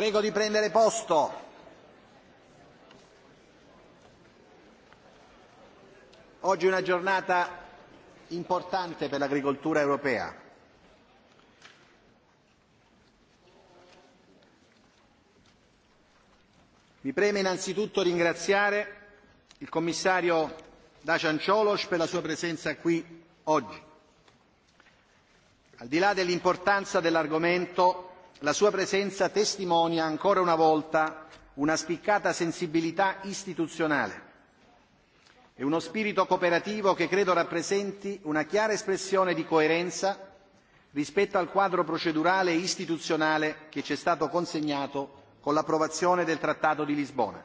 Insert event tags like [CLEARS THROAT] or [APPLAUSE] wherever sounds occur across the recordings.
Prego di prendere posto. Oggi è una giornata importante per l'agricoltura europea. Mi preme innanzitutto ringraziare il commissario Dacian Cioloș per la sua presenza qui oggi. Al di là dell'importanza dell'argomento, la sua presenza testimonia ancora una volta una spiccata sensibilità istituzionale e uno spirito cooperativo che credo rappresenti una chiara espressione di coerenza rispetto al quadro procedurale e istituzionale che ci è stato consegnato con l'approvazione del Trattato di Lisbona.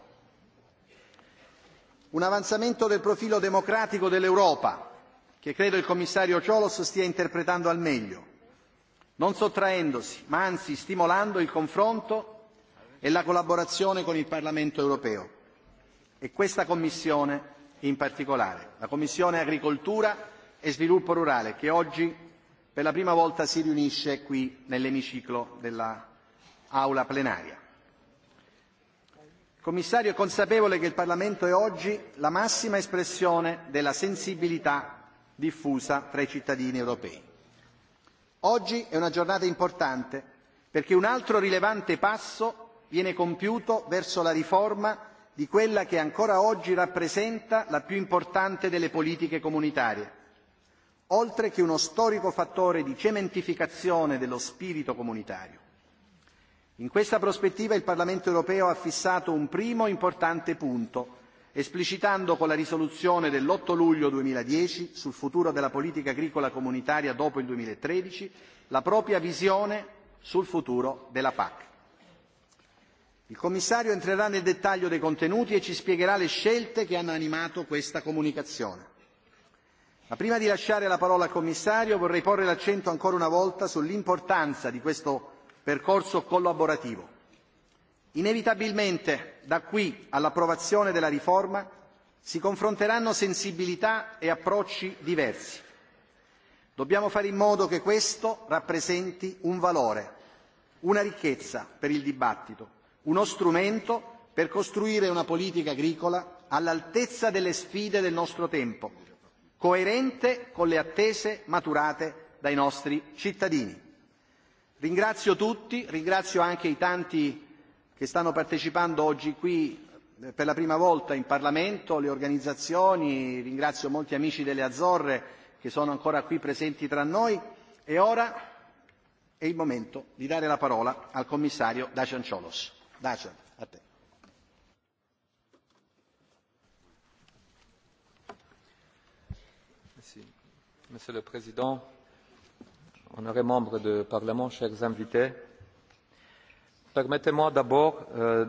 Un avanzamento del profilo democratico dell'Europa, che credo il commissario Ciolos stia interpretando al meglio, non sottraendosi, ma anzi stimolando il confronto e la collaborazione con il Parlamento europeo e questa Commissione in particolare, la Commissione Agricoltura e Sviluppo Rurale, che oggi per la prima volta si riunisce qui nell'emiciclo dell'Aula plenaria. Il Commissario è consapevole che il Parlamento è oggi la massima espressione della sensibilità diffusa tra i cittadini europei oggi è una giornata importante perché un altro rilevante passo viene compiuto verso la riforma di quella che ancora oggi rappresenta la più importante delle politiche comunitarie. Oltre che uno storico fattore di cementificazione dello spirito comunitario. In questa prospettiva il Parlamento europeo ha fissato un primo importante punto, esplicitando con la risoluzione dell'8 luglio 2010 sul futuro della politica agricola comunitaria dopo il 2013 la propria visione sul futuro della PAC. Il commissario entrerà nel dettaglio dei contenuti e ci spiegherà le scelte che hanno animato questa comunicazione. Ma prima di lasciare la parola al commissario vorrei porre l'accento ancora una volta sull'importanza di questo percorso collaborativo. Inevitabilmente, da qui all'approvazione della riforma, si confronteranno sensibilità e approcci diversi. Dobbiamo fare in modo che questo rappresenti un valore, una ricchezza per il dibattito, uno strumento per costruire una politica agricola all'altezza delle sfide del nostro tempo, coerente con le attese maturate dai nostri cittadini. Ringrazio tutti, ringrazio anche i tanti che stanno partecipando oggi qui eh, per la prima volta in Parlamento, le organizzazioni, ringrazio molti amici delle Azzorre che sono ancora qui presenti tra noi e ora è il momento di dare la parola al commissario Dacian Ciolos. Dacian, a te. Monsieur le Président, honorés membres du Parlement, chers invités, permettez moi d'abord euh,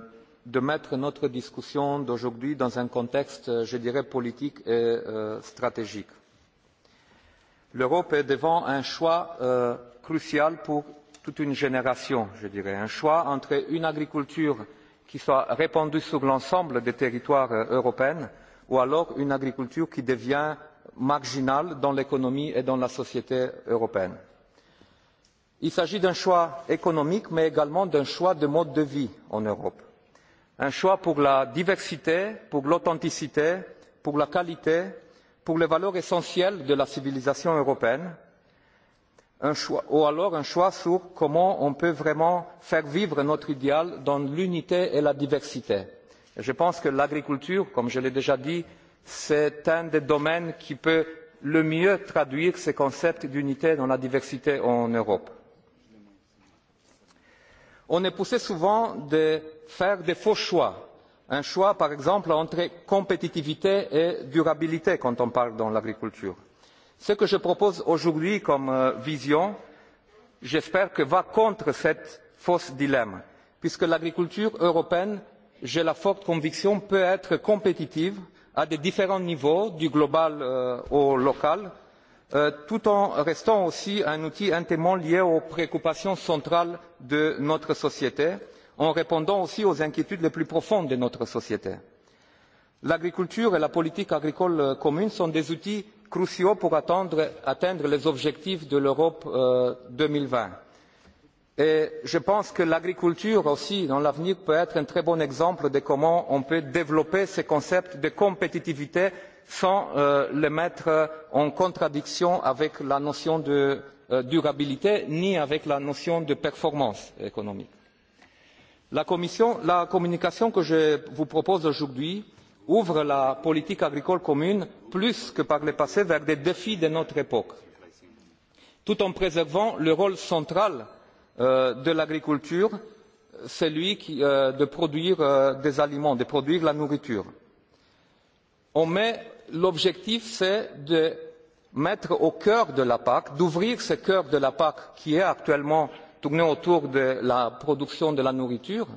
de mettre notre discussion d'aujourd'hui dans un contexte euh, je dirais politique et euh, stratégique. l'europe est devant un choix crucial pour toute une génération je dirais un choix entre une agriculture qui soit répandue sur l'ensemble des territoires européens ou alors une agriculture qui devient marginale dans l'économie et dans la société européenne il s'agit d'un choix économique mais également d'un choix de mode de vie en europe un choix pour la diversité pour l'authenticité pour la qualité pour les valeurs essentielles de la civilisation européenne ou alors un choix sur comment on peut vraiment faire vivre notre idéal dans l'unité et la diversité. je pense que l'agriculture comme je l'ai déjà dit est un des domaines qui peut le mieux traduire ces concepts d'unité dans la diversité en europe on est poussé souvent à faire de faux choix un choix par exemple entre compétitivité et durabilité quand on parle de l'agriculture. ce que je propose aujourd'hui comme euh, vision j'espère qu'il va contre ce faux dilemme puisque l'agriculture européenne j'ai la forte conviction peut être compétitive à différents niveaux du global euh, au local Euh, tout en restant aussi un outil intimement lié aux préoccupations centrales de notre société en répondant aussi aux inquiétudes les plus profondes de notre société. l'agriculture et la politique agricole euh, commune sont des outils cruciaux pour atteindre les objectifs de l'europe. Euh, deux mille vingt et je pense que l'agriculture aussi à l'avenir peut être un très bon exemple de comment on peut développer ce concept de compétitivité sans euh, les mettre en contradiction avec la notion de euh, durabilité ni avec la notion de performance économique. la communication que je vous propose aujourd'hui ouvre la politique agricole commune plus que par le passé vers des défis de notre époque tout en préservant le rôle central euh, de l'agriculture celui de produire des aliments de produire la nourriture. on met l'objectif est de mettre au cœur de la pac d'ouvrir ce cœur de la pac qui est actuellement tourné autour de la production de la nourriture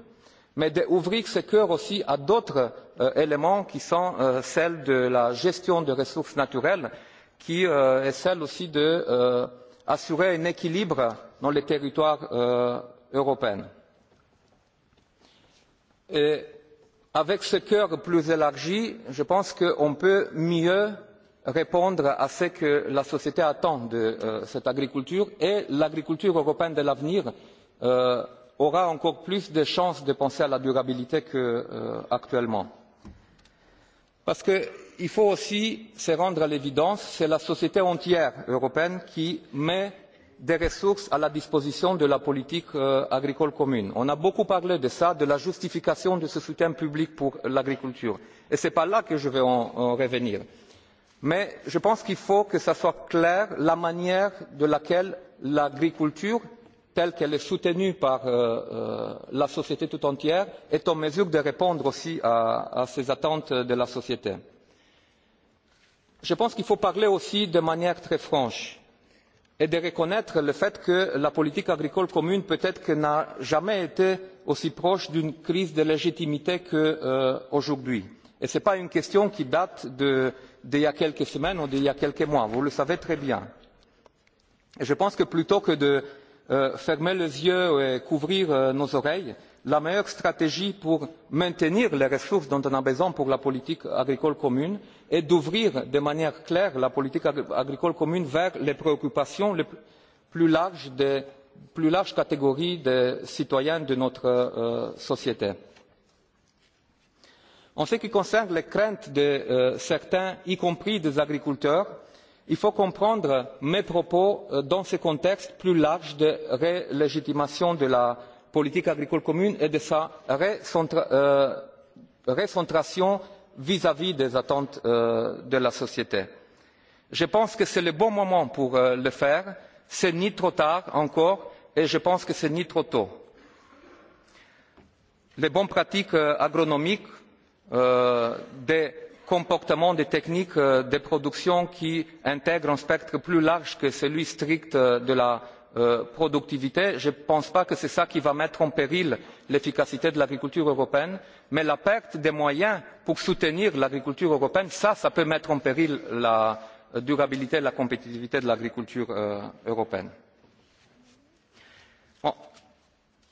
mais d'ouvrir ce cœur aussi à d'autres euh, éléments qui sont euh, ceux de la gestion des ressources naturelles qui euh, est celle aussi d'assurer un équilibre dans les territoires européens avec ce cœur plus élargi je pense qu'on peut mieux répondre à ce que la société attend de euh, cette agriculture et l'agriculture européenne de l'avenir euh, aura encore plus de chances de penser à la durabilité qu'actuellement. Euh, parce qu'il faut aussi se rendre à l'évidence c'est la société entière européenne qui met des ressources à la disposition de la politique euh, agricole commune. on a beaucoup parlé de cela de la justification de ce soutien public pour l'agriculture et ce n'est pas là que je veux en revenir. mais je pense qu'il faut que ce soit clair la manière dont l'agriculture telle qu'elle est soutenue par euh, euh, la société tout entière est en mesure de répondre aussi à ces attentes de la société. je pense qu'il faut parler aussi de manière très franche et de reconnaître le fait que la politique agricole commune peut être n'a jamais été aussi proche d'une crise de légitimité qu'aujourd'hui. Euh, ce n'est pas une question qui date d'il y a quelques semaines ou d'il y a quelques mois vous le savez très bien. je pense que plutôt que de euh, fermer les yeux et de couvrir euh, nos oreilles la meilleure stratégie pour maintenir les ressources dont on a besoin pour la politique agricole commune est d'ouvrir de manière claire la politique agricole commune vers les préoccupations des plus larges catégories de citoyens de notre euh, société. en ce qui concerne les craintes de euh, certains y compris des agriculteurs il faut comprendre mes propos euh, dans ce contexte plus large de relégitimation de la politique agricole commune et de sa euh, recentration vis à vis des attentes euh, de la société. je pense que c'est le bon moment pour euh, le faire. ce n'est ni trop tard encore et je pense que ce n'est ni trop tôt. les bonnes pratiques agronomiques des comportements des techniques de production qui intègrent un spectre plus large que celui strict Euh, productivité je ne pense pas que ce soit cela qui va mettre en péril l'efficacité de l'agriculture européenne mais la perte des moyens pour soutenir l'agriculture européenne cela peut mettre en péril la durabilité et la compétitivité de l'agriculture euh, européenne.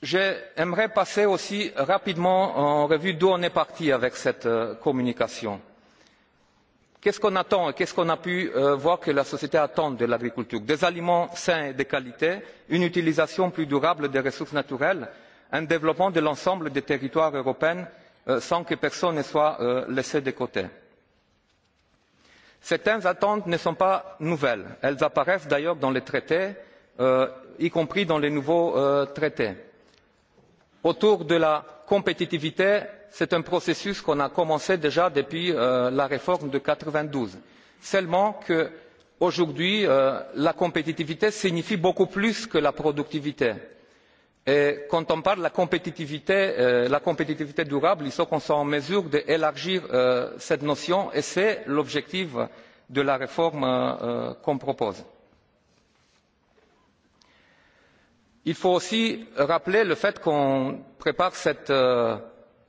j'aimerais passer aussi rapidement en revue d'où on est parti avec cette euh, communication qu'est ce qu'on attend et qu'est ce qu'on a pu euh, voir que la société attend de l'agriculture? des aliments sains et de qualité une utilisation plus durable des ressources naturelles un développement de l'ensemble des territoires européens euh, sans que personne ne soit euh, laissé de côté. certaines attentes ne sont pas nouvelles elles apparaissent d'ailleurs dans les traités y compris dans les nouveaux traités. autour de la compétitivité c'est un processus qu'on a commencé déjà depuis euh, la réforme de quatre vingt douze seulement aujourd'hui euh, la compétitivité signifie beaucoup plus que la productivité et quand on parle de la compétitivité euh, durable il faut qu'on soit en mesure d'élargir cette notion et c'est l'objectif de la réforme qu'on propose. il faut aussi rappeler le fait qu'on prépare cette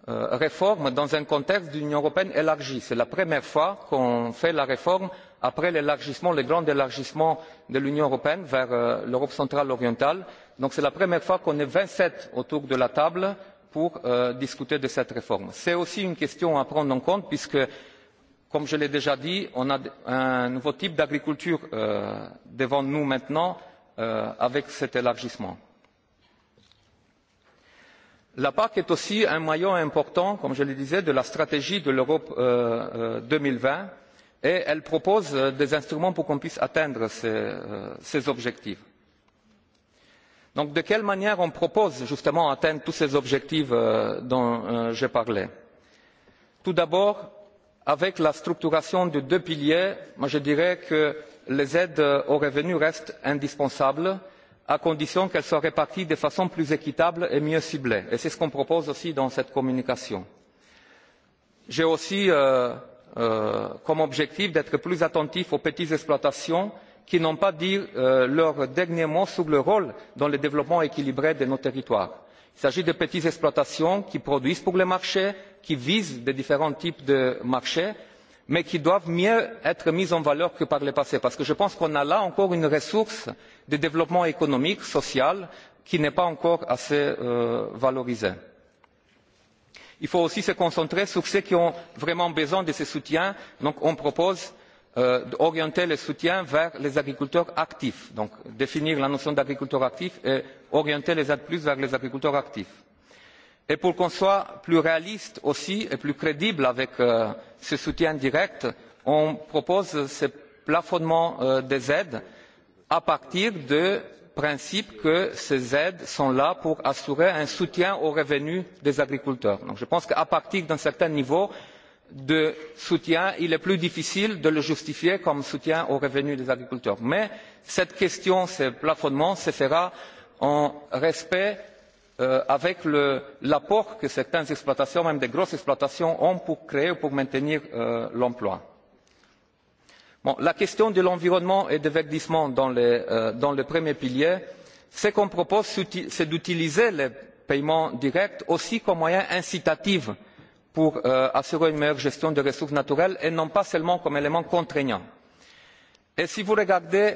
Euh, réforme dans un contexte d'union européenne élargie. c'est la première fois qu'on fait la réforme après l'élargissement le grand élargissement de l'union européenne vers euh, l'europe centrale orientale. c'est la première fois qu'on est vingt sept autour de la table pour euh, discuter de cette réforme. c'est aussi une question à prendre en compte puisque comme je l'ai déjà dit on a un nouveau type d'agriculture devant nous maintenant avec cet élargissement la pac est aussi un maillon important comme je le disais de la stratégie de l'europe euh, euh, deux mille vingt et elle propose euh, des instruments pour qu'on puisse atteindre ces objectifs. de quelle manière propose t on justement d'atteindre tous ces objectifs dont j'ai parlé? tout d'abord avec la structuration de deux piliers je dirais que les aides au revenu restent indispensables à condition qu'elle soit répartie de façon plus équitable et mieux ciblée et c'est ce qu'on propose aussi dans cette communication. j'ai aussi euh, euh, comme objectif d'être plus attentif aux petites exploitations qui n'ont pas dit euh, leur dernier mot sur leur rôle dans le développement équilibré de nos territoires. il s'agit de petites exploitations qui produisent pour les marchés qui visent différents types de marchés mais qui doivent mieux être mises en valeur que par le passé parce que je pense qu'on a là encore une ressource de développement économique et social qui n'est pas encore assez euh, valorisée. il faut aussi se concentrer sur ceux qui ont vraiment besoin de ce soutien donc on propose euh, d'orienter le soutien vers les agriculteurs actifs donc définir la notion d'agriculteur actif et orienter les aides plus vers les agriculteurs actifs et pour qu'on soit plus réaliste aussi et plus crédible avec euh, ce soutien direct on propose ce plafonnement euh, des aides à partir du principe que ces aides sont là pour assurer un soutien aux revenus des agriculteurs. je pense qu'à partir d'un certain niveau de soutien il est plus difficile de le justifier comme soutien aux revenus des agriculteurs. mais cette question ce plafonnement se fera dans le respect Euh, avec l'apport que certaines exploitations même de grosses exploitations ont pour créer ou pour maintenir euh, l'emploi. la question de l'environnement et du verdissement euh, dans le premier pilier ce qu'on propose c'est d'utiliser les paiements directs aussi comme moyen incitatif pour assurer une meilleure gestion des ressources naturelles et non pas seulement comme élément contraignant. si vous regardez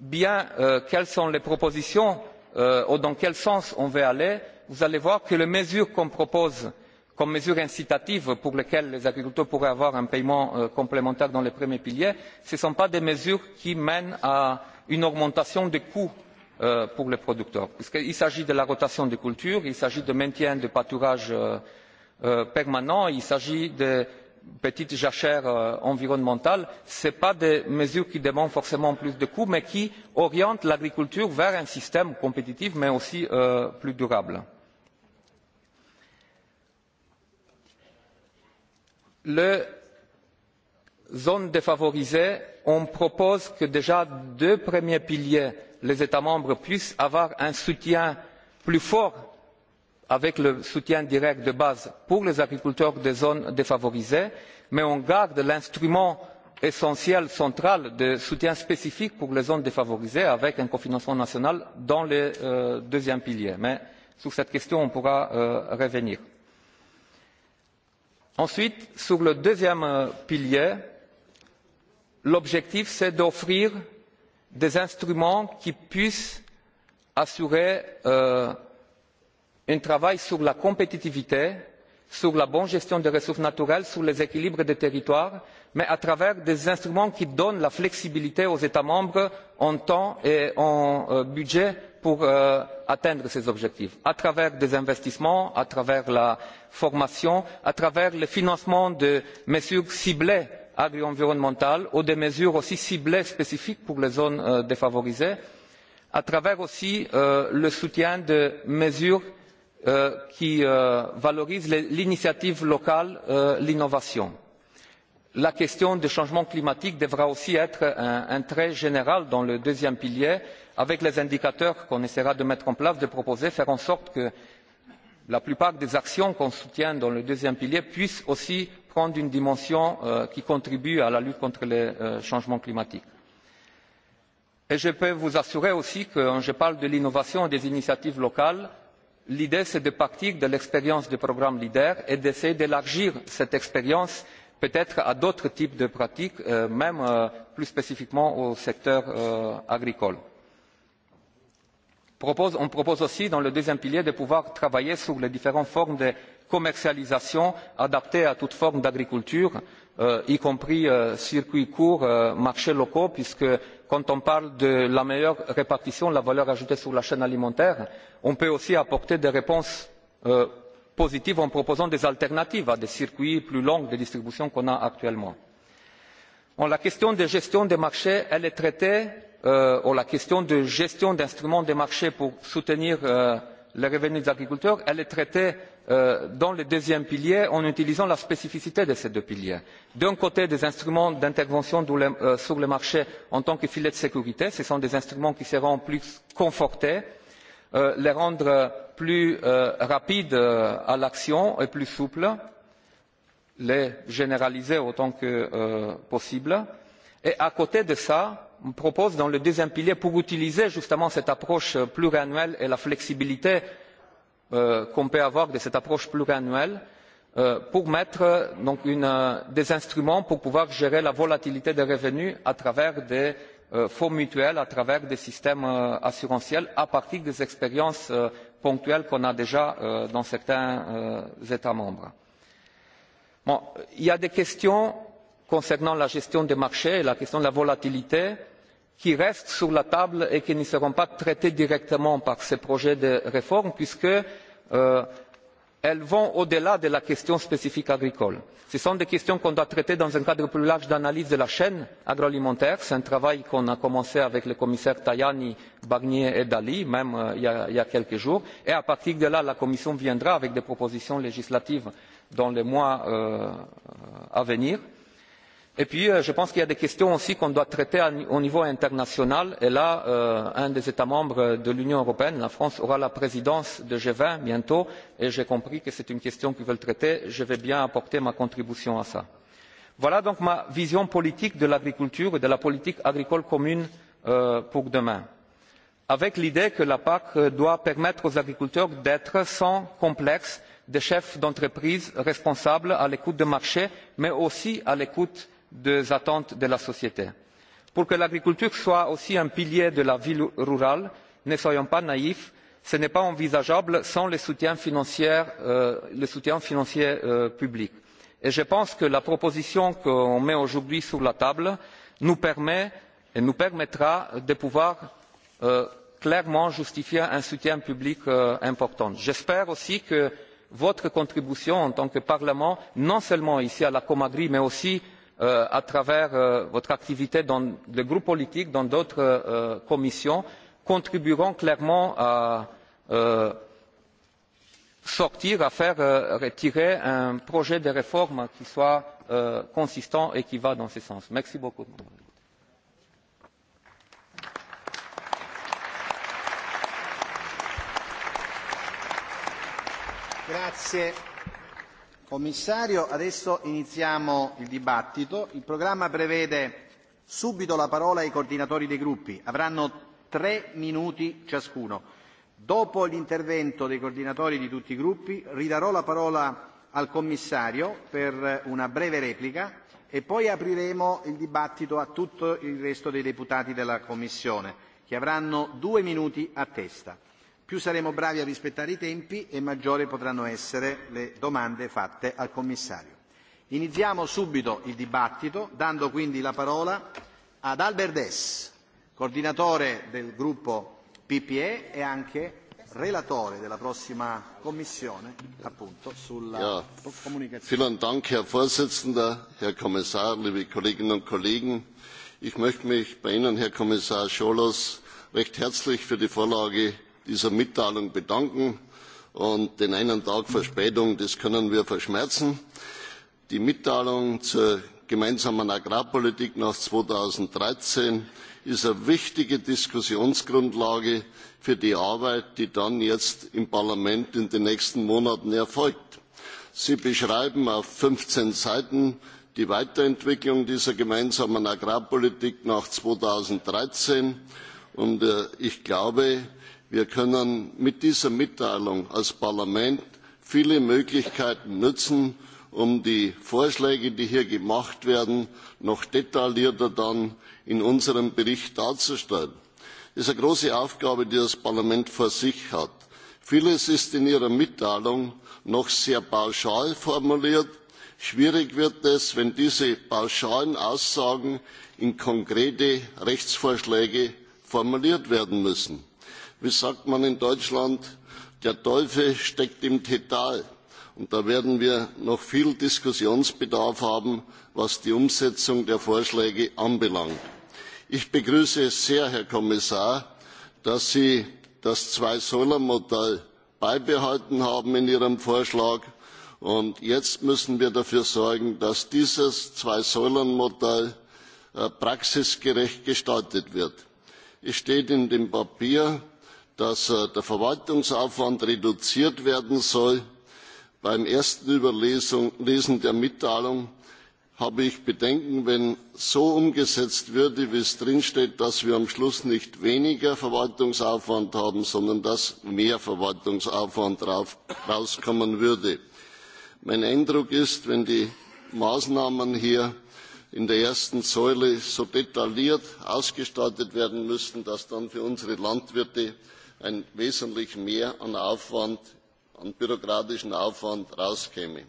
bien quelles sont les propositions Euh, ou oh, dans quel sens on veut aller vous allez voir que les mesures qu'on propose comme mesures incitatives pour lesquelles les agriculteurs pourraient avoir un paiement euh, complémentaire dans le premier pilier ne sont pas des mesures qui mènent à une augmentation des coûts euh, pour les producteurs puisqu'il s'agit de la rotation des cultures il s'agit du maintien de pâturages permanents il s'agit petites jachères euh, environnementales ce ne sont pas des mesures qui demandent forcément plus de coûts mais qui orientent l'agriculture vers un système compétitif mais aussi euh, plus durable. les zones défavorisées on propose que déjà dans les deux premiers piliers les états membres puissent avoir un soutien plus fort avec le soutien direct de base pour les agriculteurs des zones défavorisées mais on garde l'instrument essentiel central de soutien spécifique pour les zones défavorisées avec un cofinancement national dans le euh, deuxième pilier. mais sur cette question on pourra euh, revenir. ensuite sur le deuxième euh, pilier l'objectif est d'offrir des instruments qui puissent assurer un travail sur la compétitivité sur la bonne gestion des ressources naturelles sur les équilibres des territoires mais à travers des instruments qui donnent la flexibilité aux états membres en temps et en euh, budget pour euh, atteindre ces objectifs à travers des investissements à travers la formation à travers le financement de mesures ciblées agri environnementales ou de mesures aussi ciblées spécifiques pour les zones euh, défavorisées à travers aussi le soutien de mesures Euh, qui euh, valorise l'initiative locale euh, l'innovation. la question du changement climatique devra aussi être un trait général dans le deuxième pilier avec les indicateurs qu'on essaiera de mettre en place de proposer de faire en sorte que la plupart des actions qu'on soutient dans le deuxième pilier puissent aussi prendre une dimension qui contribue à la lutte contre le changement climatique. je peux vous assurer aussi quand je parle de l'innovation et des initiatives locales l'idée c'est de partir de l'expérience du programme leader et d'essayer d'élargir cette expérience peut être à d'autres types de pratiques euh, même euh, plus spécifiquement au secteur euh, agricole. on propose aussi dans le deuxième pilier de pouvoir travailler sur les différentes formes de commercialisation adaptées à toute forme d'agriculture Euh, y compris euh, circuits courts euh, marchés locaux puisque quand on parle de la meilleure répartition de la valeur ajoutée sur la chaîne alimentaire on peut aussi apporter des réponses positives en proposant des alternatives à des circuits plus longs de distribution qu'on a actuellement. la question de la gestion des marchés est traitée ou la question de la gestion d'instruments de marché pour soutenir les revenus des agriculteurs est traitée Euh, dans le deuxième pilier en utilisant la spécificité de ces deux piliers d'un côté des instruments d'intervention euh, sur le marché en tant que filet de sécurité ce sont des instruments qui seront plus confortés euh, les rendre plus rapides à l'action et plus souples les généraliser autant que possible et à côté de cela on propose dans le deuxième pilier pour utiliser justement cette approche pluriannuelle et la flexibilité Euh, qu'on peut avoir de cette approche pluriannuelle euh, pour mettre euh, des instruments pour pouvoir gérer la volatilité des revenus à travers des fonds mutuels à travers des systèmes assurantiels à partir des expériences ponctuelles qu'on a déjà dans certains états membres. il y a des questions concernant la gestion des marchés et la question de la volatilité qui restent sur la table et qui ne seront pas traités directement par ce projet de réforme puisqu'elles euh, vont au delà de la question spécifique agricole. ce sont des questions que nous devons traiter dans un cadre plus large d'analyse de la chaîne agroalimentaire. c'est un travail que nous avons commencé avec les commissaires tajani barnier et dalli même euh, il y a quelques jours et à partir de là la commission viendra avec des propositions législatives dans les mois euh, à venir puis euh, je pense qu'il y a des questions aussi qu'on doit traiter au niveau international et là euh, un des états membres de l'union européenne la france aura la présidence du g vingt bientôt et j'ai compris que c'est une question qu'ils veulent traiter je vais bien apporter ma contribution à cela. voilà donc ma vision politique de l'agriculture et de la politique agricole commune euh, pour demain avec l'idée que la pac doit permettre aux agriculteurs d'être sans complexe des chefs d'entreprise responsables à l'écoute du marché mais aussi à l'écoute des attentes de la société. pour que l'agriculture soit aussi un pilier de la vie rurale ne soyons pas naïfs ce n'est pas envisageable sans le soutien financier euh, euh, public. je pense que la proposition que nous mettons aujourd'hui sur la table nous permet et nous permettra de pouvoir euh, clairement justifier un soutien public important. j'espère aussi que votre contribution en tant que parlement non seulement ici à la commission de l'agriculture Euh, à travers euh, votre activité dans le groupe politique dans d'autres euh, commissions contribueront clairement à sortir à faire retirer un projet de réforme qui soit consistant et qui aille dans ce sens. merci beaucoup. Commissario, adesso iniziamo il dibattito. Il programma prevede subito la parola ai coordinatori dei gruppi. Avranno tre minuti ciascuno. Dopo l'intervento dei coordinatori di tutti i gruppi ridarò la parola al commissario per una breve replica e poi apriremo il dibattito a tutto il resto dei deputati della commissione che avranno due minuti a testa più saremo bravi a rispettare i tempi e maggiore potranno essere le domande fatte al commissario. Iniziamo subito il dibattito dando quindi la parola ad Albert Dess, coordinatore del gruppo PPE e anche relatore della prossima commissione appunto sulla ja. comunicazione. Vielen Dank Herr Vorsitzender, Herr Kommissar, liebe Kolleginnen und Kollegen. Ich möchte mich bei Ihnen Herr Kommissar Scholz recht herzlich für die Vorlage dieser mitteilung bedanken. den einen tag verspätung das können wir verschmerzen. die mitteilung zur gemeinsamen agrarpolitik nach zweitausenddreizehn ist eine wichtige diskussionsgrundlage für die arbeit die dann jetzt im parlament in den nächsten monaten erfolgt. sie beschreiben auf fünfzehn seiten die weiterentwicklung dieser gemeinsamen agrarpolitik nach zweitausenddreizehn und äh, ich glaube wir können mit dieser mitteilung als parlament viele möglichkeiten nutzen um die vorschläge die hier gemacht werden noch detaillierter dann in unserem bericht darzustellen. es ist eine große aufgabe die das parlament vor sich hat. vieles ist in ihrer mitteilung noch sehr pauschal formuliert. schwierig wird es wenn diese pauschalen aussagen in konkrete rechtsvorschläge formuliert werden müssen wie sagt man in Deutschland, der Teufel steckt im Tetal. Und da werden wir noch viel Diskussionsbedarf haben, was die Umsetzung der Vorschläge anbelangt. Ich begrüße es sehr, Herr Kommissar, dass Sie das Zwei-Säulen-Modell beibehalten haben in Ihrem Vorschlag. Und jetzt müssen wir dafür sorgen, dass dieses Zwei-Säulen-Modell äh, praxisgerecht gestaltet wird. Es steht in dem Papier, dass äh, der verwaltungsaufwand reduziert werden soll. beim ersten überlesen der mitteilung habe ich bedenken wenn so umgesetzt würde wie es drinsteht dass wir am schluss nicht weniger verwaltungsaufwand haben sondern dass mehr verwaltungsaufwand herauskommen würde. mein eindruck ist wenn die maßnahmen hier in der ersten säule so detailliert ausgestaltet werden müssten dass dann für unsere landwirte ein wesentlich mehr an bürokratischem aufwand herauskäme.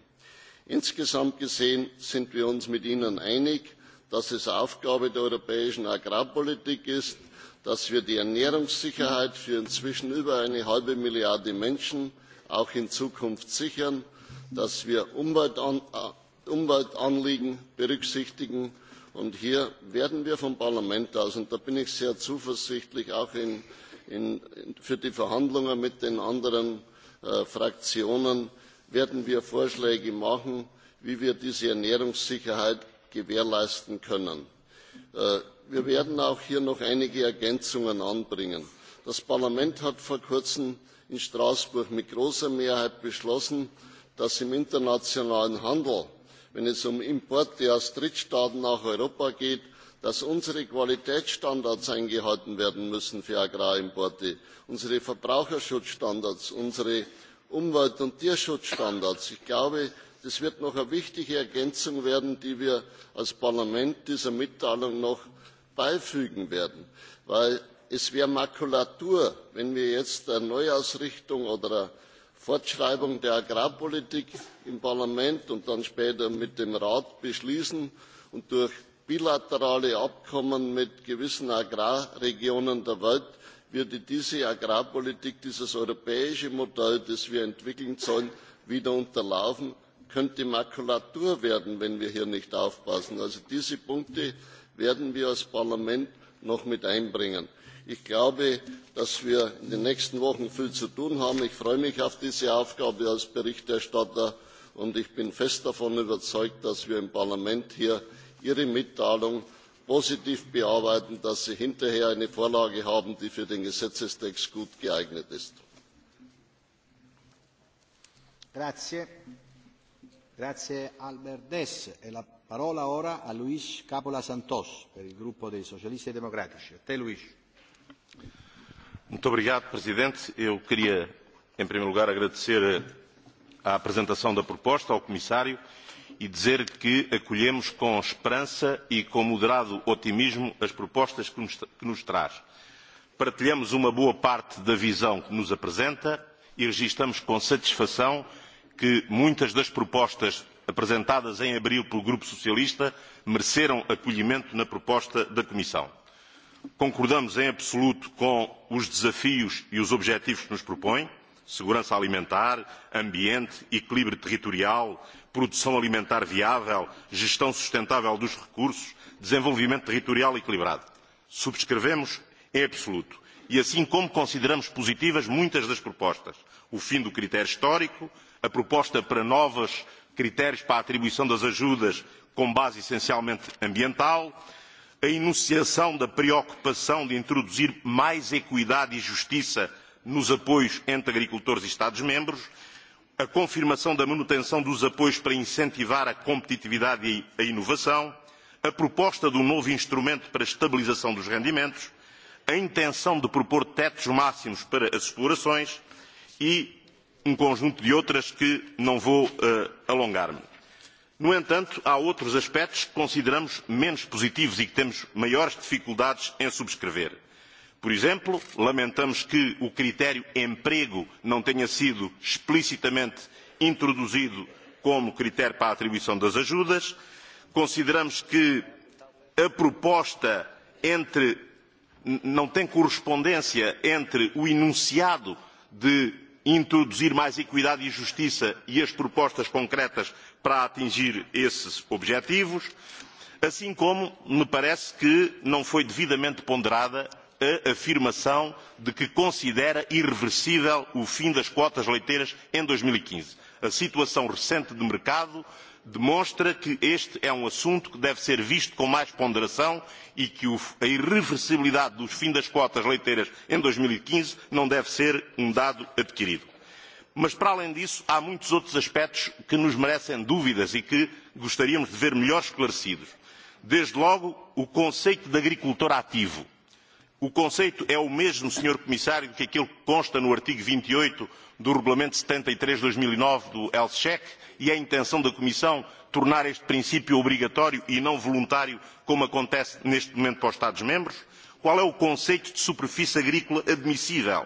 insgesamt gesehen sind wir uns mit ihnen einig dass es aufgabe der europäischen agrarpolitik ist dass wir die ernährungssicherheit für inzwischen über eine halbe milliarde menschen auch in zukunft sichern dass wir äh, umweltanliegen berücksichtigen und hier werden wir vom parlament aus und da bin ich sehr zuversichtlich auch für die verhandlungen mit den anderen äh, fraktionen werden wir vorschläge machen wie wir diese ernährungssicherheit gewährleisten können. Äh, wir werden hier auch noch einige ergänzungen anbringen. das parlament hat vor kurzem in straßburg mit großer mehrheit beschlossen dass im internationalen handel wenn es um importe aus drittstaaten nach europa dass unsere qualitätsstandards eingehalten werden müssen für agrarimporte unsere verbraucherschutzstandards unsere umwelt und tierschutzstandards. ich glaube das wird noch eine wichtige ergänzung werden die wir als parlament dieser mitteilung noch beifügen werden denn es wäre makulatur wenn wir jetzt eine neuausrichtung oder eine fortschreibung der agrarpolitik im parlament und dann später mit dem rat beschließen und durch bilaterale abkommen mit gewissen agrarregionen der welt würde diese agrarpolitik dieses europäische modell das wir entwickeln sollen wieder unterlaufen könnte makulatur werden wenn wir hier nicht aufpassen. also diese punkte werden wir als parlament noch mit einbringen. ich glaube dass wir in den nächsten wochen viel zu tun haben. ich freue mich auf diese aufgabe als berichterstatter und ich bin fest davon überzeugt dass wir im parlament hier ihre mitteilung positiv bearbeiten damit sie hinterher eine vorlage haben die für den gesetzestext gut geeignet ist. E e obrigado presidente eu queria em primeiro lugar agradecer a apresentação da proposta ao comissário e dizer que acolhemos com esperança e com moderado otimismo as propostas que nos traz. Partilhamos uma boa parte da visão que nos apresenta e registramos com satisfação que muitas das propostas apresentadas em abril pelo Grupo Socialista mereceram acolhimento na proposta da Comissão. Concordamos em absoluto com os desafios e os objetivos que nos propõe, segurança alimentar, ambiente, equilíbrio territorial, produção alimentar viável, gestão sustentável dos recursos, desenvolvimento territorial equilibrado. Subscrevemos em absoluto. E assim como consideramos positivas muitas das propostas, o fim do critério histórico, a proposta para novos critérios para a atribuição das ajudas com base essencialmente ambiental, a enunciação da preocupação de introduzir mais equidade e justiça nos apoios entre agricultores e Estados membros, a confirmação da manutenção dos apoios para incentivar a competitividade e a inovação, a proposta de um novo instrumento para a estabilização dos rendimentos, a intenção de propor tetos máximos para as explorações e um conjunto de outras que não vou uh, alongar-me. No entanto, há outros aspectos que consideramos menos positivos e que temos maiores dificuldades em subscrever por exemplo lamentamos que o critério emprego não tenha sido explicitamente introduzido como critério para a atribuição das ajudas consideramos que a proposta entre não tem correspondência entre o enunciado de introduzir mais equidade e justiça e as propostas concretas para atingir esses objetivos, assim como me parece que não foi devidamente ponderada a afirmação de que considera irreversível o fim das quotas leiteiras em. dois mil e quinze a situação recente de mercado demonstra que este é um assunto que deve ser visto com mais ponderação e que a irreversibilidade do fim das quotas leiteiras em. dois mil e quinze não deve ser um dado adquirido. Mas, para além disso, há muitos outros aspectos que nos merecem dúvidas e que gostaríamos de ver melhor esclarecidos. Desde logo, o conceito de agricultor ativo. O conceito é o mesmo, Sr. Comissário, que aquilo que consta no artigo 28 e do Regulamento 73-2009 e e do ELSCHEC e a intenção da Comissão tornar este princípio obrigatório e não voluntário, como acontece neste momento para os Estados-membros? Qual é o conceito de superfície agrícola admissível?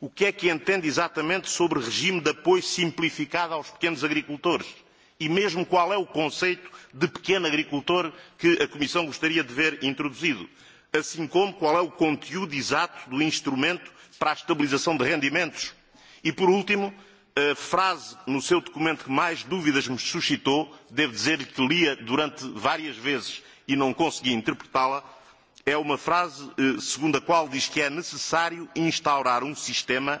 O que é que entende exatamente sobre regime de apoio simplificado aos pequenos agricultores? E mesmo qual é o conceito de pequeno agricultor que a Comissão gostaria de ver introduzido? assim como qual é o conteúdo exato do instrumento para a estabilização de rendimentos? E, por último, a frase no seu documento que mais dúvidas me suscitou, devo dizer que lia durante várias vezes e não consegui interpretá-la, é uma frase eh, segundo a qual diz que é necessário instaurar um sistema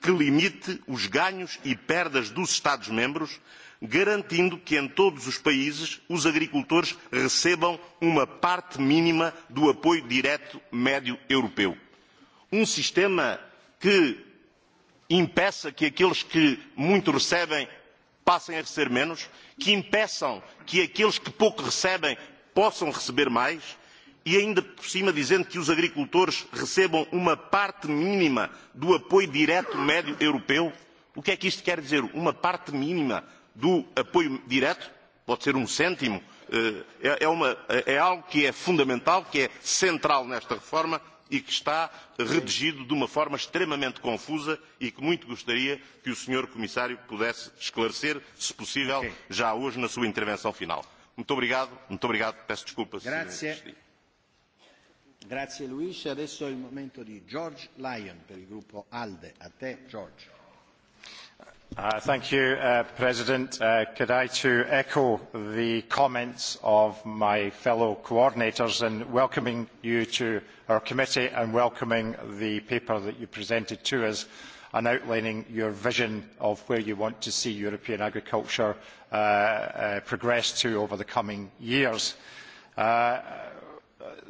que limite os ganhos e perdas dos Estados-membros, garantindo que em todos os países os agricultores recebam uma parte mínima do apoio direto médio europeu. Um sistema que impeça que aqueles que muito recebem passem a receber menos, que impeçam que aqueles que pouco recebem possam receber mais e ainda por cima dizendo que os agricultores recebam uma parte mínima do apoio direto médio europeu. O que é que isto quer dizer? Uma parte mínima? do apoio direto, pode ser um cêntimo, eh, é, uma, é algo que é fundamental, que é central nesta reforma e que está redigido de uma forma extremamente confusa e que muito gostaria que o Sr. Comissário pudesse esclarecer, se possível, okay. já hoje na sua intervenção final. Muito obrigado, muito obrigado, peço desculpas. Grazie. Grazie, Luís. Adesso é o momento de George Lyon, pelo grupo ALDE. Até, George mr uh, uh, president uh, could i too echo the comments of my fellow coordinators in welcoming you to our committee and welcoming the paper that you presented to us and outlining your vision of where you want to see european agriculture progress to over the coming years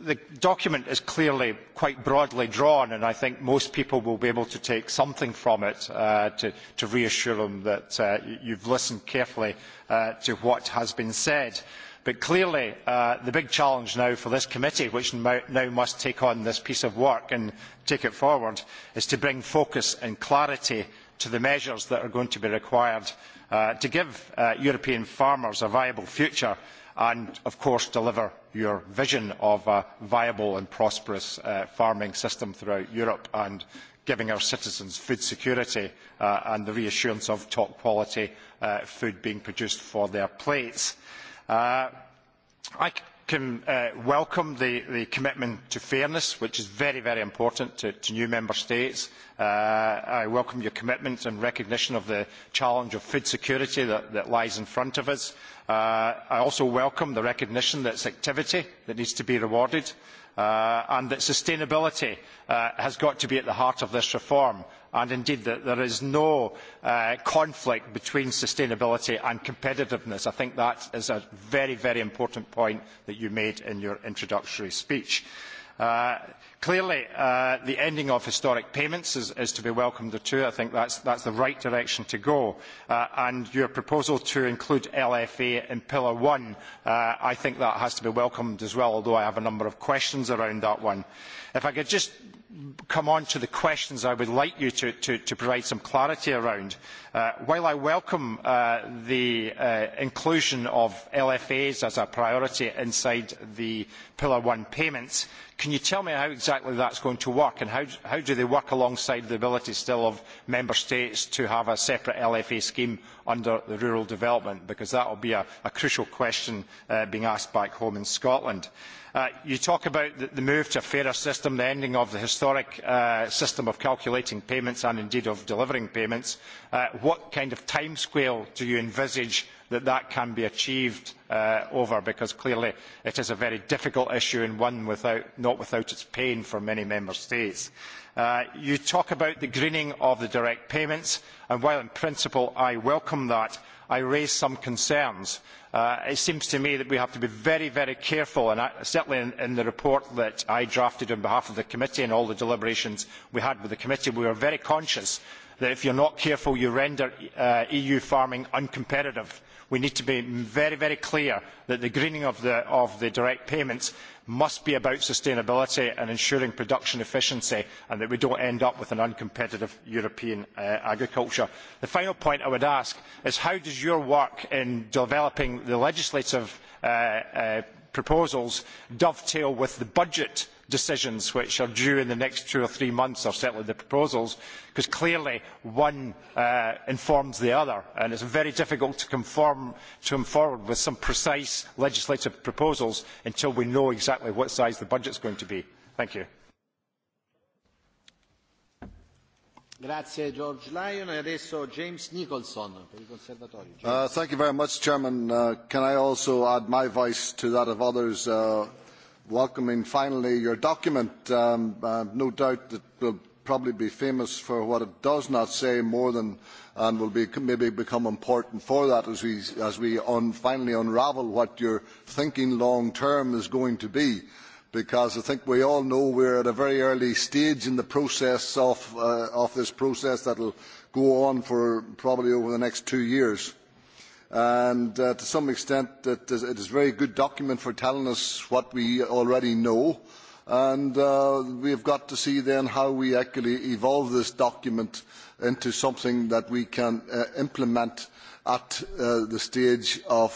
the document is clearly quite broadly drawn, and I think most people will be able to take something from it uh, to, to reassure them that uh, you've listened carefully uh, to what has been said. But clearly, uh, the big challenge now for this committee, which now must take on this piece of work and take it forward, is to bring focus and clarity to the measures that are going to be required uh, to give uh, European farmers a viable future and of course deliver your vision of a viable and prosperous uh, farming system throughout Europe and giving our citizens food security uh, and the reassurance of top quality uh, food being produced for their plates. Uh, I can uh, welcome the, the commitment to fairness, which is very, very important to, to new member states. Uh, I welcome your commitment and recognition of the challenge of food security that, that lies in front of us. Uh, I also welcome the recognition that it's activity that needs to be rewarded uh, and that sustainability uh, has got to be at the heart of this reform. Uh, and indeed that there is no uh, conflict between sustainability and competitiveness. I think that is a very, very important point that you made in your introductory speech. Uh, clearly, uh, the ending of historic payments is, is to be welcomed too. I think that's, that's the right direction to go. Uh, and your proposal to include LFA in Pillar 1, uh, I think that has to be welcomed as well, although I have a number of questions around that one. If I could just come on to the questions I would like you to, to, to provide some clarity around. Uh, while I welcome uh, the uh, inclusion of LFAs as a priority inside the Pillar 1 payments, can you tell me how exactly that's going to work and how, how do they work alongside the ability still of Member States to have a separate LFA scheme under the rural development because that will be a, a crucial question uh, being asked back home in Scotland. Uh, you talk about the, the move to a fairer system, the ending of the historic uh, system of calculating payments and indeed of delivering payments. Uh, what kind of time scale do you envisage that that can be achieved uh, over because clearly it is a very difficult issue and one without, not without its pain for many member states. Uh, you talk about the greening of the direct payments and while in principle I welcome that, I raise some concerns. Uh, it seems to me that we have to be very, very careful and I, certainly in, in the report that I drafted on behalf of the committee and all the deliberations we had with the committee, we were very conscious that if you're not careful, you render uh, EU farming uncompetitive. Uh, we need to be very, very clear that the greening of the, of the direct payments must be about sustainability and ensuring production efficiency and that we don't end up with an uncompetitive European uh, agriculture. The final point I would ask is how does your work in developing the legislative uh, uh, proposals dovetail with the budget uh, decisions which are due in the next two or three months, or certainly the proposals, because clearly one uh, informs the other, and it's very difficult to conform to come forward with some precise legislative proposals until we know exactly what size the budget is going to be. Thank you. Grazie, George Lyon. E adesso James Nicholson per il Conservatorio. Uh, thank you very much, Chairman. Uh, can I also add my voice to that of others? Uh, welcoming finally your document. Um, uh, no doubt it will probably be famous for what it does not say more than and will maybe become important for that as we finally unravel what your thinking long term is going to be because i think we all know we are at a very early stage in the process uh, of this process that will go on for probably over the next two years and uh, to some extent it is a very good document for telling us what we already know and uh, we have got to see then how we actually evolve this document into something that we can uh, implement at the stage of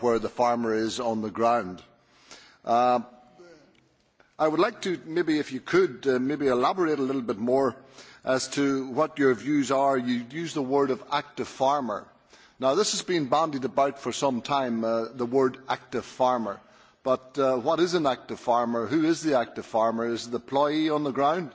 where the farmer is on the ground. I would like to maybe if you could maybe elaborate a little bit more as to what your views are. You use the word of active farmer. Now, this has been bandied about for some time, uh, the word active farmer. But uh, what is an active farmer? Who is the active farmer? Is the employee on the ground?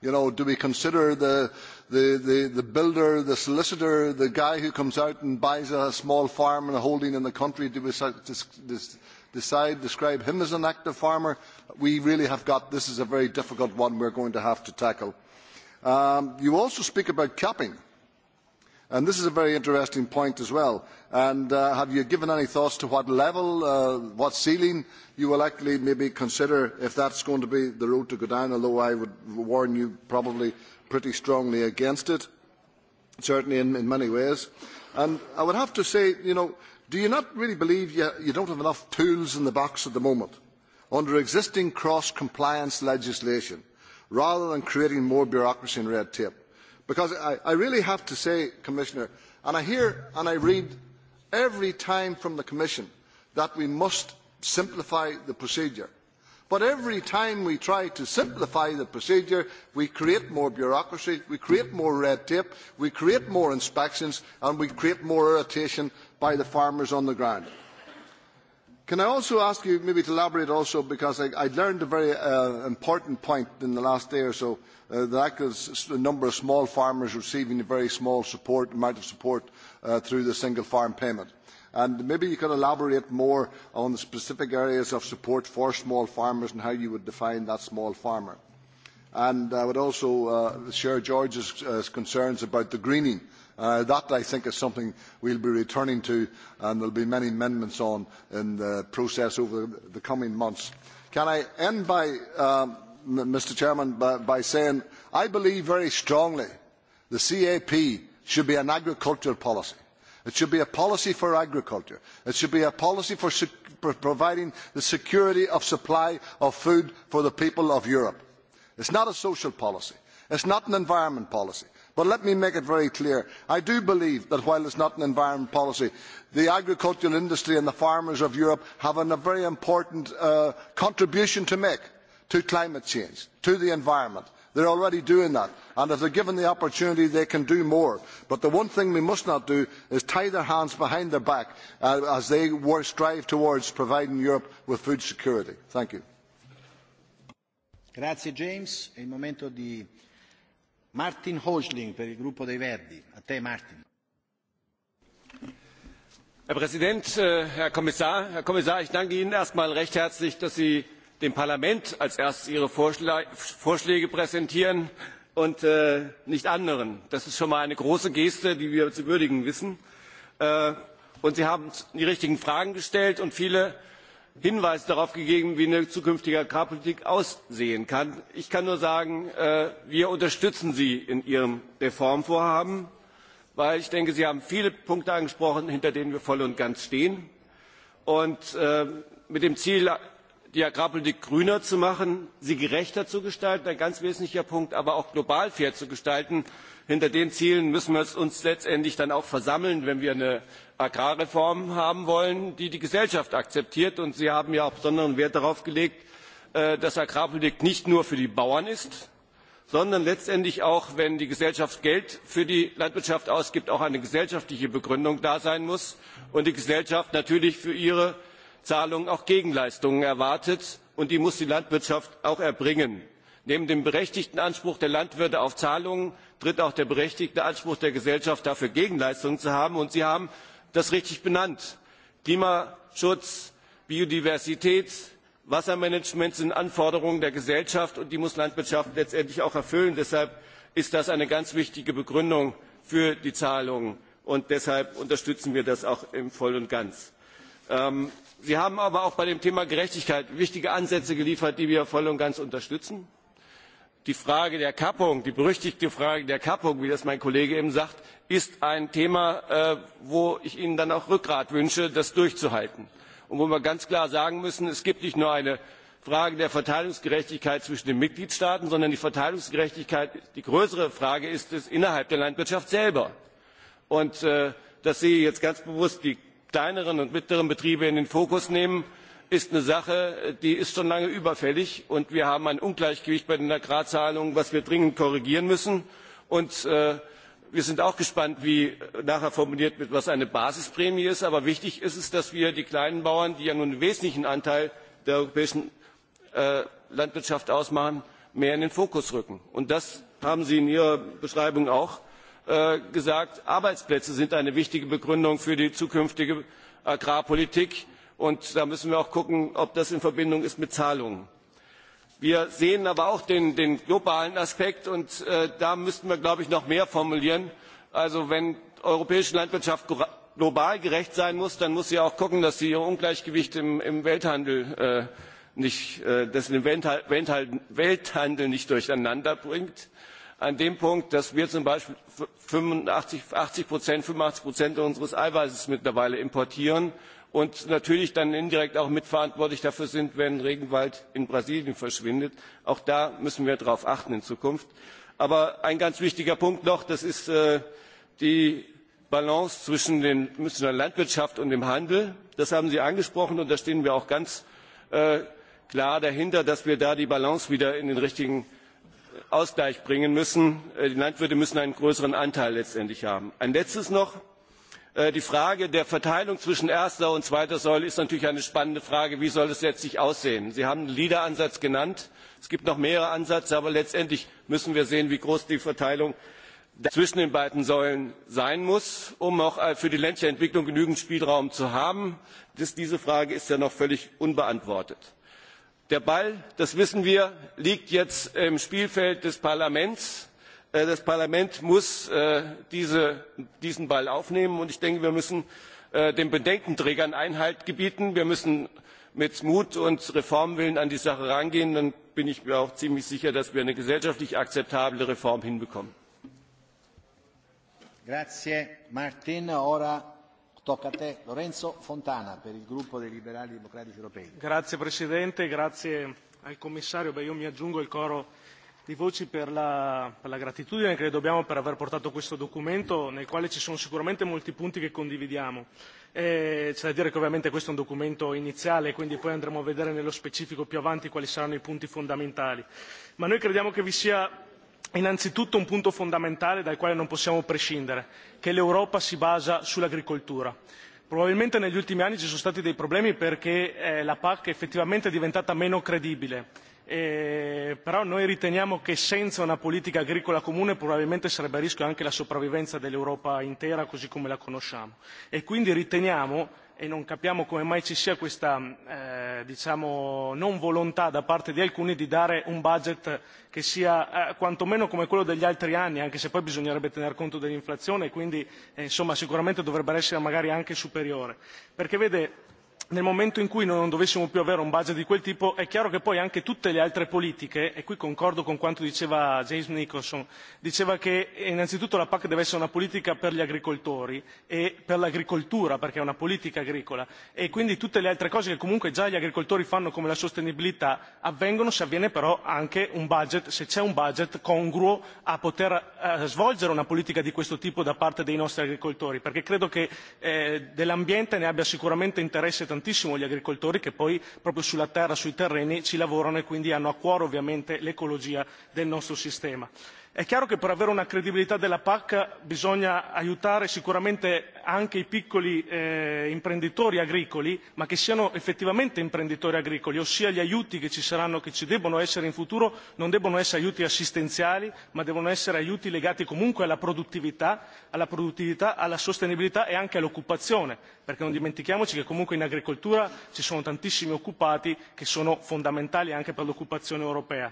You know, do we consider the, the, the, the builder, the solicitor, the guy who comes out and buys a small farm and a holding in the country, do we dis- dis- decide, describe him as an active farmer? We really have got, this is a very difficult one we're going to have to tackle. Um, you also speak about capping. And this is a very interesting point as well. And uh, have you given any thoughts to what level, uh, what ceiling you will actually maybe consider if that's going to be the route to go down, although I would warn you probably pretty strongly against it, certainly in, in many ways. And I would have to say, you know, do you not really believe you, you don't have enough tools in the box at the moment under existing cross-compliance legislation rather than creating more bureaucracy and red tape? because I, I really have to say, Commissioner, and I hear and I read every time from the Commission that we must simplify the procedure. But every time we try to simplify the procedure, we create more bureaucracy, we create more red tape, we create more inspections, and we create more irritation by the farmers on the ground. Can I also ask you maybe to elaborate also because I, I learned a very uh, important point in the last day or so uh, that the number of small farmers receiving a very small support, amount of support uh, through the single farm payment. And maybe you could elaborate more on the specific areas of support for small farmers and how you would define that small farmer. And I would also uh, share George's uh, concerns about the greening uh, Uh, that, I think, is something we'll be returning to and there'll be many amendments on in the process over the coming months. Can I end by, uh, um, Mr Chairman, by, by saying I believe very strongly the CAP should be an agricultural policy. It should be a policy for agriculture. It should be a policy for, for providing the security of supply of food for the people of Europe. It's not a social policy. It's not an environment policy but let me make it very clear i do believe that while it is not an environment policy the agricultural industry and the farmers of europe have a very important uh, contribution to make to climate change to the environment. they are already doing that and if they are given the opportunity they can do more but the one thing we must not do is tie their hands behind their back uh, as they strive towards providing europe with food security. Martin Hosling per il gruppo dei Verdi. A te Martin. Herr Präsident, äh, Herr Kommissar, Herr Kommissar, ich danke Ihnen erstmal recht herzlich, dass Sie dem Parlament als erstes Ihre Vorschläge präsentieren und äh, nicht anderen. Das ist schon mal eine große Geste, die wir zu würdigen wissen. Äh, und Sie haben die richtigen Fragen gestellt und viele hinweis darauf gegeben wie eine zukünftige agrarpolitik aussehen kann. ich kann nur sagen äh, wir unterstützen sie in ihrem reformvorhaben weil ich denke sie haben viele punkte angesprochen hinter denen wir voll und ganz stehen und äh, mit dem ziel die agrarpolitik grüner zu machen sie gerechter zu gestalten ein ganz wesentlicher punkt aber auch global fair zu gestalten. hinter den zielen müssen wir uns letztendlich dann auch versammeln wenn wir eine agrarreform haben wollen die die gesellschaft akzeptiert. sie haben ja auch besonderen wert darauf gelegt äh, dass agrarpolitik nicht nur für die bauern ist sondern letztendlich auch wenn die gesellschaft geld für die landwirtschaft ausgibt eine gesellschaftliche begründung da sein muss und die gesellschaft natürlich für ihre zahlungen auch gegenleistungen erwartet und die muss die landwirtschaft auch erbringen. neben dem berechtigten anspruch der landwirte auf zahlungen tritt auch der berechtigte anspruch der gesellschaft dafür gegenleistungen zu haben und sie haben das richtig benannt klimaschutz biodiversität wassermanagement sind anforderungen der gesellschaft und die muss landwirtschaft letztendlich auch erfüllen. deshalb ist das eine ganz wichtige begründung für die zahlungen und deshalb unterstützen wir das auch voll und ganz. Ähm, sie haben aber auch bei dem thema gerechtigkeit wichtige ansätze geliefert die wir voll und ganz unterstützen. die frage der kappung die berüchtigte frage der kappung wie das mein kollege eben sagt ist ein thema äh, wo ich ihnen dann auch rückgrat wünsche das durchzuhalten und wo wir ganz klar sagen müssen es gibt nicht nur eine frage der verteilungsgerechtigkeit zwischen den mitgliedstaaten sondern die verteilungsgerechtigkeit die größere frage ist es innerhalb der landwirtschaft selber. Äh, dass sie jetzt ganz bewusst kleineren und mittleren Betriebe in den Fokus nehmen, ist eine Sache, die ist schon lange überfällig. Und wir haben ein Ungleichgewicht bei den Agrarzahlungen, was wir dringend korrigieren müssen. Und äh, wir sind auch gespannt, wie nachher formuliert wird, was eine Basisprämie ist. Aber wichtig ist es, dass wir die kleinen Bauern, die ja nun einen wesentlichen Anteil der europäischen äh, Landwirtschaft ausmachen, mehr in den Fokus rücken. Und das haben Sie in Ihrer Beschreibung auch. Äh, gesagt arbeitsplätze sind eine wichtige begründung für die zukünftige agrarpolitik und da müssen wir auch schauen ob das in verbindung mit zahlungen steht. wir sehen aber auch den globalen aspekt und äh, da müssten wir noch mehr formulieren. also wenn europäische landwirtschaft global gerecht sein muss dann muss sie auch schauen dass sie ihr ungleichgewicht im äh, welthandel nicht durcheinanderbringt an dem punkt dass wir zum beispiel achtzig unseres eiweißes mittlerweile importieren und natürlich dann indirekt auch mitverantwortlich dafür sind wenn regenwald in brasilien verschwindet. auch da müssen wir darauf achten in zukunft. aber ein ganz wichtiger punkt noch das ist äh, die balance zwischen der landwirtschaft und dem handel. das haben sie angesprochen und da stehen wir auch ganz äh, klar dahinter dass wir da die balance wieder in den richtigen ausgleich bringen müssen äh, die landwirte müssen einen größeren anteil letztendlich haben. ein letztes noch äh, die frage der verteilung zwischen erster und zweiter säule ist natürlich eine spannende frage wie soll das letztlich aussehen? sie haben den leader ansatz genannt es gibt noch mehrere ansätze aber letztendlich müssen wir sehen wie groß die verteilung zwischen den beiden säulen sein muss um auch äh, für die ländliche entwicklung genügend spielraum zu haben. diese frage ist ja noch völlig unbeantwortet der ball das wissen wir liegt jetzt im spielfeld des parlaments. Äh, das parlament muss äh, diesen ball aufnehmen und ich denke wir müssen äh, den bedenkenträgern einhalt gebieten wir müssen mit mut und reformwillen an die sache herangehen dann bin ich mir auch ziemlich sicher dass wir eine gesellschaftlich akzeptable reform hinbekommen signor presidente grazie al commissario io mi aggiungo al coro di voci per la gratitudine che le dobbiamo per aver portato questo documento nel quale ci sono sicuramente molti punti che condividiamo. Eh, c'è da dire che ovviamente questo è un documento iniziale quindi poi andremo a vedere nello specifico più avanti quali saranno i punti fondamentali ma noi crediamo che vi sia innanzitutto un punto fondamentale dal quale non possiamo prescindere che l'europa si basa sull'agricoltura. probabilmente negli ultimi anni ci sono stati dei problemi perché eh, la pac effettivamente è diventata meno credibile e, però noi riteniamo che senza una politica agricola comune probabilmente sarebbe a rischio anche la sopravvivenza dell'europa intera così come la conosciamo e quindi riteniamo e non capiamo come mai ci sia questa eh, diciamo, non volontà da parte di alcuni di dare un budget che sia eh, quantomeno come quello degli altri anni, anche se poi bisognerebbe tener conto dell'inflazione e quindi eh, insomma, sicuramente dovrebbe essere magari anche superiore. Perché vede, nel momento in cui non dovessimo più avere un budget di quel tipo, è chiaro che poi anche tutte le altre politiche, e qui concordo con quanto diceva James Nicholson, diceva che eh, innanzitutto la PAC deve essere una politica per gli agricoltori e per l'agricoltura, perché è una politica agricola, e quindi tutte le altre cose che comunque già gli agricoltori fanno come la sostenibilità avvengono se avviene però anche un budget, se c'è un budget congruo a poter eh, svolgere una politica di questo tipo da parte dei nostri agricoltori, perché credo che eh, dell'ambiente ne abbia sicuramente interesse tantissimo gli agricoltori che poi proprio sulla terra sui terreni ci lavorano e quindi hanno a cuore ovviamente l'ecologia del nostro sistema. È chiaro che per avere una credibilità della PAC bisogna aiutare sicuramente anche i piccoli eh, imprenditori agricoli, ma che siano effettivamente imprenditori agricoli, ossia gli aiuti che ci saranno, che ci debbono essere in futuro, non debbono essere aiuti assistenziali, ma devono essere aiuti legati comunque alla produttività, alla, produttività, alla sostenibilità e anche all'occupazione, perché non dimentichiamoci che comunque in agricoltura ci sono tantissimi occupati che sono fondamentali anche per l'occupazione europea.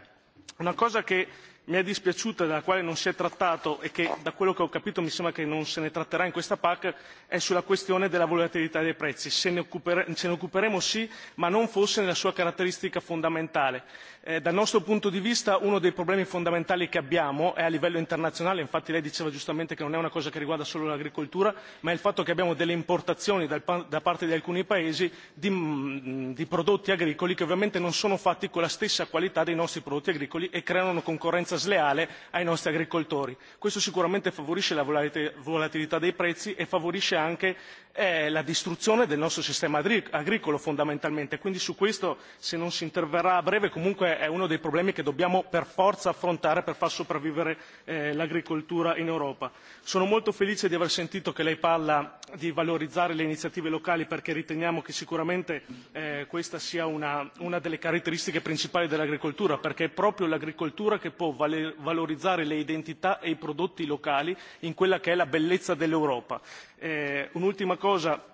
Una cosa che mi è dispiaciuta e della quale non si è trattato e che da quello che ho capito mi sembra che non se ne tratterà in questa PAC è sulla questione della volatilità dei prezzi. Se ne, occupere, se ne occuperemo sì, ma non fosse nella sua caratteristica fondamentale. Eh, dal nostro punto di vista uno dei problemi fondamentali che abbiamo è a livello internazionale, infatti lei diceva giustamente che non è una cosa che riguarda solo l'agricoltura, ma è il fatto che abbiamo delle importazioni dal, da parte di alcuni paesi di, mm, di prodotti agricoli che ovviamente non sono fatti con la stessa qualità dei nostri prodotti agricoli e creano una concorrenza concorrenza sleale ai nostri agricoltori. Questo sicuramente favorisce la volatilità dei prezzi e favorisce anche eh, la distruzione del nostro sistema agricolo fondamentalmente. Quindi su questo se non si interverrà a breve comunque è uno dei problemi che dobbiamo per forza affrontare per far sopravvivere eh, l'agricoltura in Europa. Sono molto felice di aver sentito che lei parla di valorizzare le iniziative locali perché riteniamo che sicuramente eh, questa sia una, una delle caratteristiche principali dell'agricoltura perché è proprio l'agricoltura che può valorizzare le identità e i prodotti locali in quella che è la bellezza dell'Europa. Eh, un'ultima cosa.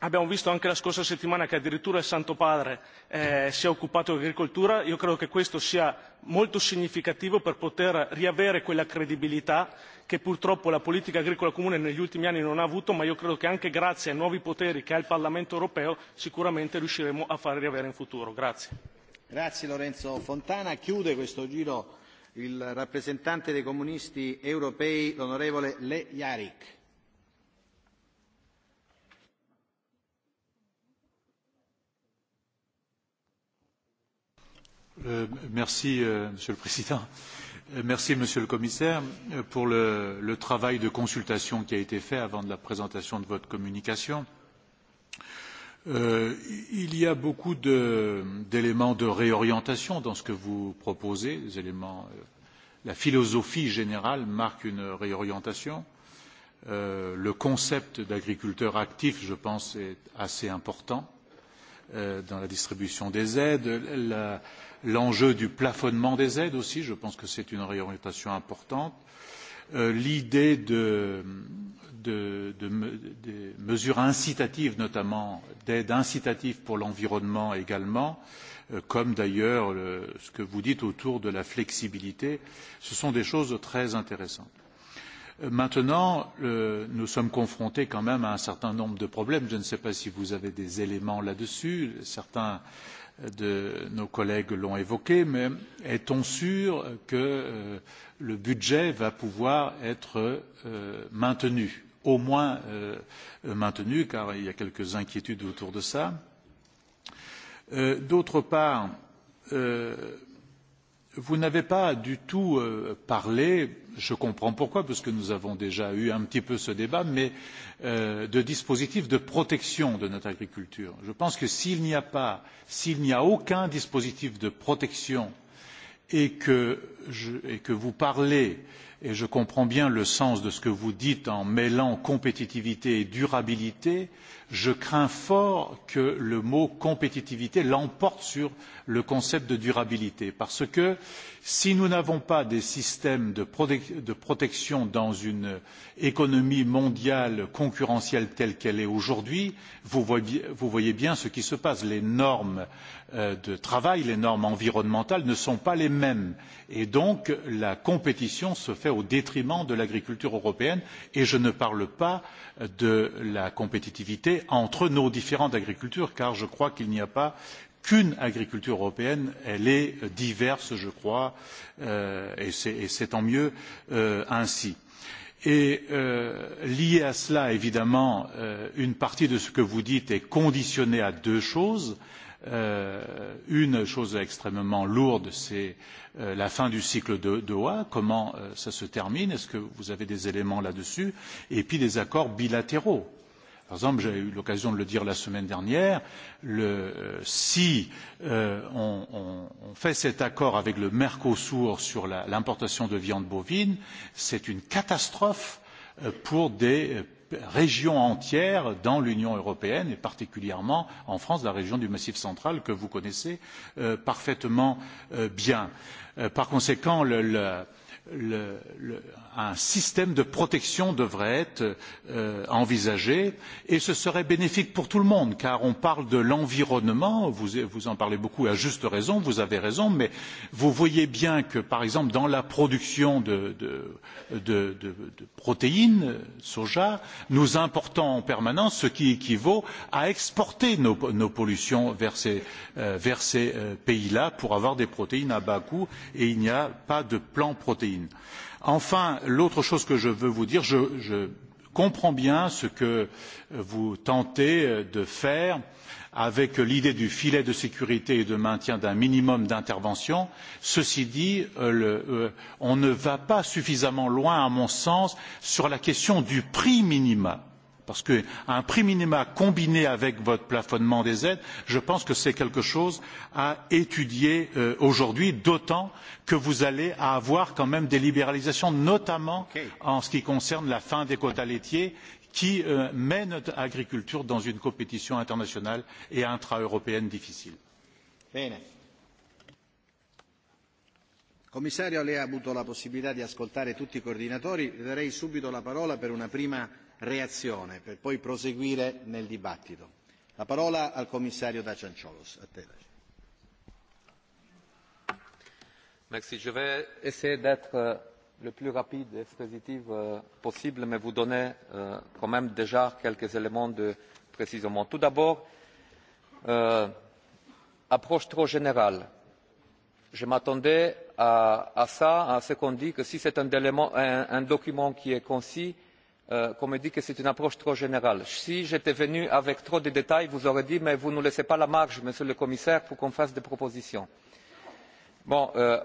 Abbiamo visto anche la scorsa settimana che addirittura il Santo Padre eh, si è occupato di agricoltura. Io credo che questo sia molto significativo per poter riavere quella credibilità che purtroppo la politica agricola comune negli ultimi anni non ha avuto, ma io credo che anche grazie ai nuovi poteri che ha il Parlamento europeo sicuramente riusciremo a far riavere in futuro. Grazie. Grazie Lorenzo Fontana. Chiude questo giro il rappresentante dei comunisti europei l'onorevole Le Jarik. Euh, merci, euh, Monsieur le Président. Euh, merci, Monsieur le Commissaire, euh, pour le, le travail de consultation qui a été fait avant de la présentation de votre communication. Euh, Euh, il y a beaucoup d'éléments de réorientation dans ce que vous proposez des éléments euh, la philosophie générale marque une réorientation euh, le concept d'agriculteur actif je pense est assez important dans la distribution des aides l'enjeu du plafonnement des aides aussi je pense que c'est une réorientation importante l'idée de, de, de mesures incitatives, notamment d'aide incitative pour l'environnement également, euh, comme d'ailleurs ce que vous dites autour de la flexibilité, ce sont des choses très intéressantes. Euh, maintenant, nous sommes confrontés quand même à un certain nombre de problèmes. Je ne sais pas si vous avez des éléments là-dessus. Certains euh, de nos collègues l'ont évoqué, mais est-on sûr que le budget va pouvoir être maintenu au moins euh, euh, maintenu car il y a quelques inquiétudes autour de cela. Euh, d'autre part vous n'avez pas du tout parlé je comprends pourquoi parce que nous avons déjà eu un petit peu ce débat de dispositifs de protection de notre agriculture. je pense que s'il n'y a aucun dispositif de protection et que, je, et que vous parlez, et je comprends bien le sens de ce que vous dites en mêlant compétitivité et durabilité, je crains fort que le mot compétitivité l'emporte sur le concept de durabilité. Parce que si nous n'avons pas des systèmes de, prote de protection dans une économie mondiale concurrentielle telle qu'elle est aujourd'hui, vous, vous voyez bien ce qui se passe. Les normes Euh, de travail, les normes environnementales ne sont pas les mêmes. Et donc, la compétition se fait au détriment de l'agriculture européenne. Et je ne parle pas de la compétitivité entre nos différentes agricultures, car je crois qu'il n'y a pas qu'une agriculture européenne. Elle est diverse, je crois, euh, et c'est tant mieux euh, ainsi. Et euh, lié à cela, évidemment, euh, une partie de ce que vous dites est conditionnée à deux choses euh, une chose extrêmement lourde, c'est euh, la fin du cycle de Doha. Comment euh, ça se termine Est-ce que vous avez des éléments là-dessus Et puis des accords bilatéraux. Par exemple, j'ai eu l'occasion de le dire la semaine dernière, le, euh, si euh, on, on, on fait cet accord avec le Mercosur sur l'importation de viande bovine, c'est une catastrophe euh, pour des euh, régions entières dans l'union européenne et particulièrement en france la région du massif central que vous connaissez euh, parfaitement euh, bien. Euh, par conséquent un système de protection devrait être euh, envisagé et ce serait bénéfique pour tout le monde car on parle de l'environnement vous, vous en parlez beaucoup à juste raison vous avez raison mais vous voyez bien que par exemple dans la production de, de, de, de, de protéines soja nous importons en permanence ce qui équivaut à exporter nos, nos pollutions vers ces, euh, vers ces euh, pays là pour avoir des protéines à bas coût et il n'y a pas de plan protéines. Enfin, l'autre chose que je veux vous dire, je, je comprends bien ce que vous tentez de faire avec l'idée du filet de sécurité et de maintien d'un minimum d'intervention. Ceci dit, euh, le, euh, on ne va pas suffisamment loin, à mon sens, sur la question du prix minimum parce qu'un prix minima combiné avec votre plafonnement des aides, je pense que c'est quelque chose à étudier euh, aujourd'hui, d'autant que vous allez avoir quand même des libéralisations, notamment okay. en ce qui concerne la fin des quotas laitiers, qui euh, met notre agriculture dans une compétition internationale et intra-européenne difficile. Bene. Commissario, lei ha avuto la possibilità di ascoltare tutti i coordinatori. Le darei subito la parola per una prima reazione per poi proseguire nel dibattito. la parola al commissario dacian ciolo. je vais essayer d'être euh, le plus rapide et expéditif euh, possible mais vous donner euh, quand même déjà quelques éléments de précision. tout d'abord approche trop générale. je m'attendais à ce qu'on dise que si c'est un document qui est concis Euh, qu'on me dise que c'est une approche trop générale. si j'étais venu avec trop de détails vous auriez dit mais vous ne nous laissez pas la marge monsieur le commissaire pour qu'on fasse des propositions. Euh,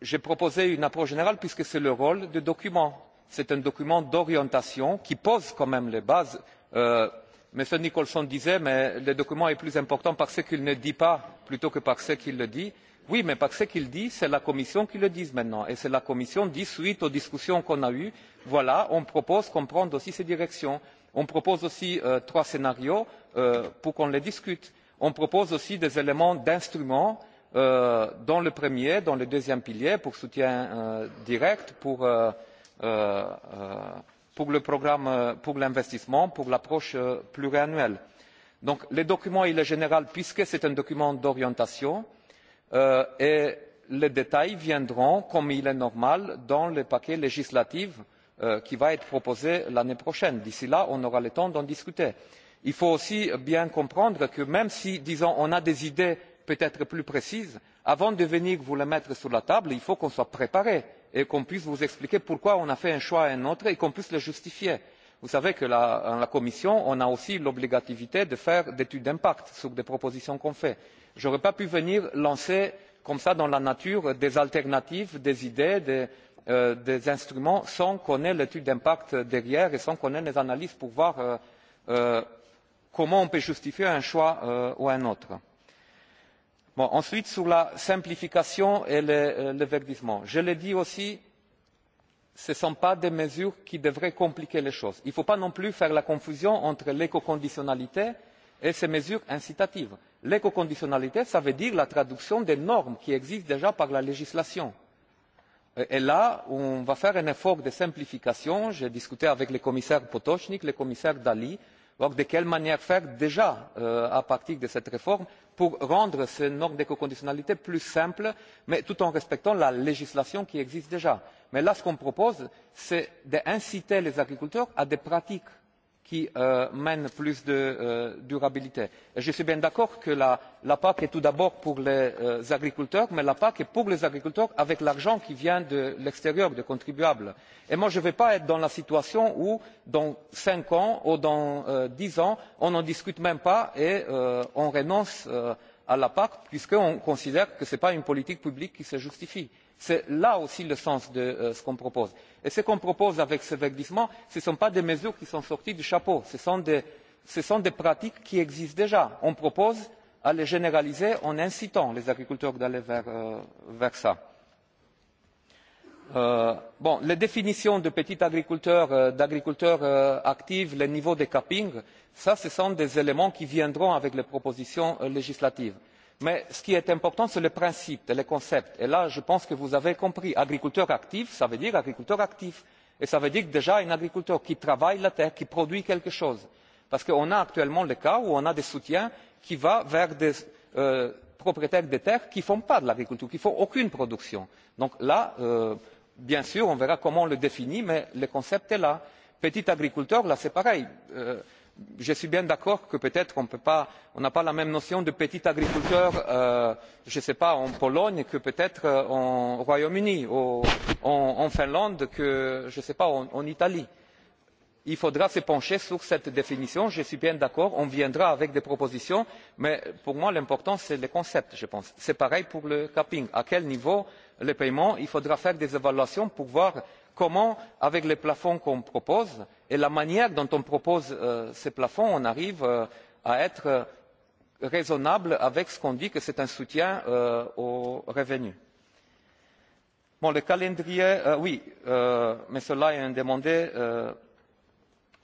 j'ai proposé une approche générale puisque c'est le rôle du document. c'est un document d'orientation qui pose quand même les bases. Euh, m. nicholson disait que le document est plus important par ce qu'il ne dit pas plutôt que par ce qu'il dit oui mais parce qu'il dit c'est la commission qui le dit maintenant et c'est la commission qui dit suite aux discussions qu'on a eues voilà on propose qu'on prenne aussi ces directions on propose aussi euh, trois scénarios euh, pour qu'on les discute on propose aussi des éléments d'instruments euh, dont le premier dont le deuxième pilier pour soutien direct pour le programme pour l'investissement pour l'approche pluriannuelle. donc le document est général puisque c'est un document d'orientation Euh, et les détails viendront comme il est normal dans le paquet législatif euh, qui va être proposé l'année prochaine. d'ici là on aura le temps d'en discuter. il faut aussi bien comprendre que même si on a des idées peut être plus précises avant de venir vous les mettre sur la table il faut qu'on soit préparé et qu'on puisse vous expliquer pourquoi on a fait un choix ou un autre et qu'on puisse le justifier. vous savez que dans la commission on a aussi l'obligation de faire des études d'impact sur les propositions qu'on je n'aurais pas pu venir lancer comme cela dans la nature des alternatives des idées des euh, instruments sans connaître l'étude d'impact derrière et sans connaître les analyses pour voir euh, euh, comment on peut justifier un choix ou un autre. ensuite sur la simplification et le verdissement je l'ai dit aussi ce ne sont pas des mesures qui devraient compliquer les choses. il ne faut pas non plus faire la confusion entre l'écoconditionnalité et ces mesures incitatives l'écoconditionnalité veut dire la traduction des normes qui existent déjà par la législation. et là on va faire un effort de simplification j'ai discuté avec le commissaire potonik le commissaire dalli voir de quelle manière faire déjà euh, à partir de cette réforme pour rendre ces normes d'écoconditionnalité plus simples mais tout en respectant la législation qui existe déjà. mais là ce qu'on propose c'est d'inciter les agriculteurs à des pratiques qui euh, mène plus de euh, durabilité. je suis bien d'accord que la pac est tout d'abord pour les euh, agriculteurs mais la pac est pour les agriculteurs avec l'argent qui vient de l'extérieur des contribuables. je ne veux pas être dans la situation où dans cinq ans ou dans dix ans on n'en discute même pas et on renonce à la pac puisqu'on considère que ce n'est pas une politique publique qui se justifie c'est là aussi le sens de euh, ce qu'on propose. et ce qu'on propose avec ce verdissement ce ne sont pas des mesures qui sont sorties du chapeau ce sont des pratiques qui existent déjà. on propose de les généraliser en incitant les agriculteurs à aller vers cela. Euh, euh, les définitions de petit agriculteur d'agriculteur actif les niveaux de capping ce sont des éléments qui viendront avec les propositions législatives mais ce qui est important c'est le principe et le concept et là je pense que vous avez compris agriculteur actif cela veut dire agriculteur actif et cela veut dire déjà un agriculteur qui travaille la terre qui produit quelque chose parce qu'on a actuellement le cas où on a des soutiens qui vont vers des euh, propriétaires de terres qui ne font pas d'agriculture qui ne font aucune production. donc là euh, bien sûr on verra comment on le définit mais le concept est là. petit agriculteur là c'est pareil euh, je suis bien d'accord que peut être on n'a pas la même notion de petit agriculteur euh, je ne sais pas en pologne que peut être euh, au royaume uni en finlande que je ne sais pas en italie. il faudra se pencher sur cette définition je suis bien d'accord on viendra avec des propositions mais pour moi l'important c'est le concept je pense. c'est pareil pour le capping à quel niveau les paiements? il faudra faire des évaluations pour voir comment avec les plafonds qu'on propose et la manière dont on propose euh, ces plafonds on arrive euh, à être euh, raisonnable avec ce qu'on dit que c'est un soutien aux revenus. le calendrier m. lyon demandait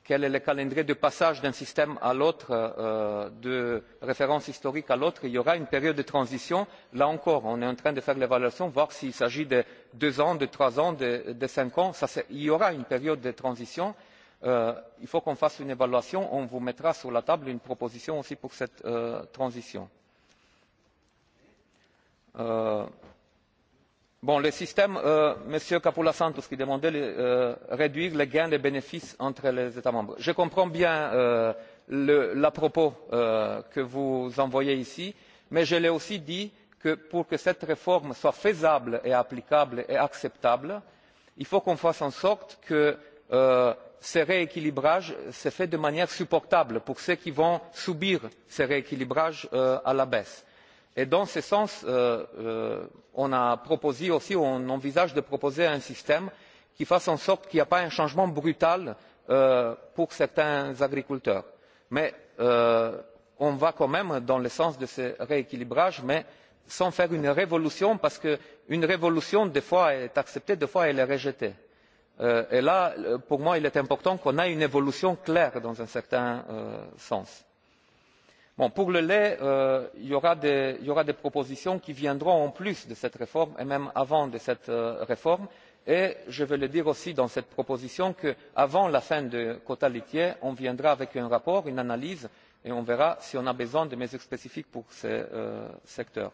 quel est le calendrier de passage d'un système à l'autre de référence historique à l'autre. il y aura une période de transition. là encore on est en train de faire l'évaluation voir s'il s'agit de deux ans de trois ans de cinq ans. il y aura une période de transition. Euh, il faut qu'on fasse une évaluation on vous mettra sur la table une proposition aussi pour cette euh, transition. Euh, le système monsieur capoulasantos qui demandait de réduire les gains les bénéfices entre les états membres je comprends bien le propos que vous envoyez ici mais je l'ai aussi dit que pour que cette réforme soit faisable applicable et acceptable il faut qu'on fasse en sorte Euh, ce rééquilibrage se fait de manière supportable pour ceux qui vont subir ce rééquilibrage euh, à la baisse. dans ce sens euh, on a proposé aussi ou on envisage de proposer un système qui fasse en sorte qu'il n'y ait pas un changement brutal pour certains agriculteurs. mais on va quand même dans le sens de ce rééquilibrage mais sans faire une révolution parce qu'une révolution des fois est acceptée des fois elle est rejetée. Euh, et là euh, pour moi il est important qu'on ait une évolution claire dans un certain euh, sens. pour le lait il y aura des propositions qui viendront en plus de cette réforme et même avant cette réforme et je veux le dire aussi dans cette proposition qu'avant la fin des quotas laitiers on viendra avec un rapport une analyse et on verra si on a besoin de mesures spécifiques pour ce secteur.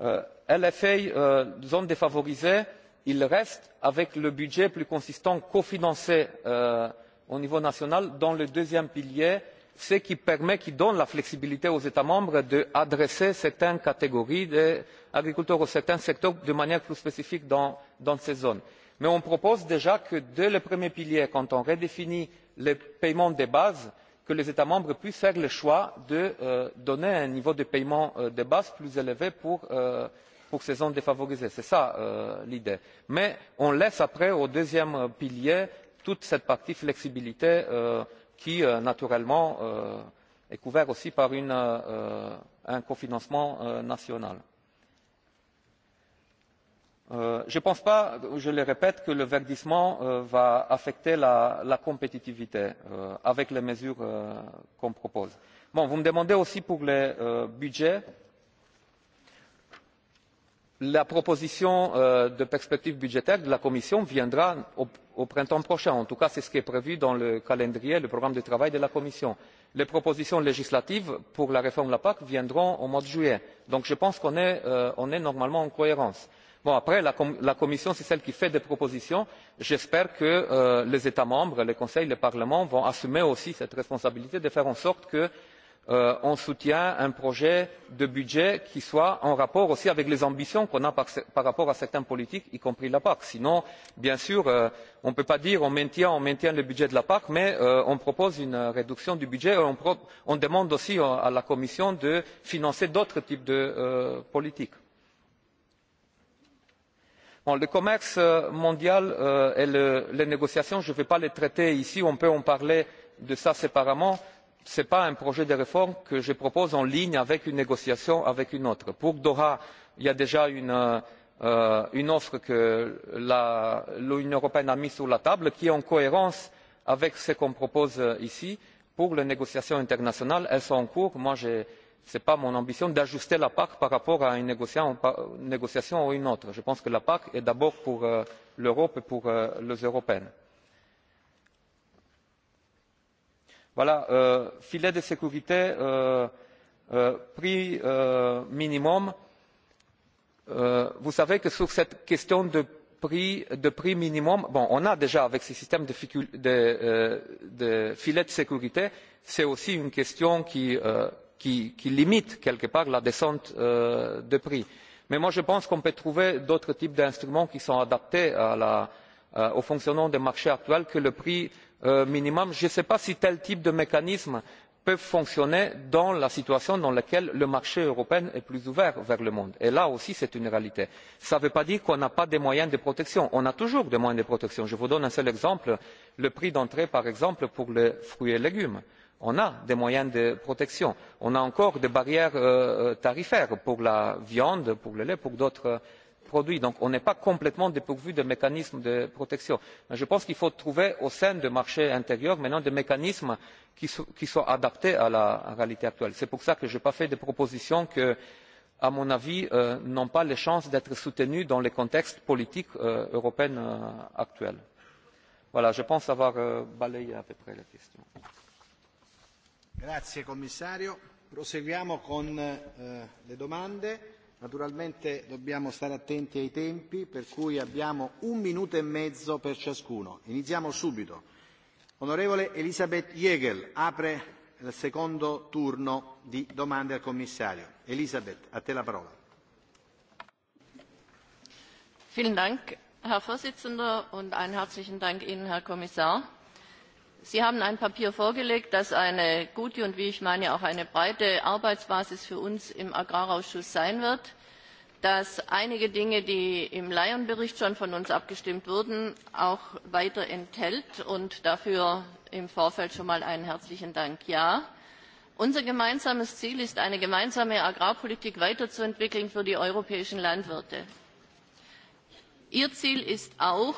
les lfa les zones défavorisées il reste avec le budget plus consistant cofinancé euh, au niveau national dans le deuxième pilier ce qui permet et donne la flexibilité aux états membres d'adresser certaines catégories d'agriculteurs ou certains secteurs de manière plus spécifique dans ces zones. mais on propose déjà que dès le premier pilier quand on redéfinit les paiements de base les états membres puissent faire le choix de euh, donner un niveau de paiement euh, de base plus élevé pour pour ces zones défavorisées. c'est cela euh, l'idée. mais on laisse après au deuxième pilier toute cette partie flexibilité euh, qui euh, naturellement est couverte aussi par un cofinancement national. je ne pense pas je le répète que le verdissement va affecter la compétitivité avec les mesures qu'on propose. vous me demandez aussi pour les budgets la proposition euh, de perspective budgétaire de la commission viendra au printemps prochain en tout cas c'est ce qui est prévu dans le calendrier le programme de travail de la commission. les propositions législatives pour la réforme de la pac viendront au mois de juillet donc je pense que nous sommes normalement en cohérence. après la commission c'est celle qui fait des propositions j'espère que euh, les états membres le conseil et le parlement vont assumer aussi cette responsabilité de faire en sorte on euh, soutient un projet de budget qui soit en rapport aussi avec les ambitions qu'on a par rapport à certaines politiques y compris la pac. sinon bien sûr euh, on ne peut pas dire on maintient le budget de la pac mais euh, on propose une réduction du budget et on demande aussi à la commission de financer d'autres types de politiques. le commerce mondial et les négociations je ne vais pas les traiter ici on peut en parler séparément ce n'est pas un projet de réforme que je propose en ligne avec une négociation avec une autre. pour doha il y a déjà une euh, offre que l'union européenne a mise sur la table qui est en cohérence avec ce qu'on propose euh, ici. pour les négociations internationales elles sont en cours. ce n'est pas mon ambition d'ajuster la pac par rapport à une négociation ou à une autre. je pense que la pac est d'abord pour euh, l'europe et pour les européens. voilà euh, filet de sécurité euh, euh, prix minimum vous savez que sur cette question de prix minimum on a déjà avec ce système de filet de sécurité c'est aussi une question qui limite quelque part la descente des prix mais moi je pense qu'on peut trouver d'autres types d'instruments qui sont adaptés à la Euh, au fonctionnement du marché actuel que le prix euh, minimum. je ne sais pas si tel type de mécanisme peut fonctionner dans la situation dans laquelle le marché européen est plus ouvert vers le monde et là aussi c'est une réalité. cela ne veut pas dire qu'on n'a pas de moyens de protection on a toujours des moyens de protection. je vous donne un seul exemple le prix d'entrée par exemple pour les fruits et légumes. on a des moyens de protection. on a encore des barrières euh, tarifaires pour la viande pour le lait pour d'autres produits. donc on n'est pas complètement dépourvu de mécanismes de protection. mais je pense qu'il faut trouver au sein du marché intérieur maintenant des mécanismes qui soient adaptés à la réalité actuelle. c'est pour cela que je n'ai pas fait de propositions qui à mon avis euh, n'ont pas de chance d'être soutenues dans le contexte politique euh, européen euh, actuel. voilà je pense avoir balayé à peu près la question naturalmente dobbiamo stare attenti ai tempi per cui abbiamo un minuto e mezzo per ciascuno iniziamo subito onorevole elisabeth jeggle apre il secondo turno di domande al commissario elisabeth a te la parola vielen dank herr präsident und einen herzlichen dank ihnen herr kommissar! sie haben ein papier vorgelegt das eine gute und wie ich meine auch eine breite arbeitsbasis für uns im agrarausschuss sein wird das einige dinge die im bericht lyon schon von uns abgestimmt wurden auch weiter enthält und dafür im vorfeld schon einmal einen herzlichen dank. ja unser gemeinsames ziel ist eine gemeinsame agrarpolitik weiterzuentwickeln für die europäischen landwirte. ihr ziel ist auch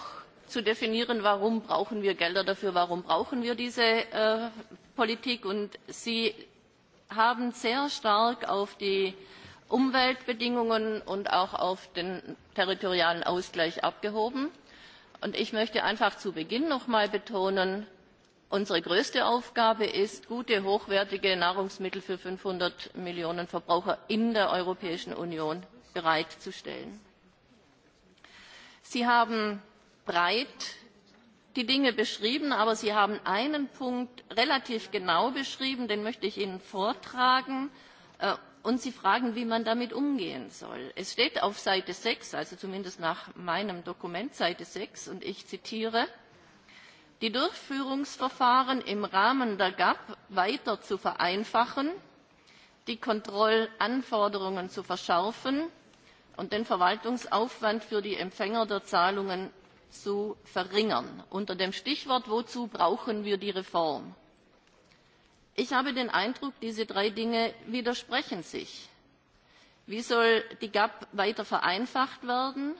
zu definieren, warum brauchen wir Gelder dafür, warum brauchen wir diese äh, Politik. Und Sie haben sehr stark auf die Umweltbedingungen und auch auf den territorialen Ausgleich abgehoben. Und ich möchte einfach zu Beginn noch einmal betonen, unsere größte Aufgabe ist, gute, hochwertige Nahrungsmittel für 500 Millionen Verbraucher in der Europäischen Union bereitzustellen. Sie haben breit die Dinge beschrieben, aber Sie haben einen Punkt relativ genau beschrieben, den möchte ich Ihnen vortragen. Äh, und Sie fragen, wie man damit umgehen soll. Es steht auf Seite 6, also zumindest nach meinem Dokument Seite 6, und ich zitiere, die Durchführungsverfahren im Rahmen der GAP weiter zu vereinfachen, die Kontrollanforderungen zu verschärfen und den Verwaltungsaufwand für die Empfänger der Zahlungen zu verringern unter dem stichwort wozu brauchen wir die reform? ich habe den eindruck diese drei dinge widersprechen sich. wie soll die gap weiter vereinfacht werden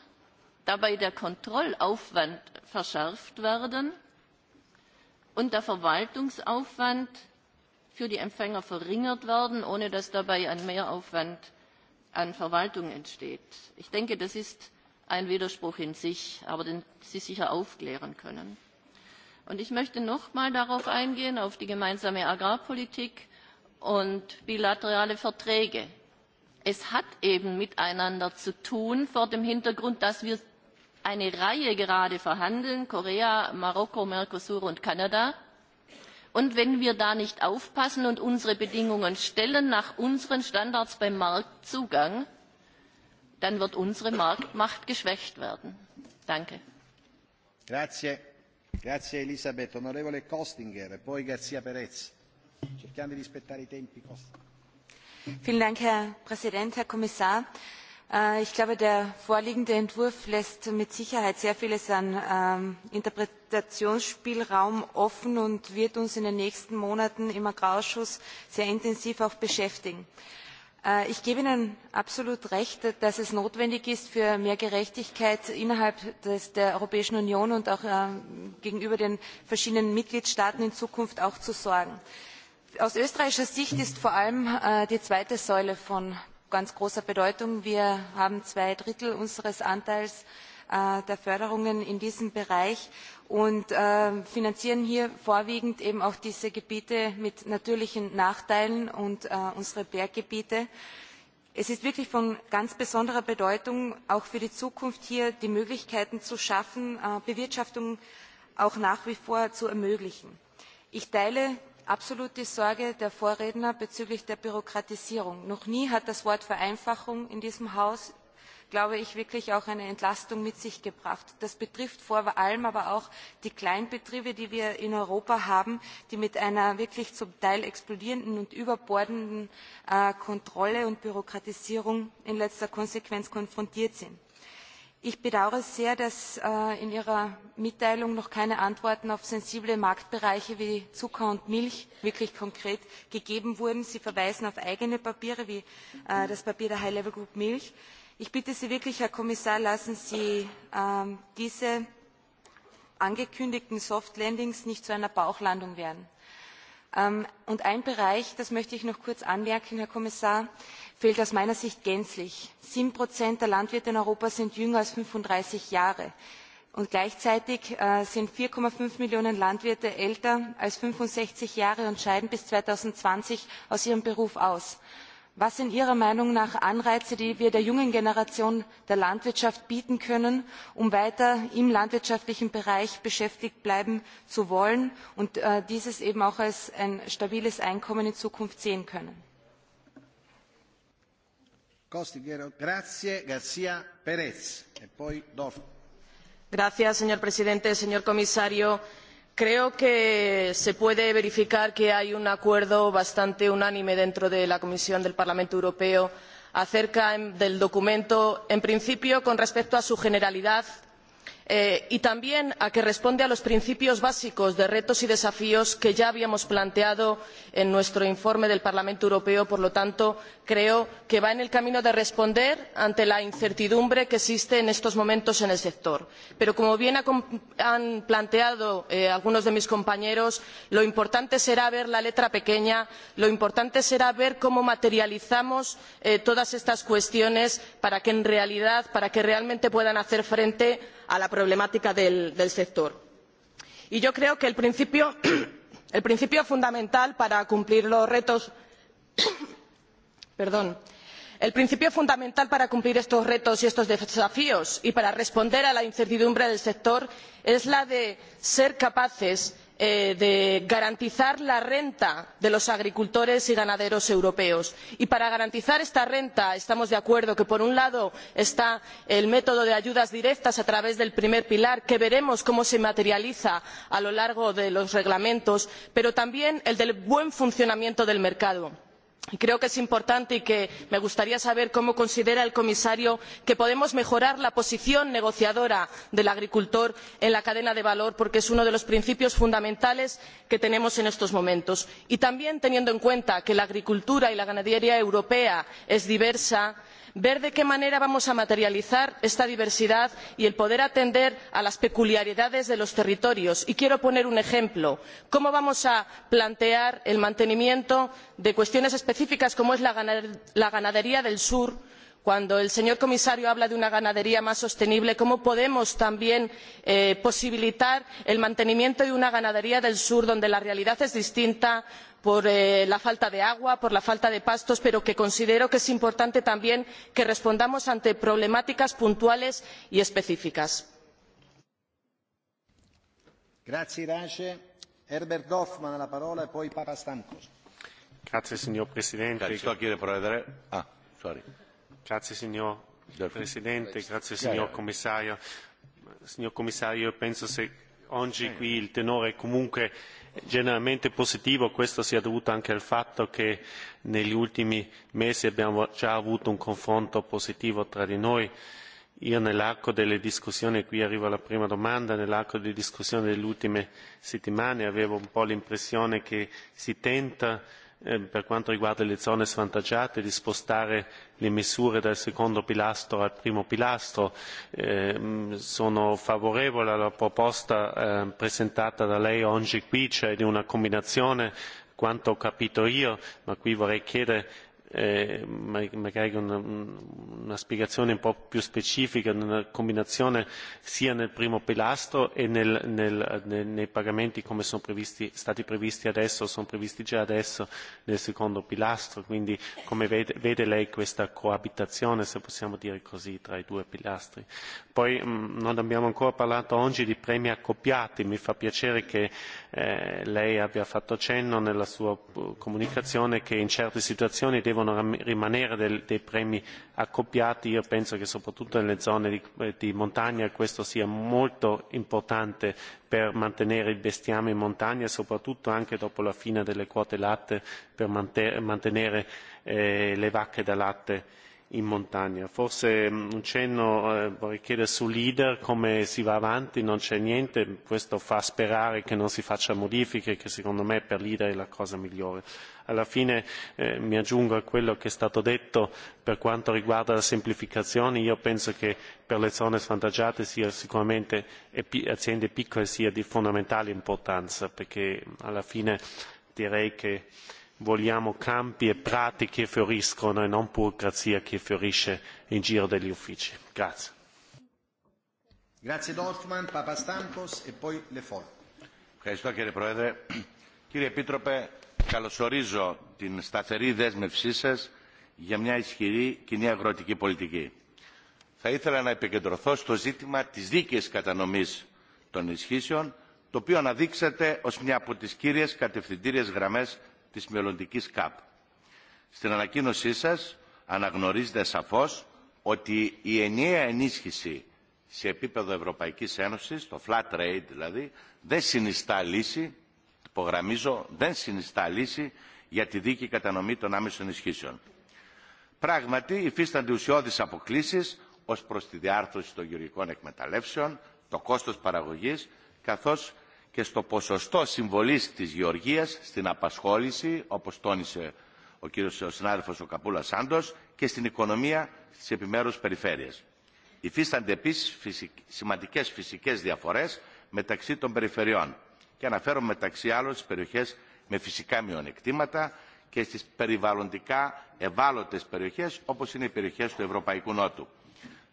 dabei der kontrollaufwand verschärft werden und der verwaltungsaufwand für die empfänger verringert werden ohne dass dabei ein mehraufwand an verwaltung entsteht? ich denke ein widerspruch in sich aber den sie sicher aufklären können. ich möchte noch einmal darauf eingehen auf die gemeinsame agrarpolitik und bilaterale verträge. es hat eben miteinander zu tun vor dem hintergrund dass wir gerade eine reihe verhandeln korea marokko mercosur und kanada. und wenn wir da nicht aufpassen und unsere bedingungen nach unseren standards beim marktzugang dann wird unsere marktmacht geschwächt werden. herr präsident herr kommissar! Äh, ich glaube der vorliegende entwurf lässt mit sicherheit sehr viel ähm, interpretationsspielraum offen und wird uns in den nächsten monaten im agrarausschuss sehr intensiv beschäftigen. Äh, ich gebe ihnen absolut recht dass es notwendig ist für mehr gerechtigkeit innerhalb der europäischen union und auch ähm, gegenüber den verschiedenen mitgliedstaaten in zukunft zu sorgen. aus österreichischer sicht ist vor allem äh, die zweite säule von ganz großer bedeutung. wir haben zwei drittel unseres anteils Äh, der förderungen in diesem bereich und äh, finanzieren hier vorwiegend eben auch diese gebiete mit natürlichen nachteilen und äh, unsere berggebiete. es ist wirklich von ganz besonderer bedeutung auch für die zukunft hier die möglichkeiten zu schaffen bewirtschaftung auch nach wie vor zu ermöglichen. ich teile absolut die sorge der vorredner bezüglich der bürokratisierung. noch nie hat das wort vereinfachung in diesem haus glaube ich wirklich auch eine entlastung mit sich gebracht. das betrifft vor allem aber auch die kleinbetriebe die wir in europa haben die mit einer wirklich zum teil explodierenden und überbordenden äh, kontrolle und bürokratisierung in letzter konsequenz konfrontiert sind. ich bedaure sehr dass äh, in ihrer mitteilung noch keine antworten auf sensible marktbereiche wie zucker und milch wirklich konkret gegeben wurden. sie verweisen auf eigene papiere wie äh, das papier der high level group milch ich bitte sie wirklich herr kommissar lassen sie ähm, diese angekündigten soft landings nicht zu einer bauchlandung werden! Ähm, und ein bereich das möchte ich noch kurz anmerken herr kommissar fehlt aus meiner sicht gänzlich sieben der landwirte in europa sind jünger als fünfunddreißig jahre und gleichzeitig äh, sind vier fünf millionen landwirte älter als fünfundsechzig jahre und scheiden bis zweitausendzwanzig aus ihrem beruf aus was sind ihrer meinung nach anreize die wir der jungen generation der landwirtschaft bieten können um weiter im landwirtschaftlichen bereich beschäftigt bleiben zu wollen und äh, dieses eben auch als ein stabiles einkommen in zukunft sehen können? E señor presidente señor comisario creo que se puede verificar que hay un acuerdo bastante unánime dentro de la comisión del parlamento europeo acerca del documento en principio con respecto a su generalidad y Eh, y también a que responde a los principios básicos de retos y desafíos que ya habíamos planteado en nuestro informe del parlamento europeo por lo tanto creo que va en el camino de responder ante la incertidumbre que existe en estos momentos en el sector. pero como bien han planteado eh, algunos de mis compañeros lo importante será ver la letra pequeña lo importante será ver cómo materializamos eh, todas estas cuestiones para que realmente puedan hacer frente a la problemática del sector. y yo creo que el principio [CLEARS THROAT] fundamental para cumplir los retos [CLEARS THROAT] el principio fundamental para cumplir estos retos y estos desafíos y para responder a la incertidumbre del sector es la de ser capaces Eh, de garantizar la renta de los agricultores y ganaderos europeos y para garantizar esta renta estamos de acuerdo en que por un lado está el método de ayudas directas a través del primer pilar que veremos cómo se materializa a lo largo de los reglamentos pero también el del buen funcionamiento del mercado creo que es importante y me gustaría saber cómo considera el comisario que podemos mejorar la posición negociadora del agricultor en la cadena de valor porque es uno de los principios fundamentales que tenemos en estos momentos y también teniendo en cuenta que la agricultura y la ganadería europeas son diversas ver de qué manera vamos a materializar esta diversidad y el poder atender a las peculiaridades de los territorios. y quiero poner un ejemplo cómo vamos a plantear el mantenimiento de cuestiones específicas como es la ganadería del sur o cuando el señor comisario habla de una ganadería más sostenible cómo podemos también eh, posibilitar el mantenimiento de una ganadería del sur donde la realidad es distinta por eh, la falta de agua por la falta de pastos pero considero que es importante también que respondamos ante problemáticas puntuales y específicas? Grazie signor Presidente, grazie signor eh. Commissario. Signor Commissario, penso se oggi qui il tenore è comunque generalmente positivo, questo sia dovuto anche al fatto che negli ultimi mesi abbiamo già avuto un confronto positivo tra di noi. Io nell'arco delle discussioni, qui arrivo alla prima domanda, nell'arco delle discussioni delle ultime settimane avevo un po' l'impressione che si tenta Eh, per quanto riguarda le zone svantaggiate di spostare le misure dal secondo pilastro al primo pilastro. Eh, sono favorevole alla proposta eh, presentata da lei oggi qui, cioè di una combinazione quanto ho capito io, ma qui vorrei chiedere Eh, magari con una spiegazione un po' più specifica una combinazione sia nel primo pilastro e nei pagamenti come sono stati previsti adesso o sono previsti già adesso nel secondo pilastro quindi come vede, vede lei questa coabitazione se possiamo dire così tra i due pilastri poi mh, mm, non abbiamo ancora parlato oggi di premi accoppiati mi fa piacere che eh, lei abbia fatto cenno nella sua uh, comunicazione che in certe situazioni devono devono rimanere dei premi accoppiati io penso che soprattutto nelle zone eh, di montagna questo sia molto importante per mantenere il bestiame in montagna e soprattutto anche dopo la fine delle quote latte per mantenere eh, le vacche da latte in montagna. forse mm, un cenno eh, vorrei chiedere sul leader come si va avanti non c'è niente questo fa sperare che non si faccia modifiche che secondo me per leader è la cosa migliore. alla fine eh, mi aggiungo a quello che è stato detto per quanto riguarda la semplificazione io penso che per le zone svantaggiate sia sicuramente e aziende piccole sia di fondamentale importanza perché mm, alla fine direi che vogliamo campi e prati che fioriscono e non burocrazia che fiorisce in giro degli uffici. Grazie. Grazie Dorfman, Papa Stampos e poi Le Foll. Ευχαριστώ κύριε Πρόεδρε. Κύριε Επίτροπε, καλωσορίζω την σταθερή δέσμευσή σας για μια ισχυρή κοινή αγροτική πολιτική. Θα ήθελα να επικεντρωθώ στο ζήτημα της δίκαιης κατανομής των ισχύσεων, το οποίο αναδείξατε ως μια από τις κύριες κατευθυντήριες γραμμές της μελλοντικής ΚΑΠ. Στην ανακοίνωσή σας αναγνωρίζετε σαφώς ότι η ενιαία ενίσχυση σε επίπεδο Ευρωπαϊκής Ένωσης, το flat rate δηλαδή, δεν συνιστά λύση, υπογραμμίζω, δεν συνιστά λύση για τη δίκη κατανομή των άμεσων ισχύσεων. Πράγματι, υφίστανται ουσιώδεις αποκλήσεις ως προς τη διάρθρωση των γεωργικών εκμεταλλεύσεων, το κόστος παραγωγής, καθώς και στο ποσοστό συμβολής της γεωργίας στην απασχόληση, όπως τόνισε ο κύριος ο συνάδελφος ο Καπούλα Σάντος, και στην οικονομία της επιμέρους περιφέρειας. Υφίστανται επίσης φυσικ... σημαντικές φυσικές διαφορές μεταξύ των περιφερειών και αναφέρω μεταξύ άλλων στις περιοχές με φυσικά μειονεκτήματα και στις περιβαλλοντικά ευάλωτες περιοχές όπως είναι οι περιοχές του Ευρωπαϊκού Νότου.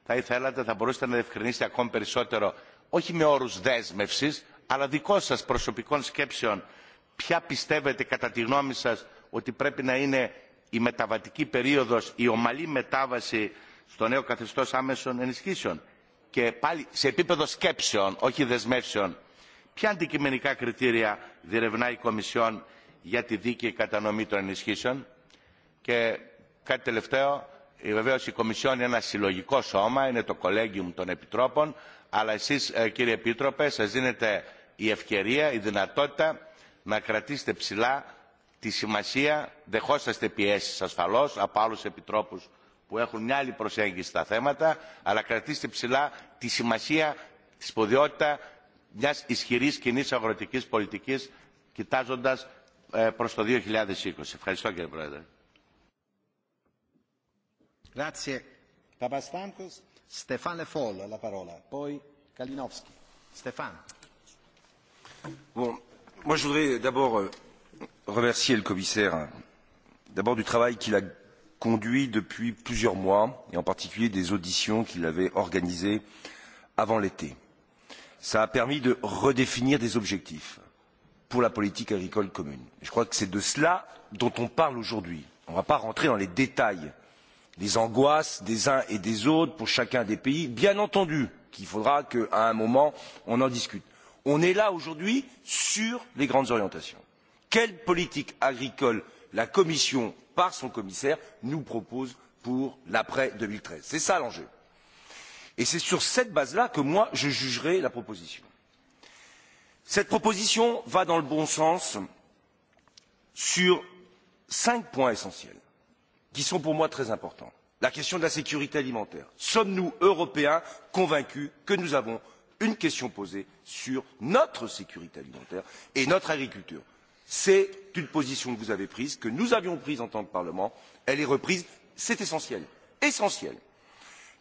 Θα ήθελατε, θα μπορούσατε να διευκρινίσετε ακόμη περισσότερο όχι με όρους δέσμευσης, αλλά δικών σας προσωπικών σκέψεων ποια πιστεύετε κατά τη γνώμη σας ότι πρέπει να είναι η μεταβατική περίοδος, η ομαλή μετάβαση στο νέο καθεστώς άμεσων ενισχύσεων και πάλι σε επίπεδο σκέψεων, όχι δεσμεύσεων. Ποια αντικειμενικά κριτήρια διερευνά η Κομισιόν για τη δίκαιη κατανομή των ενισχύσεων. Και κάτι τελευταίο, βεβαίω η Κομισιόν είναι ένα συλλογικό σώμα, είναι το κολέγιουμ των Επιτρόπων, αλλά εσεί, κύριε Επίτροπε, σα δίνεται η ευκαιρία, η δυνατότητα να κρατήσετε ψηλά τη σημασία. Δεχόσαστε πιέσει ασφαλώ από άλλου Επιτρόπου που έχουν μια άλλη προσέγγιση στα θέματα, αλλά κρατήστε ψηλά τη σημασία, τη σπουδαιότητα μια ισχυρή κοινή αγροτική πολιτική, κοιτάζοντα προ το 2020. Ευχαριστώ, κύριε Πρόεδρε je voudrais d'abord euh, remercier le commissaire du travail qu'il a conduit depuis plusieurs mois et en particulier des auditions qu'il avait organisées avant l'été. cela a permis de redéfinir des objectifs pour la politique agricole commune. je crois que c'est de cela dont on parle aujourd'hui. on ne va pas rentrer dans les détails les angoisses des uns et des autres pour chacun des pays bien entendu qu'il faudra qu'à un moment on en discute. On est là aujourd'hui sur les grandes orientations. Quelle politique agricole la Commission, par son commissaire, nous propose pour l'après 2013 C'est ça l'enjeu. Et c'est sur cette base-là que moi, je jugerai la proposition. Cette proposition va dans le bon sens sur cinq points essentiels qui sont pour moi très importants la question de la sécurité alimentaire sommes nous européens convaincus que nous avons une question posée sur notre sécurité alimentaire et notre agriculture? c'est une position que vous avez prise que nous avions prise en tant que parlement elle est reprise c'est essentiel essentiel.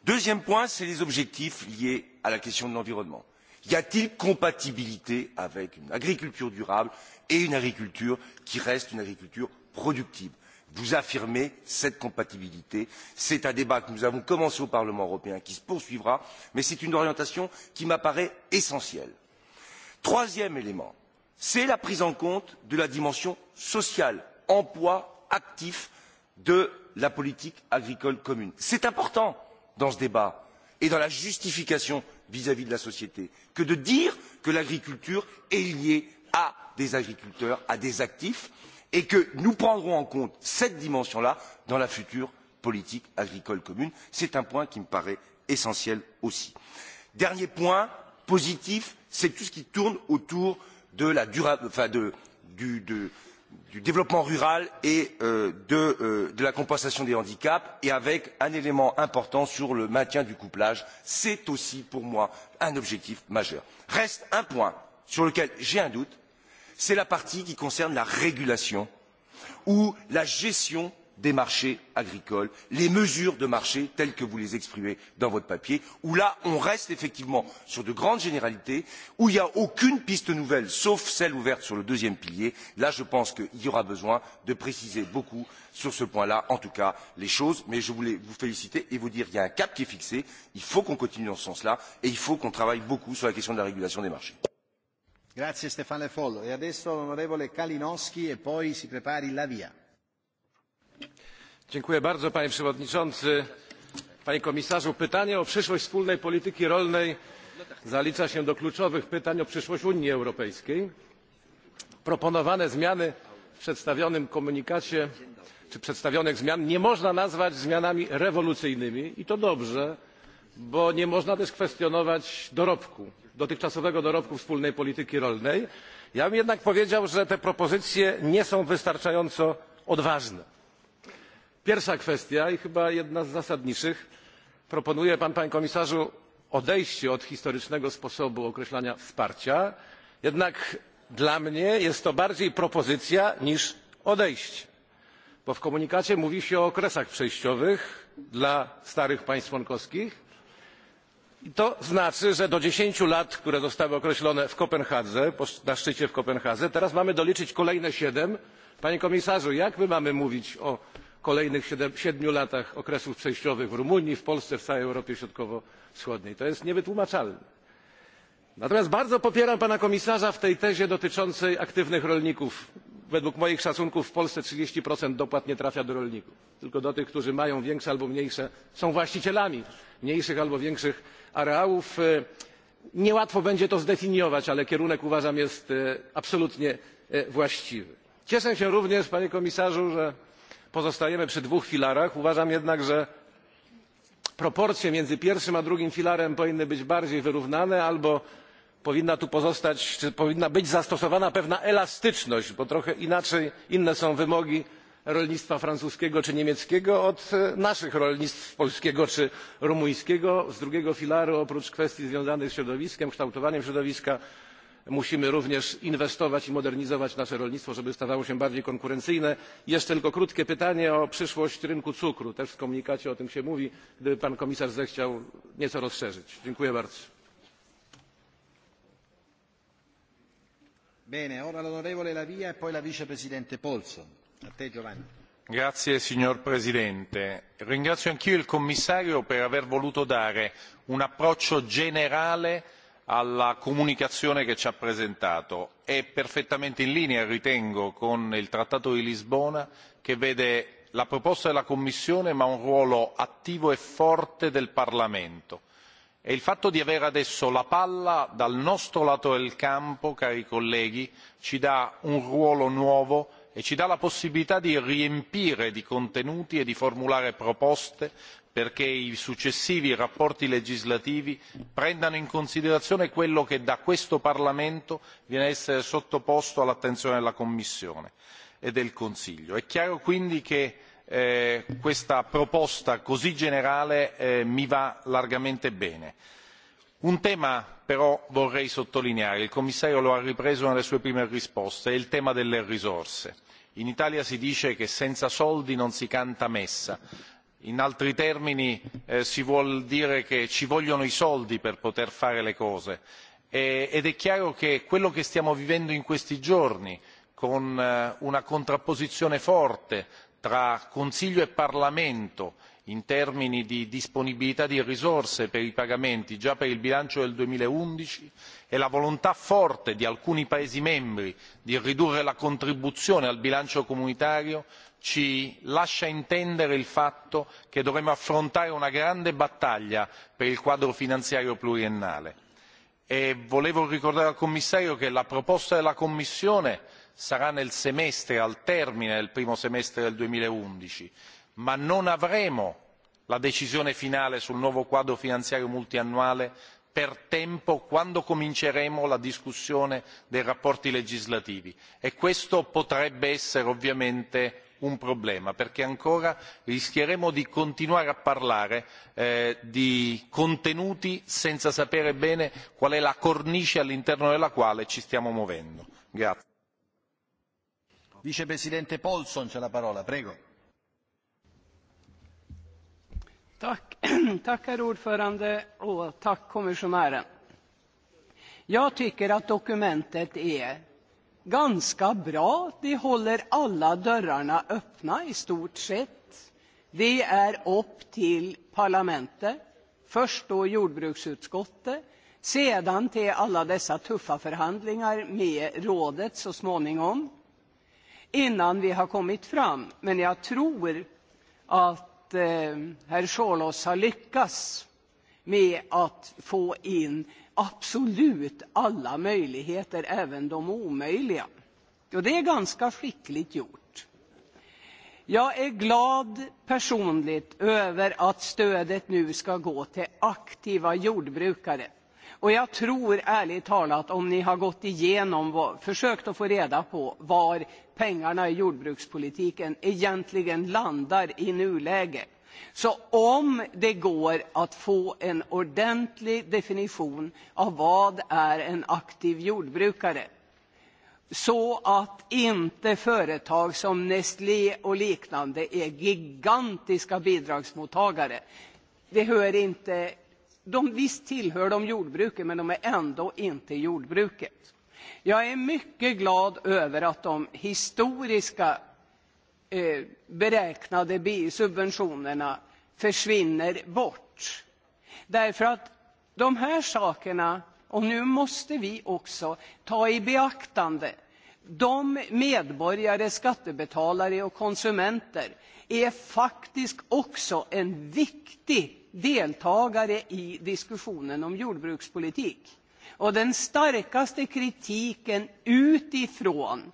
deuxième point c'est les objectifs liés à la question de l'environnement y a t il compatibilité avec une agriculture durable et une agriculture qui reste une agriculture productive? vous affirmez cette compatibilité. C'est un débat que nous avons commencé au Parlement européen qui se poursuivra, mais c'est une orientation qui m'apparaît essentielle. Troisième élément, c'est la prise en compte de la dimension sociale, emploi actif de la politique agricole commune. C'est important dans ce débat et dans la justification vis-à-vis -vis de la société que de dire que l'agriculture est liée à des agriculteurs, à des actifs et que nous prendrons en compte cette dimension là dans la future politique agricole commune. c'est un point qui me paraît essentiel aussi. dernier point positif c'est tout ce qui tourne autour de la dura... enfin de, du, de, du développement rural et euh, de, euh, de la compensation des handicaps et avec un élément important sur le maintien du couplage c'est aussi pour moi un objectif majeur. reste un point sur lequel j'ai un doute c'est la partie qui concerne la régulation ou la gestion des marchés agricoles, les mesures de marché telles que vous les exprimez dans votre papier, où là on reste effectivement sur de grandes généralités, où il n'y a aucune piste nouvelle sauf celle ouverte sur le deuxième pilier. Là je pense qu'il y aura besoin de préciser beaucoup sur ce point là, en tout cas les choses, mais je voulais vous féliciter et vous dire qu'il y a un cap qui est fixé, il faut qu'on continue dans ce sens là et il faut qu'on travaille beaucoup sur la question de la régulation des marchés grazie stefano follo e adesso l'onorevole kalinowski e poi si prepari la via. panie przewodniczący! panie komisarzu! pytanie o przyszłość wspólnej polityki rolnej zalicza się do kluczowych pytań o przyszłość unii europejskiej. proponowanych zmian w przedstawionym komunikacie nie można nazwać zmianami rewolucyjnymi i to dobrze bo nie można też kwestionować dorobku dotychczasowego dorobku wspólnej polityki rolnej ja bym jednak powiedział że te propozycje nie są wystarczająco odważne. pierwsza kwestia i chyba jedna z zasadniczych proponuje pan panie komisarzu odejście od historycznego sposobu określania wsparcia jednak dla mnie jest to bardziej propozycja niż odejście bo w komunikacie mówi się o okresach przejściowych dla starych państw członkowskich to znaczy że do dziesięć lat które zostały określone na szczycie w kopenhadze teraz mamy doliczyć kolejne siedem panie komisarzu jak my mamy mówić o kolejnych siedmiu latach okresów przejściowych w rumunii w polsce w całej europie środkowo wschodniej? to jest niewytłumaczalne. natomiast bardzo popieram pana komisarza w tej tezie dotyczącej aktywnych rolników. według moich szacunków w polsce trzydzieści dopłat nie trafia do rolników tylko do tych którzy mają większe albo mniejsze są właścicielami mniejszych albo większych areałów e, niełatwo będzie to zdefiniować ale kierunek uważam jest e, absolutnie e, właściwy. cieszę się również panie komisarzu że pozostajemy przy dwóch filarach uważam jednak że proporcje między pierwszym a drugim filarem powinny być bardziej wyrównane albo powinna tu pozostać czy powinna być zastosowana pewna elastyczność bo trochę inaczej inne są wymogi rolnictwa francuskiego czy niemieckiego od e, naszych rolnictw polskiego czy rumuńskiego. z drugiego filaru oprócz kwestii związanych ze środowiskiem kształtowaniem środowiska musimy również inwestować i modernizować nasze rolnictwo żeby stawało się bardziej konkurencyjne. jeszcze tylko krótkie pytanie o przyszłość rynku cukru też w komunikacie o tym się mówi gdyby pan komisarz zechciał nieco rozszerzyć. dziękuję bardzo signor presidente onorevoli colleghi ringrazio anch'io il commissario per aver voluto dare un approccio generale alla comunicazione che ci ha presentato. è perfettamente in linea ritengo con il trattato di lisbona che vede la proposta della commissione ma un ruolo attivo e forte del parlamento. e il fatto di avere adesso la palla dal nostro lato del campo cari colleghi ci dà un ruolo nuovo e ci dà la possibilità di riempire di contenuti e di formulare proposte perché i successivi rapporti legislativi prendano in considerazione quello che da questo parlamento viene ad essere sottoposto all'attenzione della commissione e del consiglio. è chiaro quindi che eh, questa proposta così generale eh, mi va largamente bene. un tema però vorrei sottolineare il commissario lo ha ripreso nelle sue prime risposte è il tema delle risorse in italia si dice che senza soldi non si canta messa in altri termini eh, si vuol dire che ci vogliono i soldi per poter fare le cose e, ed è chiaro che quello che stiamo vivendo in questi giorni con eh, una contrapposizione forte tra consiglio e parlamento in termini di disponibilità di risorse per i pagamenti già per il bilancio del duemilaundici e la volontà forte di alcuni paesi membri di ridurre la contribuzione al bilancio comunitario ci lascia intendere il fatto che dovremo affrontare una grande battaglia per il quadro finanziario pluriennale. E volevo ricordare al commissario che la proposta della commissione sarà nel semestre al termine del primo semestre del duemilaundici ma non avremo la decisione finale sul nuovo quadro finanziario multiannuale per tempo quando cominceremo la discussione dei rapporti legislativi e questo potrebbe essere ovviamente un problema perché ancora rischieremo di continuare a parlare eh, di contenuti senza sapere bene qual è la cornice all'interno della quale ci stiamo muovendo. [CLEARS THROAT] Tack, herr ordförande, och tack, kommissionären. Jag tycker att dokumentet är ganska bra. Det håller alla dörrarna öppna, i stort sett. Det är upp till parlamentet, först då jordbruksutskottet sedan till alla dessa tuffa förhandlingar med rådet så småningom innan vi har kommit fram. Men jag tror att Eh, herr Scholos har lyckats med att få in absolut alla möjligheter, även de omöjliga. Och det är ganska skickligt gjort. Jag är glad personligt över att stödet nu ska gå till aktiva jordbrukare. Och jag tror ärligt talat, om ni har gått igenom och försökt att få reda på var pengarna i jordbrukspolitiken egentligen landar i nuläget. Så om det går att få en ordentlig definition av vad är en aktiv jordbrukare så att inte företag som Nestlé och liknande är gigantiska bidragsmottagare. Det hör inte, de visst tillhör de jordbruket, men de är ändå inte jordbruket. Jag är mycket glad över att de historiska eh, beräknade subventionerna försvinner bort. Därför att de här sakerna, och nu måste vi också ta i beaktande, de medborgare, skattebetalare och konsumenter är faktiskt också en viktig deltagare i diskussionen om jordbrukspolitik. Och den starkaste kritiken utifrån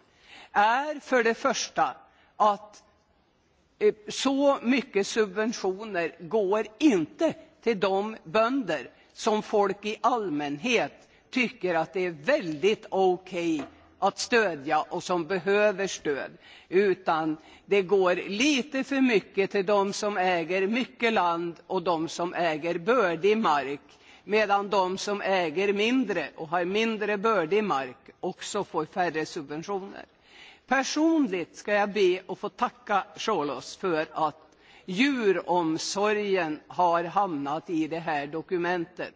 är för det första att eh, så mycket subventioner går inte till de bönder som folk i allmänhet tycker att det är väldigt okej okay att stödja och som behöver stöd. Utan det går lite för mycket till de som äger mycket land och de som äger bördig mark medan de som äger mindre och har mindre bördig mark också får färre subventioner. Personligt ska jag be och få tacka Scholos för att djuromsorgen har hamnat i det här dokumentet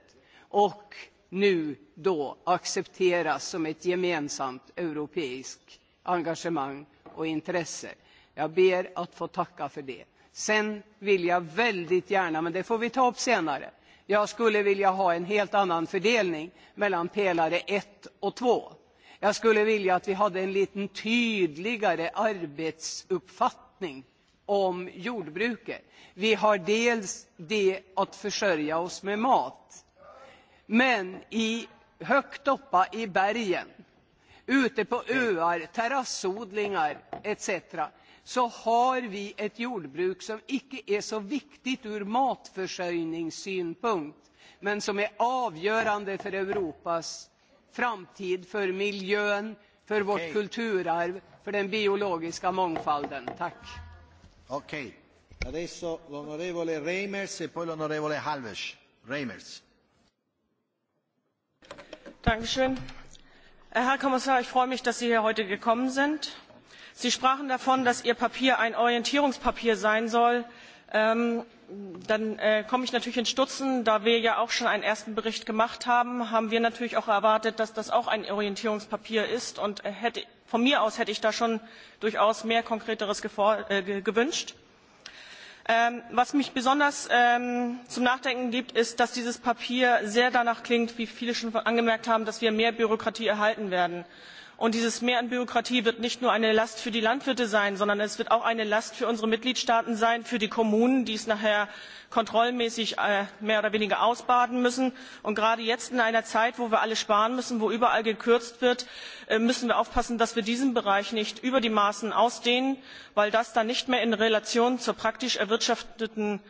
och nu då accepteras som ett gemensamt europeiskt engagemang och intresse. Jag ber att få tacka för det. Sen vill jag väldigt gärna, men det får vi ta upp senare, Jag skulle vilja ha en helt annan fördelning mellan pelare 1 och 2. Jag skulle vilja att vi hade en lite tydligare arbetsuppfattning om jordbruket. Vi har dels det att försörja oss med mat, men i högt uppe i bergen, ute på öar, terrassodlingar etc så har vi ett jordbruk som inte är så viktigt ur matförsörjningssynpunkt men som är avgörande för Europas framtid, för miljön, för okay. vårt kulturarv, för den biologiska mångfalden. Tack. Okej. Okay. Adesso l'onorevole Reimers e poi l'onorevole Halvers. Reimers. Dankeschön. Herr Kommissar, ich freue mich, dass Sie hier heute gekommen sind sie sprachen davon dass ihr papier ein orientierungspapier sein soll. Ähm, dann äh, komme ich natürlich ins stutzen da wir ja auch schon einen ersten bericht gemacht haben haben wir natürlich auch erwartet dass das auch ein orientierungspapier ist und äh, von mir aus hätte ich da schon durchaus mehr konkreteres äh, gewünscht. Ähm, was mich besonders ähm, zum nachdenken gibt ist dass dieses papier sehr danach klingt wie viele schon angemerkt haben dass wir mehr bürokratie erhalten werden und dieses mehr an bürokratie wird nicht nur eine last für die landwirte sein sondern es wird auch eine last für unsere mitgliedstaaten sein für die kommunen die es nachher kontrollmäßig äh, mehr oder weniger ausbaden müssen. und gerade jetzt in einer zeit wo wir alle sparen müssen wo überall gekürzt wird äh, müssen wir aufpassen dass wir diesen bereich nicht über die maßen ausdehnen weil das dann nicht mehr in relation zur praktisch erwirtschafteten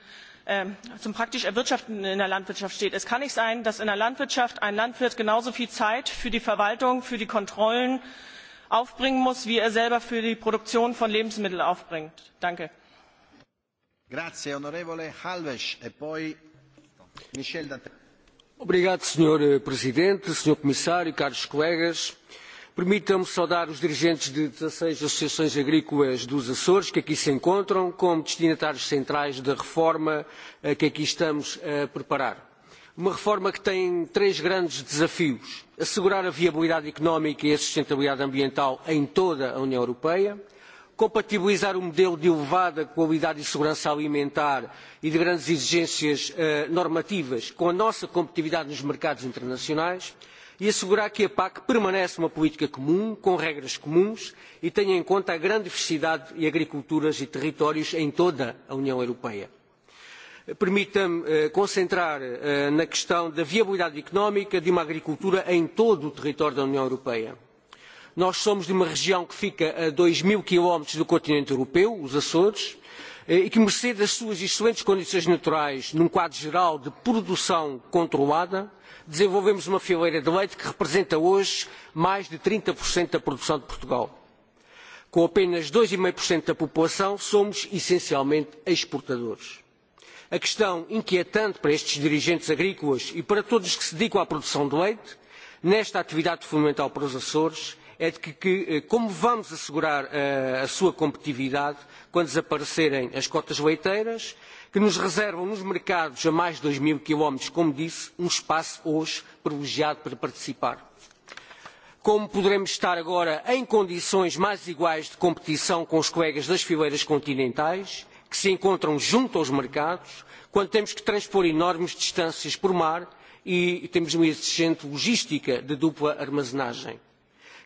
Ähm, zum praktischen erwirtschaften in der landwirtschaft steht. es kann nicht sein dass in der landwirtschaft ein landwirt genauso viel zeit für die verwaltung für die kontrollen aufbringen muss wie er selber für die produktion von lebensmitteln aufbringt. herr präsident herr kommissar liebe kolleginnen und kollegen! Permitam-me saudar os dirigentes de 16 associações agrícolas dos Açores que aqui se encontram, como destinatários centrais da reforma eh, que aqui estamos a preparar. Uma reforma que tem três grandes desafios. Assegurar a viabilidade económica e a sustentabilidade ambiental em toda a União Europeia. Compatibilizar um modelo de elevada qualidade e segurança alimentar e de grandes exigências eh, normativas com a nossa competitividade nos mercados internacionais e assegurar que a pac permaneça uma política comum com regras comuns e tenha em conta a grande diversidade de agriculturas e territórios em toda a união europeia. permita me eh, concentrar eh, na questão da viabilidade económica de uma agricultura em todo o território da união europeia. nós somos de uma região que fica a dois mil quilómetros do continente europeu os açores eh, e que mercê das suas excelentes condições naturais num quadro geral de produção controlada desenvolvemos uma fileira de leite que representa hoje mais de 30% da produção de Portugal. Com apenas 2,5% da população, somos essencialmente exportadores. A questão inquietante para estes dirigentes agrícolas e para todos que se dedicam à produção de leite, nesta atividade fundamental para os Açores, é de que, que eh, como vamos assegurar a, eh, a sua competitividade quando desaparecerem as cotas leiteiras, que nos reservam nos mercados a mais de dois mil quilómetros, como disse, um espaço hoje privilegiado para participar. Como poderemos estar agora em condições mais iguais de competição com os colegas das fileiras continentais, que se encontram junto aos mercados, quando temos que transpor enormes distâncias por mar e temos uma exigente logística de dupla armazenagem?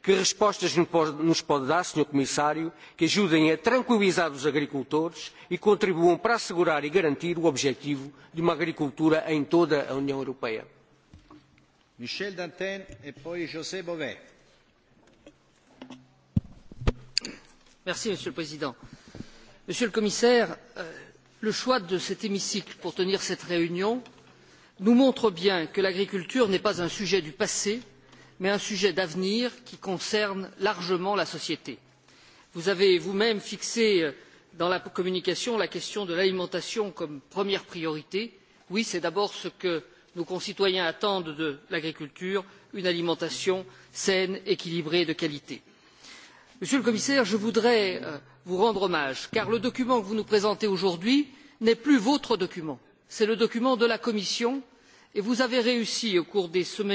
que respostas no nos pode dar, Sr. Comissário, que ajudem a tranquilizar os agricultores e contribuam para assegurar e garantir o objetivo de uma agricultura em toda a União Europeia. Michel Dantin e depois José Bové. Merci, Monsieur le Président. Monsieur le Commissaire, euh, le choix de cet hémicycle pour tenir cette réunion nous montre bien que l'agriculture n'est pas un sujet du passé, mais un sujet d'avenir qui concerne largement la société. vous avez vous même fixé euh, dans la communication la question de l'alimentation comme première priorité. oui c'est d'abord ce que nos concitoyens attendent de l'agriculture une alimentation saine équilibrée et de qualité. monsieur le commissaire je voudrais euh, vous rendre hommage car le document que vous nous présentez aujourd'hui n'est plus votre document c'est le document de la commission et vous avez réussi au cours des jours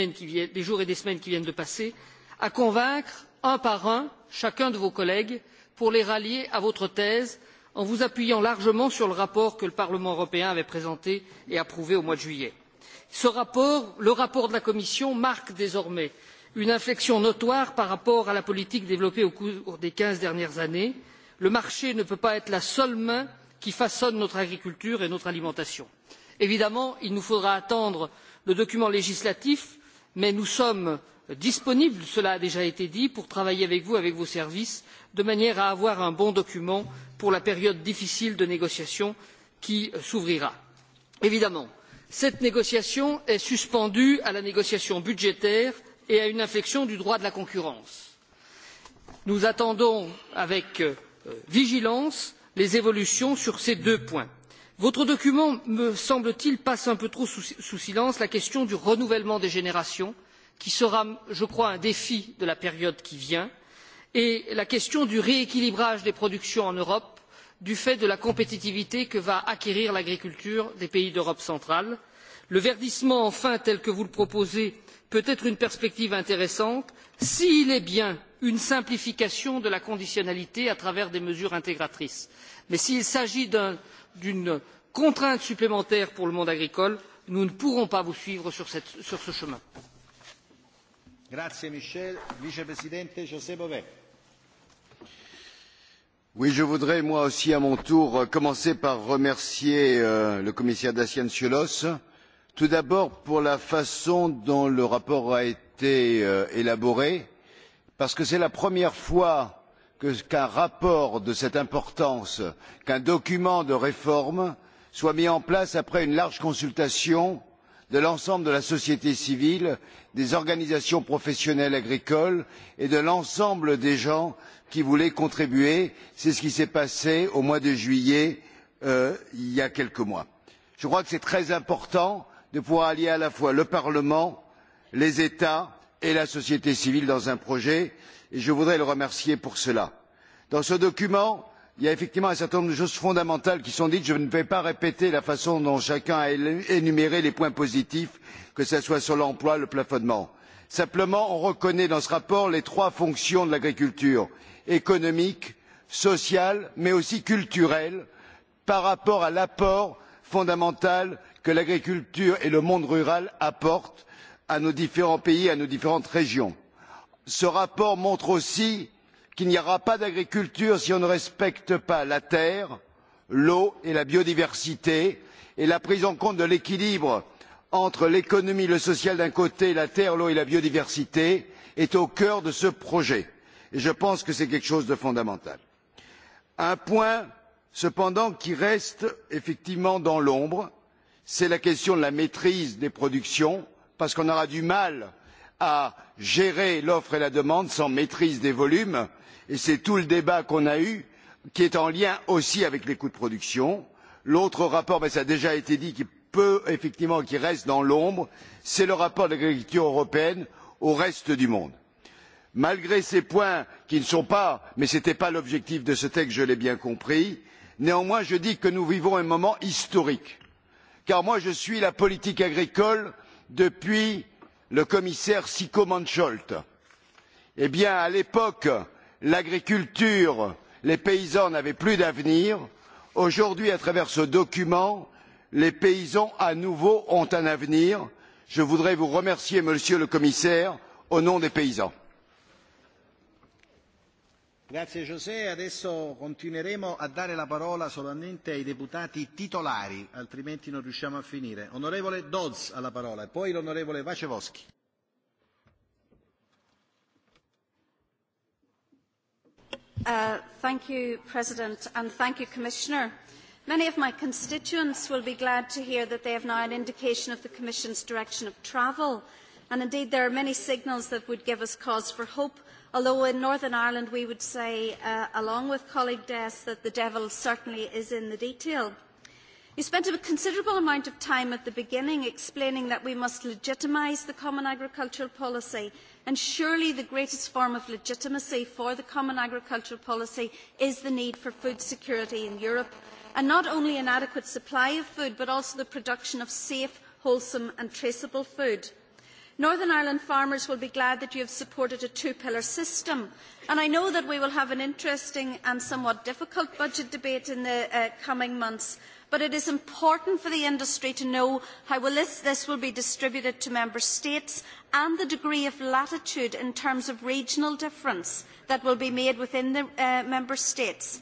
et des semaines qui viennent de passer à convaincre un par un chacun de vos collègues pour les rallier à votre thèse en vous appuyant largement sur le rapport que le parlement européen avait présenté et approuvé au mois de juillet. le rapport de la commission marque désormais une inflexion notoire par rapport à la politique développée au cours des quinze dernières années. le marché ne peut pas être la seule main qui façonnent notre agriculture et notre alimentation. évidemment il nous faudra attendre le document législatif mais nous sommes disponibles cela a déjà été dit pour travailler avec vous et avec vos services de manière à avoir un bon document pour la période difficile de négociation qui s'ouvrira. évidemment cette négociation est suspendue à la négociation budgétaire et à une inflexion du droit de la concurrence. nous attendons avec euh, vigilance les évolutions sur ces deux points. votre document me semble t il passe un peu trop sous silence la question du renouvellement des générations qui sera je crois un défi de la période qui vient et la question du rééquilibrage des productions en europe du fait de la compétitivité que va acquérir l'agriculture des pays d'europe centrale. le verdissement enfin tel que vous le proposez peut être une perspective intéressante s'il est bien une simplification de la conditionnalité à travers des mesures intégratrices mais s'il s'agit d'une contrainte supplémentaire pour le monde agricole nous ne pourrons pas vous suivre sur ce chemin. je voudrais moi aussi à mon tour euh, commencer par remercier euh, le commissaire dacian ciolo tout d'abord pour la façon dont le rapport a été euh, élaboré parce que c'est la première fois qu'un rapport de cette importance qu'un document de réforme est mis en place après une large consultation de l'ensemble de la société civile des organisations professionnelles agricoles et de l'ensemble des gens qui voulaient contribuer. c'est ce qui s'est passé au mois de juillet euh, il y a quelques mois. je crois que c'est très important de pouvoir allier à la fois le parlement les états et la société civile dans un projet et je voudrais le remercier pour cela. dans ce document il y a effectivement un certain nombre de choses fondamentales qui sont dites je ne vais pas répéter la façon dont chacun a énuméré les points positifs que ce soit sur l'emploi ou le plafonnement. simplement on reconnaît dans ce rapport les trois fonctions de l'agriculture économique sociale mais aussi culturelle par rapport à l'apport fondamental que l'agriculture et le monde rural apportent à nos différents pays et à nos différentes régions. Ce rapport montre aussi qu'il n'y aura pas d'agriculture si on ne respecte pas la terre, l'eau et la biodiversité et la prise en compte de l'équilibre entre l'économie, le social d'un côté, la terre, l'eau et la biodiversité est au cœur de ce projet. Et je pense que c'est quelque chose de fondamental. Un point, cependant, qui reste effectivement dans l'ombre, c'est la question de la maîtrise des productions parce qu'on aura du mal à gérer l'offre et la demande sans maîtrise des volumes et c'est tout le débat qu'on a eu qui est en lien aussi avec les coûts de production. L'autre rapport, mais ça a déjà été dit, qui peut effectivement qui reste dans l'ombre, c'est le rapport de l'agriculture européenne au reste du monde. Malgré ces points qui ne sont pas mais ce n'était pas l'objectif de ce texte, je l'ai bien compris, néanmoins je dis que nous vivons un moment historique car moi je suis la politique agricole depuis le commissaire sico mansholt. eh bien à l'époque l'agriculture les paysans n'avaient plus d'avenir aujourd'hui à travers ce document les paysans à nouveau ont un avenir. je voudrais vous remercier monsieur le commissaire au nom des paysans. Grazie José, adesso continueremo a dare la parola solamente ai deputati titolari, altrimenti non riusciamo a finire. Onorevole Dodds ha la parola e poi l'onorevole Vacevoschi. Uh, thank you, President, and thank you, Commissioner. Many of my constituents will be glad to hear that they have now an indication of the Commission's direction of travel, and indeed there are many signals that would give us cause for hope Although in Northern Ireland we would say, uh, along with colleague Des, that the devil certainly is in the detail. You spent a considerable amount of time at the beginning explaining that we must legitimise the common agricultural policy, and surely the greatest form of legitimacy for the common agricultural policy is the need for food security in Europe, and not only an adequate supply of food, but also the production of safe, wholesome and traceable food. Northern Ireland farmers will be glad that you have supported a two-pillar system. And I know that we will have an interesting and somewhat difficult budget debate in the uh, coming months, but it is important for the industry to know how will this, this will be distributed to Member States and the degree of latitude in terms of regional difference that will be made within the uh, Member States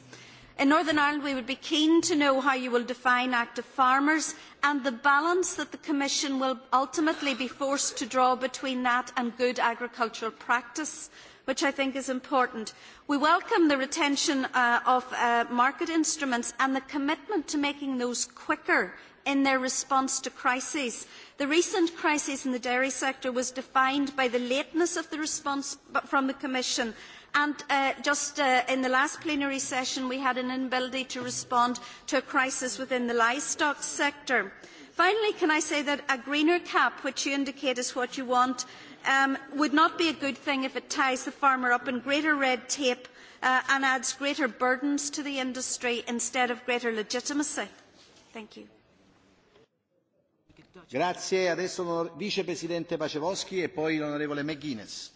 in northern ireland we would be keen to know how you will define active farmers and the balance that the commission will ultimately be forced to draw between that and good agricultural practice which i think is important. we welcome the retention uh, of uh, market instruments and the commitment to making those quicker in their response to crises. The recent crisis in the dairy sector was defined by the lateness of the response from the Commission And uh, just uh, in the last plenary session, we had an inability to respond to a crisis within the livestock sector. Finally, can I say that a greener cap, which you indicate is what you want, um, would not be a good thing if it ties the farmer up in greater red tape uh, and adds greater burdens to the industry instead of greater legitimacy. Thank you. Grazie. Adesso, vicepresidente Pacevoschi e poi l'onorevole McGuinness.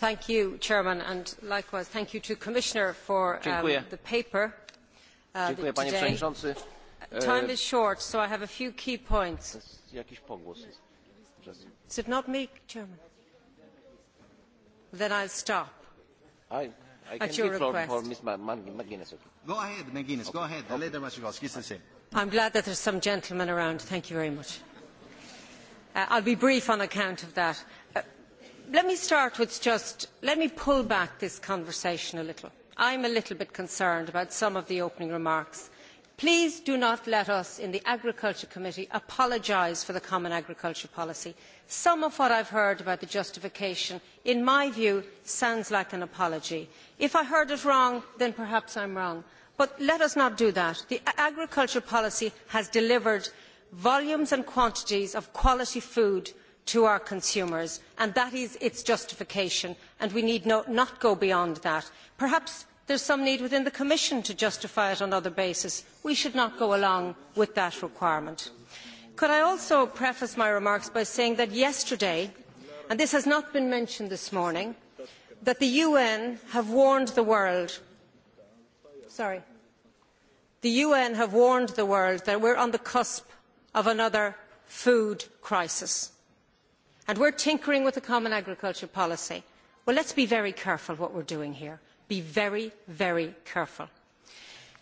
thank you chairman and likewise thank you to commissioner for um, the paper uh, today. Uh, time is short so i have a few key points. is it not me chairman? then i'll stop at your request. i'm glad that there's some gentlemen around. thank you very much. Uh, i'll be brief on account of that let me start with just pulling back this conversation a little. i am a little bit concerned about some of the opening remarks. please do not let us in the agriculture committee apologise for the common agricultural policy. some of what i have heard about the justification in my view sounds like an apology. if i heard it wrong then perhaps i am wrong but let us not do that. the agricultural policy has delivered volumes and quantities of quality food to our consumers and that is its justification and we need no, not go beyond that. perhaps there is some need within the commission to justify it on other bases. we should not go along with that requirement. could i also preface my remarks by saying that yesterday and this has not been mentioned this morning the un warned the world sorry the un warned the world that we are on the cusp of another food crisis and we are tinkering with the common agricultural policy well let us be very careful what we are doing here be very very careful.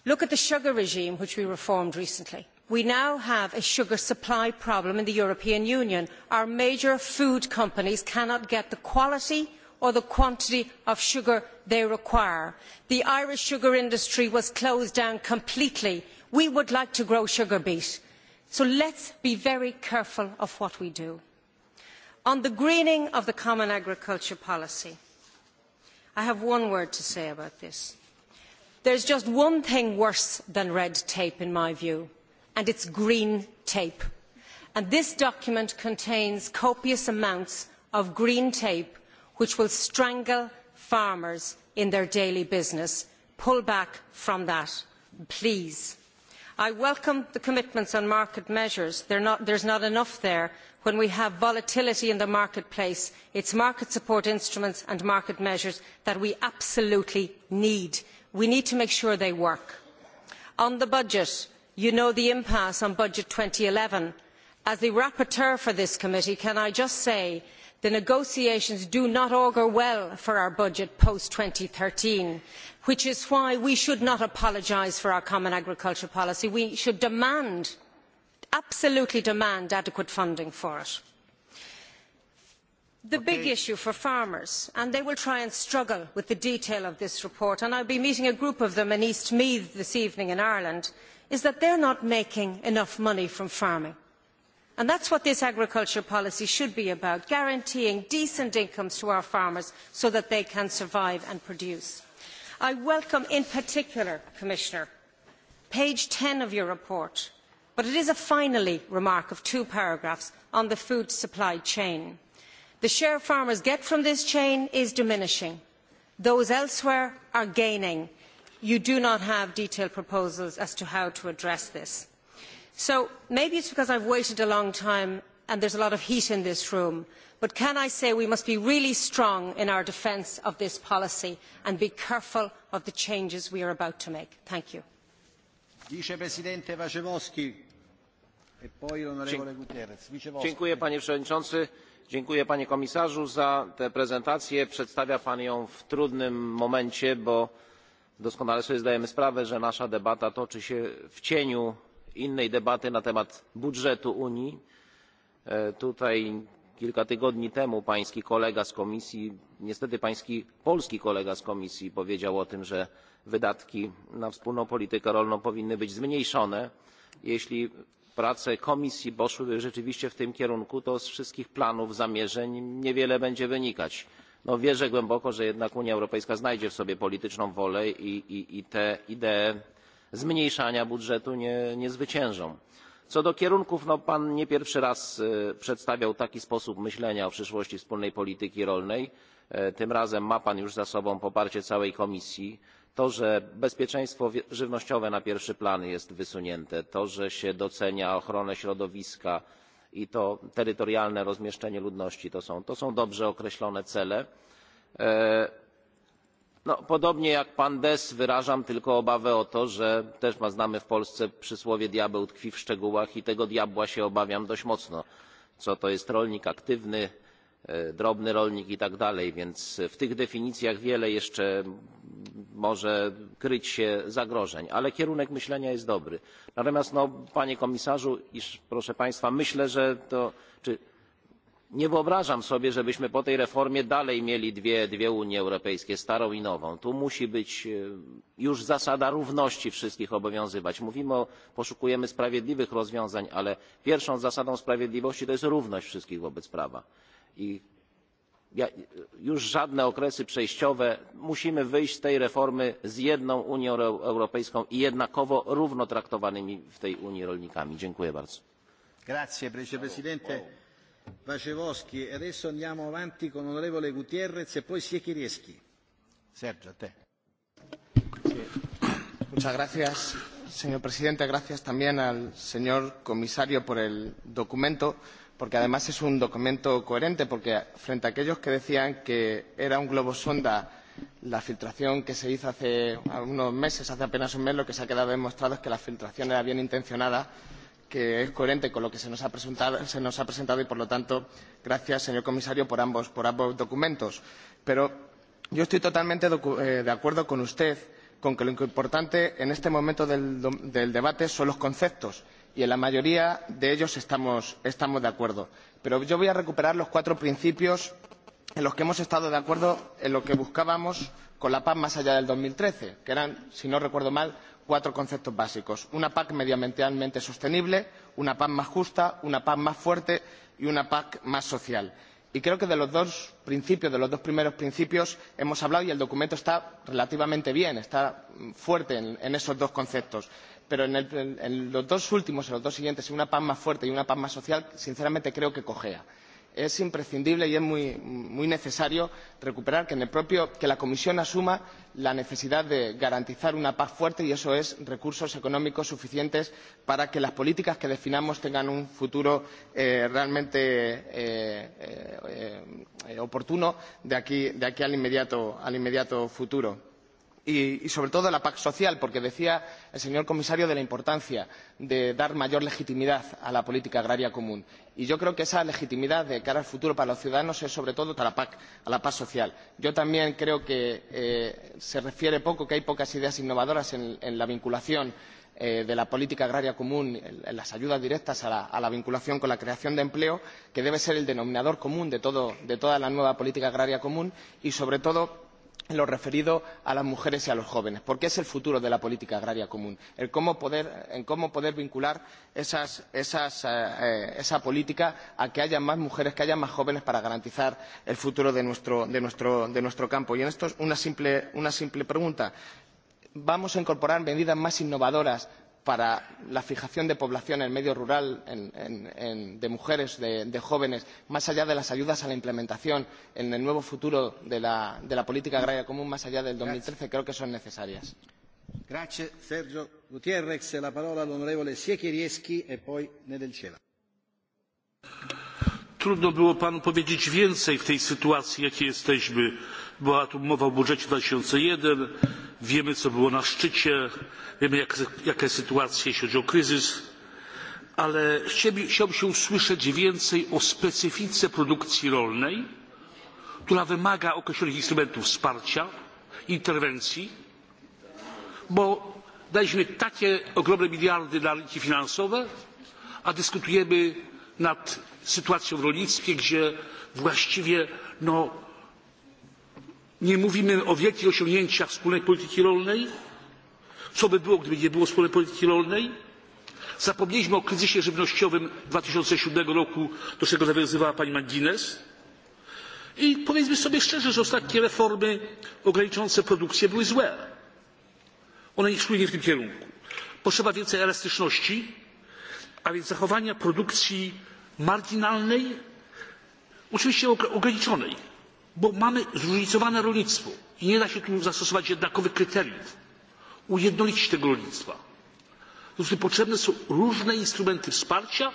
look at the sugar regime which we reformed recently we now have a sugar supply problem in the european union our major food companies cannot get the quality or the quantity of sugar they require the irish sugar industry was closed down completely we would like to grow sugar beet so let us be very careful of what we do. On the greening of the common agriculture policy, I have one word to say about this. There's just one thing worse than red tape, in my view, and it's green tape. And this document contains copious amounts of green tape which will strangle farmers in their daily business. Pull back from that, please. I welcome the commitments on market measures. Not, there's not enough there, when we have volatility in the marketplace it is market support instruments and market measures that we absolutely need. we need to make sure they work. on the budget you know the impasse on budget two thousand and eleven as the rapporteur for this committee can i just say that the negotiations do not augur well for our budget post two thousand and thirteen which is why we should not apologise for our common agricultural policy. we should demand absolutely demand adequate funding for it. The okay. big issue for farmers, and they will try and struggle with the detail of this report, and I'll be meeting a group of them in East Meath this evening in Ireland, is that they're not making enough money from farming. And that's what this agriculture policy should be about, guaranteeing decent incomes to our farmers so that they can survive and produce. I welcome in particular, Commissioner, page 10 of your report, but it is a finally remark of two paragraphs on the food supply chain. the share farmers get from this chain is diminishing those elsewhere are gaining. you do not have detailed proposals as to how to address this. so maybe it is because i have waited a long time and there is a lot of heat in this room but can i say we must be really strong in our defence of this policy and be careful of the changes we are about to make. thank you. E panie przewodniczący! dziękuję panie komisarzu za tę prezentację. przedstawia pan ją w trudnym momencie bo doskonale sobie zdajemy sprawę że nasza debata toczy się w cieniu innej debaty na temat budżetu unii. E, tutaj kilka tygodni temu pański kolega z komisji niestety pański polski kolega z komisji powiedział o tym że wydatki na wspólną politykę rolną powinny być zmniejszone jeśli prace komisji poszłyby rzeczywiście w tym kierunku to z wszystkich planów zamierzeń niewiele będzie wynikać. No, wierzę głęboko że jednak unia europejska znajdzie w sobie polityczną wolę i te idee zmniejszania budżetu nie zwyciężą. co do kierunków no, pan nie pierwszy raz e, przedstawiał taki sposób myślenia o przyszłości wspólnej polityki rolnej. E, tym razem ma pan już za sobą poparcie całej komisji to że bezpieczeństwo żywnościowe na pierwszy plan jest wysunięte to że się docenia ochronę środowiska i to terytorialne rozmieszczenie ludności to są dobrze określone cele. E, no, podobnie jak pan dess wyrażam tylko obawę o to że też znamy w polsce przysłowie diabeł tkwi w szczegółach i tego diabła się obawiam dość mocno co to jest rolnik aktywny E, drobny rolnik itd. więc w tych definicjach wiele jeszcze może kryć się zagrożeń ale kierunek myślenia jest dobry. natomiast no, panie komisarzu i proszę państwa myślę że to czy nie wyobrażam sobie żebyśmy po tej reformie dalej mieli dwie unie europejskie starą i nową. tu musi być e, już zasada równości wszystkich obowiązywać. mówimy o poszukujemy sprawiedliwych rozwiązań ale pierwszą zasadą sprawiedliwości jest równość wszystkich wobec prawa i ja, już żadne okresy przejściowe musimy wyjść z tej reformy z jedną unią europejską i jednakowo równo traktowanymi w tej unii rolnikami. dziękuję bardzo. E señor presidente gracias también al señor comisario por el documento porque además es un documento coherente porque frente a aquellos que decían que era un globo sonda la filtración que se hizo hace unos meses, hace apenas un mes, lo que se ha quedado demostrado es que la filtración era bien intencionada, que es coherente con lo que se nos ha presentado, se nos ha presentado y, por lo tanto, gracias, señor comisario, por ambos, por ambos documentos. Pero yo estoy totalmente eh, de acuerdo con usted con que lo importante en este momento del, del debate son los conceptos y en la mayoría de ellos estamos de acuerdo. pero yo voy a recuperar los cuatro principios en los que hemos estado de acuerdo en lo que buscábamos con la pac más allá del dos mil trece que eran si no recuerdo mal cuatro conceptos básicos una pac medioambientalmente sostenible una pac más justa una pac más fuerte y una pac más social. y creo que de los dos principios de los dos primeros principios hemos hablado y el documento está relativamente bien está fuerte en esos dos conceptos pero en, el, en los dos últimos, en los dos siguientes, en una paz más fuerte y una paz más social, sinceramente creo que cojea. Es imprescindible y es muy, muy necesario recuperar que, en el propio, que la Comisión asuma la necesidad de garantizar una paz fuerte y eso es recursos económicos suficientes para que las políticas que definamos tengan un futuro eh, realmente eh, eh, eh, oportuno de aquí, de aquí al, inmediato, al inmediato futuro y sobre todo de la pac social porque decía el señor comisario de la importancia de dar mayor legitimidad a la política agraria común y yo creo que esa legitimidad de cara al futuro para los ciudadanos es sobre todo de la pac a la pac social. yo también creo que eh, se refiere poco que hay pocas ideas innovadoras en la vinculación eh, de la política agraria común en las ayudas directas a la vinculación con la creación de empleo que debe ser el denominador común de toda la nueva política agraria común y sobre todo en lo referido a las mujeres y a los jóvenes porque es el futuro de la política agrícola común cómo poder vincular eh, eh, esa política a que haya más mujeres que haya más jóvenes para garantizar el futuro de nuestro campo. y esto es una simple pregunta vamos a incorporar medidas más innovadoras para la fijación de población en el medio rural en, en, en, de mujeres, de, de jóvenes, más allá de las ayudas a la implementación en el nuevo futuro de la, de la política agraria común, más allá del 2013, Gracias. creo que son necesarias. Gracias, Sergio Gutiérrez. La palabra al honorable Siekierieski y poi Nedel Ciela. Trudno było panu powiedzieć więcej w tej sytuacji, w jakiej jesteśmy. Była tu mowa o budżecie 2001 wiemy co było na szczycie wiemy jaka jest sytuacja jeśli chodzi o kryzys ale chciałbym się usłyszeć więcej o specyfice produkcji rolnej która wymaga określonych instrumentów wsparcia interwencji bo daliśmy takie ogromne miliardy na rynki finansowe a dyskutujemy nad sytuacją w rolnictwie gdzie właściwie no, nie mówimy o wielkich osiągnięciach wspólnej polityki rolnej co by było gdyby nie było wspólnej polityki rolnej zapomnieliśmy o kryzysie żywnościowym dwa tysiące siedem roku do czego nawiązywała pani mcguinness i powiedzmy sobie szczerze że ostatnie reformy ograniczające produkcję były złe one nie szły nie w tym kierunku potrzeba więcej elastyczności a więc zachowania produkcji marginalnej oczywiście ograniczonej bo mamy zróżnicowane rolnictwo i nie da się tu zastosować jednakowych kryteriów, ujednolicić tego rolnictwa. Potrzebne są różne instrumenty wsparcia,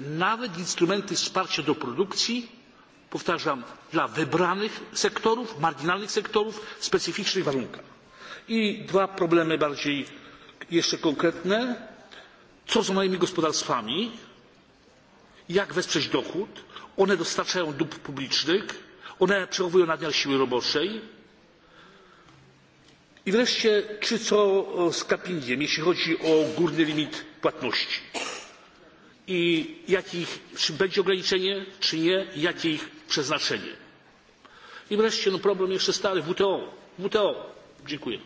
nawet instrumenty wsparcia do produkcji, powtarzam, dla wybranych sektorów, marginalnych sektorów, w specyficznych warunkach. I dwa problemy bardziej jeszcze konkretne. Co z moimi gospodarstwami? Jak wesprzeć dochód? One dostarczają dóbr publicznych one przechowują nadmiar siły roboczej? I wreszcie, czy co e, z kapingiem, jeśli chodzi o górny limit płatności? I jakich, czy będzie ograniczenie, czy nie, i jakie ich przeznaczenie? I wreszcie, no problem jeszcze stary, WTO. WTO. Dziękuję.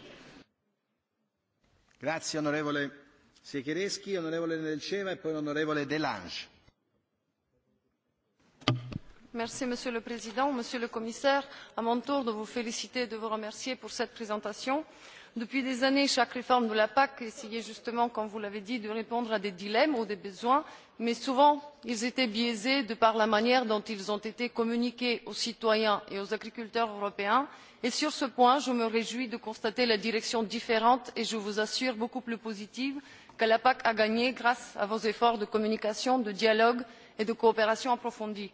Grazie, onorevole Siekierski, onorevole Nelceva i e poi onorevole Delange monsieur le président monsieur le commissaire à mon tour de vous féliciter et de vous remercier pour cette présentation. depuis des années chaque réforme de la pac essayait justement comme vous l'avez dit de répondre à des dilemmes ou à des besoins mais souvent ils étaient biaisés de par la manière dont ils ont été communiqués aux citoyens et aux agriculteurs européens et sur ce point je me réjouis de constater la direction différente et je vous assure beaucoup plus positive que la pac a gagnée grâce à vos efforts de communication de dialogue et de coopération approfondie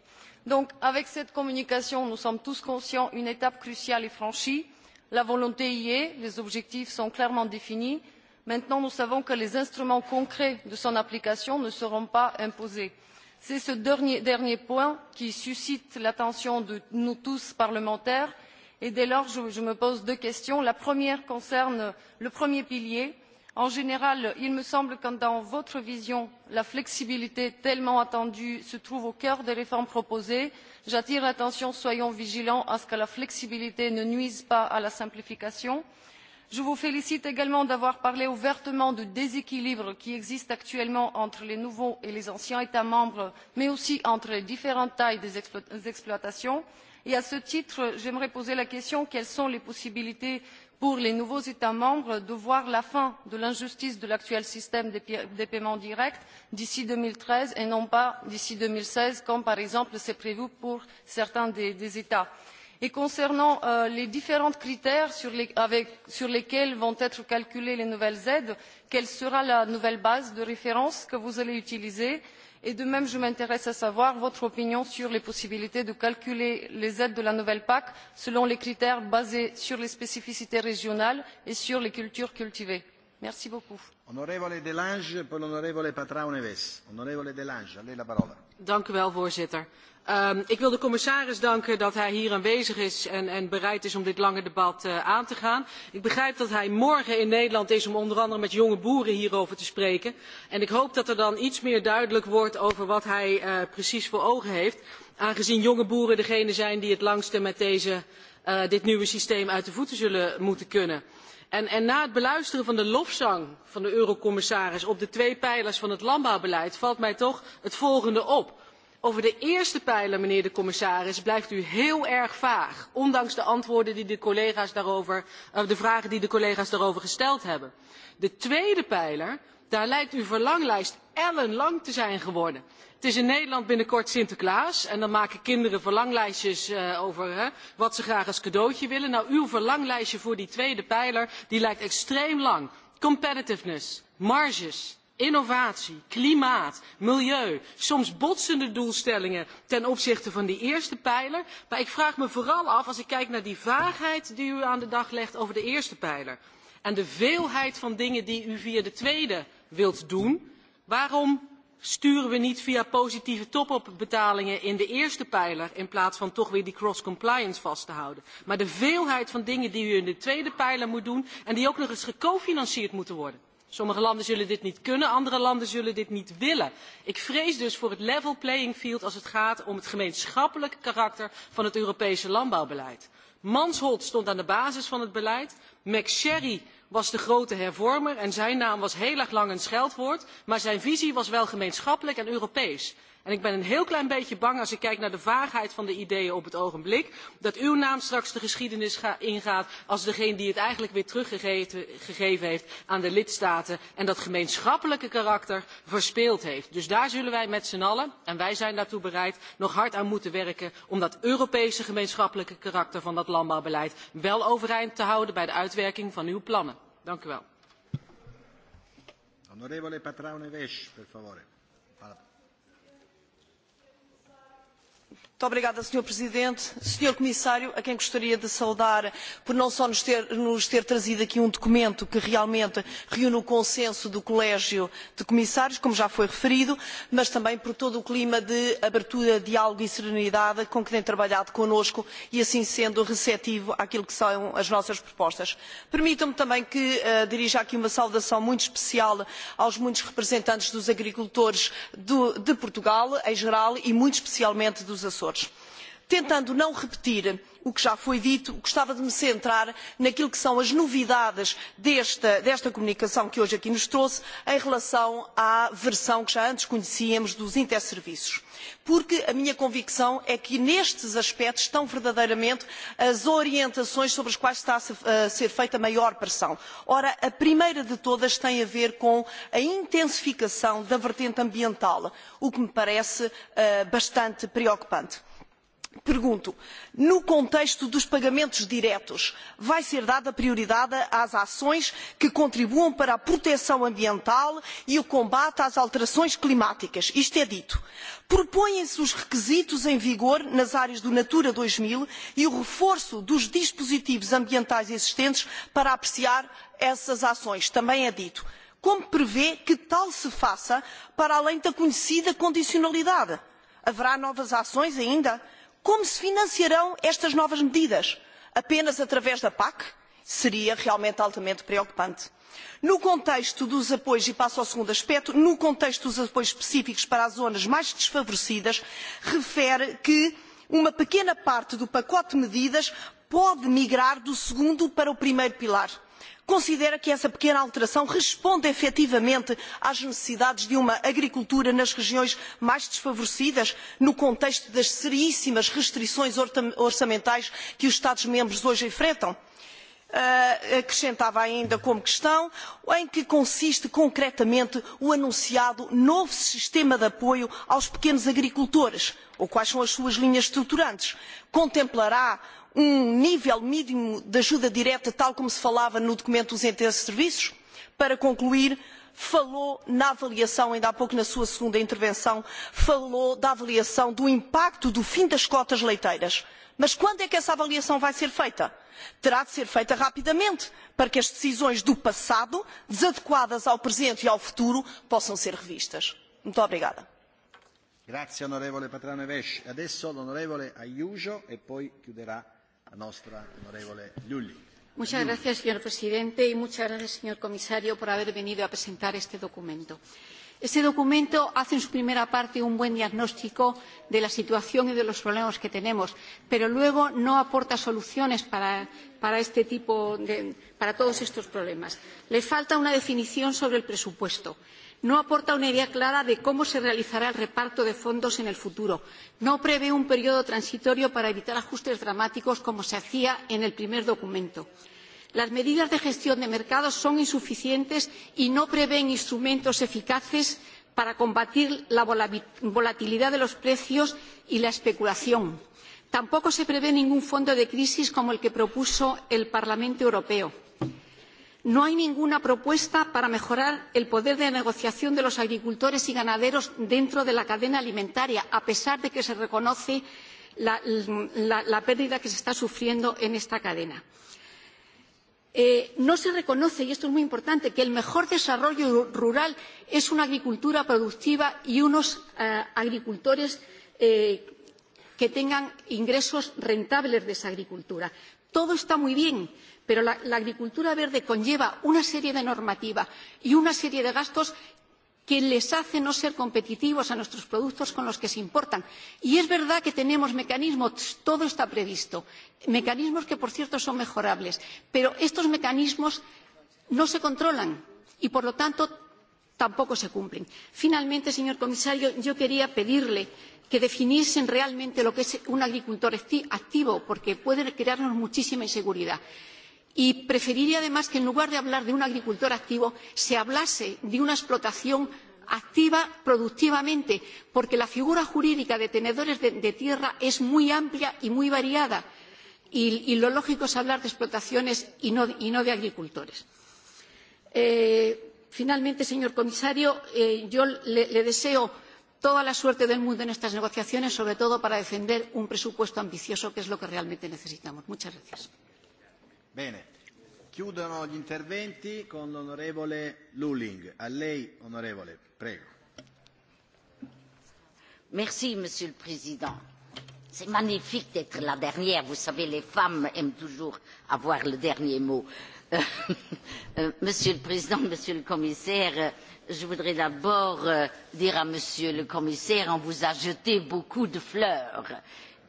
donc avec cette communication nous sommes tous conscients qu'une étape cruciale est franchie la volonté y est les objectifs sont clairement définis maintenant nous savons que les instruments concrets de son application ne seront pas imposés. c'est ce dernier point qui suscite l'attention de nous tous parlementaires et dès lors je me pose deux questions. la première concerne le premier pilier en général il me semble que dans votre vision la flexibilité tellement attendue se trouve au cœur des réformes proposées. j'attire l'attention soyons vigilants à ce que la flexibilité ne nuise pas à la simplification. je vous félicite également d'avoir parlé ouvertement du déséquilibre qui existe actuellement entre les nouveaux et les anciens états membres mais aussi entre les différentes tailles des exploitations et à ce titre j'aimerais poser la question quelles sont les possibilités pour les nouveaux états membres de voir la fin de l'injustice de l'actuel système des paiements directs d'ici deux mille treize et non pas d'ici deux mille seize comme par exemple c'est prévu pour certains des états. concernant euh, les différents critères sur lesquels vont être calculées les nouvelles aides quelle sera la nouvelle base de référence que vous allez utiliser? et de même je m'intéresse à savoir votre opinion sur les possibilités de calculer les aides de la nouvelle pac selon des critères basés sur les spécificités régionales et sur les cultures cultivées merci beaucoup. voorzitter ehm, ik wil de commissaris danken dat hij hier aanwezig is en bereid is om dit lange debat eh, aan te gaan. ik begrijp dat hij morgen in nederland is om onder andere met jonge boeren hierover te spreken en ik hoop dat er dan iets meer duidelijk wordt over wat hij eh, precies voor ogen heeft aangezien jonge boeren degenen zijn die het langst met eh, dit nieuwe systeem uit de voeten zullen moeten kunnen en na het beluisteren van de lofzang van de eurocommissaris op de twee pijlers van het landbouwbeleid valt mij toch het volgende op. over de eerste pijler mijnheer de commissaris blijft u heel erg vaag ondanks de antwoorden die de collega's daarover eh, de vragen die de collega's daarover gesteld hebben. de tweede pijler daar lijkt uw verlanglijst ellenlang te zijn geworden. het is in nederland binnenkort sinterklaas en dan maken kinderen verlanglijstjes eh, over wat ze graag als cadeautje willen. nou uw verlanglijstje voor die tweede pijler lijkt extreem lang competitiveness marges innovatie klimaat milieu soms botsende doelstellingen ten opzichte van die eerste pijler. maar ik vraag me vooral af als ik kijk naar die vaagheid die u aan de dag legt over de eerste pijler en de veelheid van dingen die u via de tweede wilt doen. Waarom sturen we niet via positieve topopbetalingen in de eerste pijler in plaats van toch weer die cross-compliance vast te houden? Maar de veelheid van dingen die u in de tweede pijler moet doen en die ook nog eens gecofinancierd moeten worden. Sommige landen zullen dit niet kunnen, andere landen zullen dit niet willen. Ik vrees dus voor het level playing field als het gaat om het gemeenschappelijke karakter van het Europese landbouwbeleid. Manshold stond aan de basis van het beleid. McSherry was de grote hervormer en zijn naam was heel erg lang een scheldwoord maar zijn visie was wel gemeenschappelijk en europees en ik ben een heel klein beetje bang als ik kijk naar de vaagheid van de ideeën op het ogenblik dat uw naam straks de geschiedenis ingaat als degene die het eigenlijk weer teruggegeven heeft aan de lidstaten en dat gemeenschappelijke karakter verspeeld heeft. dus daar zullen wij met z'n allen en wij zijn daartoe bereid nog hard aan moeten werken om dat europese gemeenschappelijke karakter van dat landbouwbeleid wel overeind te houden bij de uitwerking van uw plannen. dank u wel. Muito obrigada, Sr. Presidente. Sr. Comissário, a quem gostaria de saudar por não só nos ter, nos ter trazido aqui um documento que realmente reúne o consenso do Colégio de Comissários, como já foi referido, mas também por todo o clima de abertura, diálogo e serenidade com que tem trabalhado connosco e assim sendo receptivo àquilo que são as nossas propostas. Permitam-me também que uh, dirija aqui uma saudação muito especial aos muitos representantes dos agricultores do, de Portugal em geral e muito especialmente dos Açores anteriores. Tentando não repetir o que já foi dito, gostava de me centrar naquilo que são as novidades desta, desta comunicação que hoje aqui nos trouxe em relação à versão que já antes conhecíamos dos interserviços porque a minha convicção é que nestes aspectos estão verdadeiramente as orientações sobre as quais está a ser feita a maior pressão. Ora, a primeira de todas tem a ver com a intensificação da vertente ambiental, o que me parece uh, bastante preocupante pergunto no contexto dos pagamentos diretos vai ser dada prioridade às ações que contribuam para a proteção ambiental e o combate às alterações climáticas isto é dito propõem se os requisitos em vigor nas áreas do natura dois mil e o reforço dos dispositivos ambientais existentes para apreciar essas ações também é dito como prevê que tal se faça para além da conhecida condicionalidade haverá novas ações ainda? como se financiarão estas novas medidas? Apenas através da PAC? Seria realmente altamente preocupante. No contexto dos apoios, e passo ao segundo aspecto, no contexto dos apoios específicos para as zonas mais desfavorecidas, refere que uma pequena parte do pacote de medidas pode migrar do segundo para o primeiro pilar considera que essa pequena alteração responde efetivamente às necessidades de uma agricultura nas regiões mais desfavorecidas, no contexto das seríssimas restrições orçamentais que os Estados-membros hoje enfrentam? Uh, acrescentava ainda como questão em que consiste concretamente o anunciado novo sistema de apoio aos pequenos agricultores ou quais são as suas linhas estruturantes contemplará um nível mínimo de ajuda direta, tal como se falava no documento dos entes de serviços? Para concluir, falou na avaliação, ainda há pouco na sua segunda intervenção, falou da avaliação do impacto do fim das cotas leiteiras. Mas quando é que essa avaliação vai ser feita? Terá de ser feita rapidamente, para que as decisões do passado, desadequadas ao presente e ao futuro, possam ser revistas. Muito obrigada. Grazie, onorevole Patrano Evesh. Adesso l'onorevole Ayuso e poi chiuderà la nuestra honorable Lulli. Muchas gracias, señor presidente, y muchas gracias, señor comisario, por haber venido a presentar este documento. Este documento hace en su primera parte un buen diagnóstico de la situación y de los problemas que tenemos, pero luego no aporta soluciones para, para, este tipo de, para todos estos problemas. Le falta una definición sobre el presupuesto no aporta una idea clara de cómo se realizará el reparto de fondos en el futuro no prevé un periodo transitorio para evitar ajustes dramáticos como se hacía en el primer documento las medidas de gestión de mercados son insuficientes y no prevén instrumentos eficaces para combatir la volatilidad de los precios y la especulación. tampoco se prevé ningún fondo de crisis como el que propuso el parlamento europeo no hay ninguna propuesta para mejorar el poder de negociación de los agricultores y ganaderos dentro de la cadena alimentaria a pesar de que se reconoce la, la, la pérdida que se está sufriendo en esta cadena. Eh, no se reconoce y esto es muy importante que el mejor desarrollo rural es una agricultura productiva y unos eh, agricultores eh, que tengan ingresos rentables de esa agricultura. Todo está muy bien, pero la agricultura verde conlleva una serie de normativas y una serie de gastos que les hace no ser competitivos a nuestros productos con los que se importan. y es verdad que tenemos mecanismos todo está previsto mecanismos que por cierto son mejorables pero estos mecanismos no se controlan y por lo tanto tampoco se cumplen. finalmente señor comisario yo quería pedirle que definiesen realmente lo que es un agricultor activo porque puede crearnos muchísima inseguridad. Y preferiría además que en lugar de hablar de un agricultor activo se hablase de una explotación activa productivamente, porque la figura jurídica de tenedores de, de tierra es muy amplia y muy variada. Y, y lo lógico es hablar de explotaciones y no, y no de agricultores. Eh, finalmente, señor comisario, eh, yo le, le deseo toda la suerte del mundo en estas negociaciones, sobre todo para defender un presupuesto ambicioso, que es lo que realmente necesitamos. Muchas gracias. Bene, chiudono gli interventi con l'onorevole Luling. A lei, onorevole, prego. Merci, Monsieur le Président. C'est magnifique d'être la dernière. Vous savez, les femmes aiment toujours avoir le dernier mot. Euh, euh, monsieur le Président, Monsieur le Commissaire, euh, je voudrais d'abord dire à Monsieur le Commissaire, on vous a jeté beaucoup de fleurs.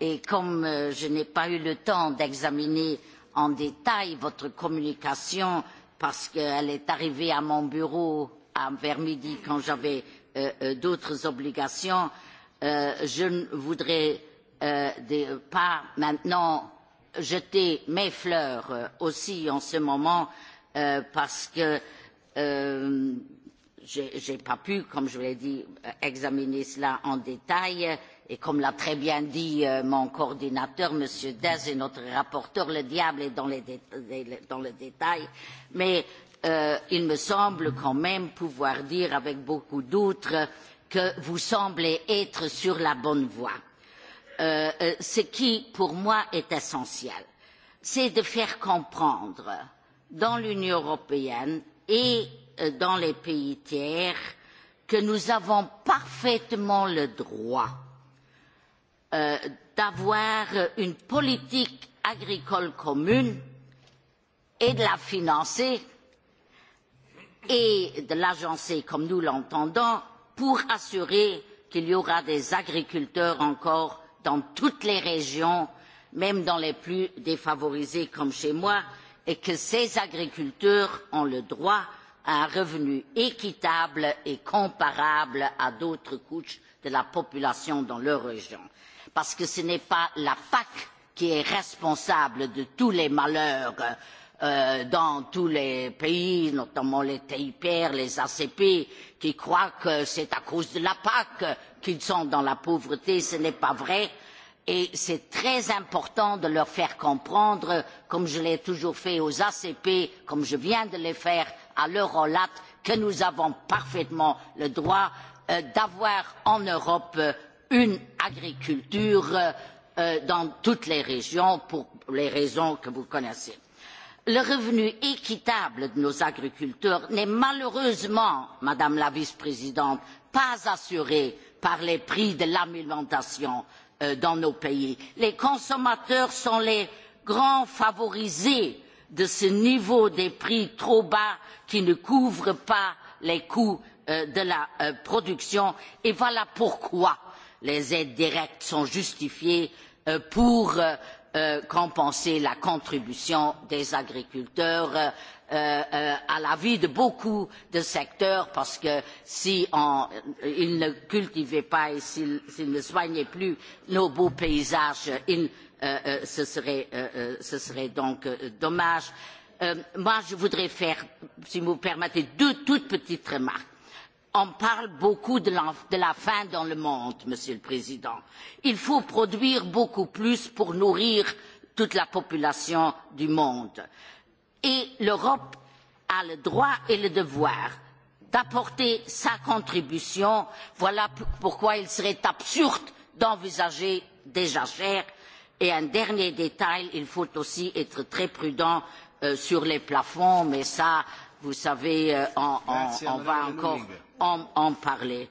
Et comme je n'ai pas eu le temps d'examiner en détail votre communication parce qu'elle est arrivée à mon bureau à vers midi quand j'avais euh, euh, d'autres obligations. Euh, je ne voudrais euh, pas maintenant jeter mes fleurs euh, aussi en ce moment euh, parce que euh, je n'ai pas pu, comme je vous l'ai dit, examiner cela en détail et comme l'a très bien dit euh, mon coordinateur M. Dez et notre rapporteur, le diable est dans les, dé dans les détails, mais euh, il me semble quand même pouvoir dire avec beaucoup d'autres que vous semblez être sur la bonne voie. Euh, euh, ce qui, pour moi, est essentiel, c'est de faire comprendre dans l'Union européenne et euh, dans les pays tiers que nous avons parfaitement le droit euh, Euh, d'avoir une politique agricole commune et de la financer et de l'agencer comme nous l'entendons pour assurer qu'il y aura des agriculteurs encore dans toutes les régions même dans les plus défavorisées comme chez moi et que ces agriculteurs ont le droit à un revenu équitable et comparable à d'autres couches de la population dans leur région parce que ce n'est pas la PAC qui est responsable de tous les malheurs euh, dans tous les pays, notamment les TIPR, les ACP, qui croient que c'est à cause de la PAC qu'ils sont dans la pauvreté, ce n'est pas vrai. Et c'est très important de leur faire comprendre, comme je l'ai toujours fait aux ACP, comme je viens de le faire à l'Eurolat, que nous avons parfaitement le droit euh, d'avoir en Europe euh, une agriculture euh, dans toutes les régions pour les raisons que vous connaissez. le revenu équitable de nos agriculteurs n'est malheureusement madame la vice présidente pas assuré par les prix de l'alimentation euh, dans nos pays. les consommateurs sont les grands favorisés de ce niveau des prix trop bas qui ne couvre pas les coûts euh, de la production et voilà pourquoi les aides directes sont justifiées euh, pour euh, euh, compenser la contribution des agriculteurs à la vie de beaucoup de secteurs parce que s'ils ne cultivaient pas et s'ils ne soignaient plus nos beaux paysages ce serait, ce serait donc dommage. moi je voudrais faire si vous me permettez deux toutes petites remarques on parle beaucoup de la faim dans le monde monsieur le président il faut produire beaucoup plus pour nourrir toute la population du monde et l'europe a le droit et le devoir d'apporter sa contribution voilà pourquoi il serait absurde d'envisager des jachères et un dernier détail il faut aussi être très prudent euh, sur les plafonds mais ça vous savez euh, on, on, on va encore en parler.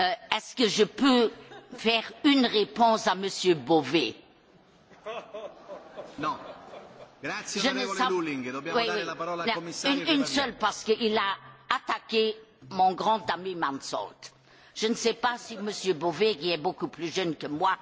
Euh, est ce que je peux faire une réponse à m. bové? non. Grazie, je sais... Luling. Dobbiamo oui, dare oui. la parola al commissario. Une, une seule, parce qu'il a attaqué mon grand ami Mansolt. Je ne sais pas si M. Beauvais, qui est beaucoup plus jeune que moi,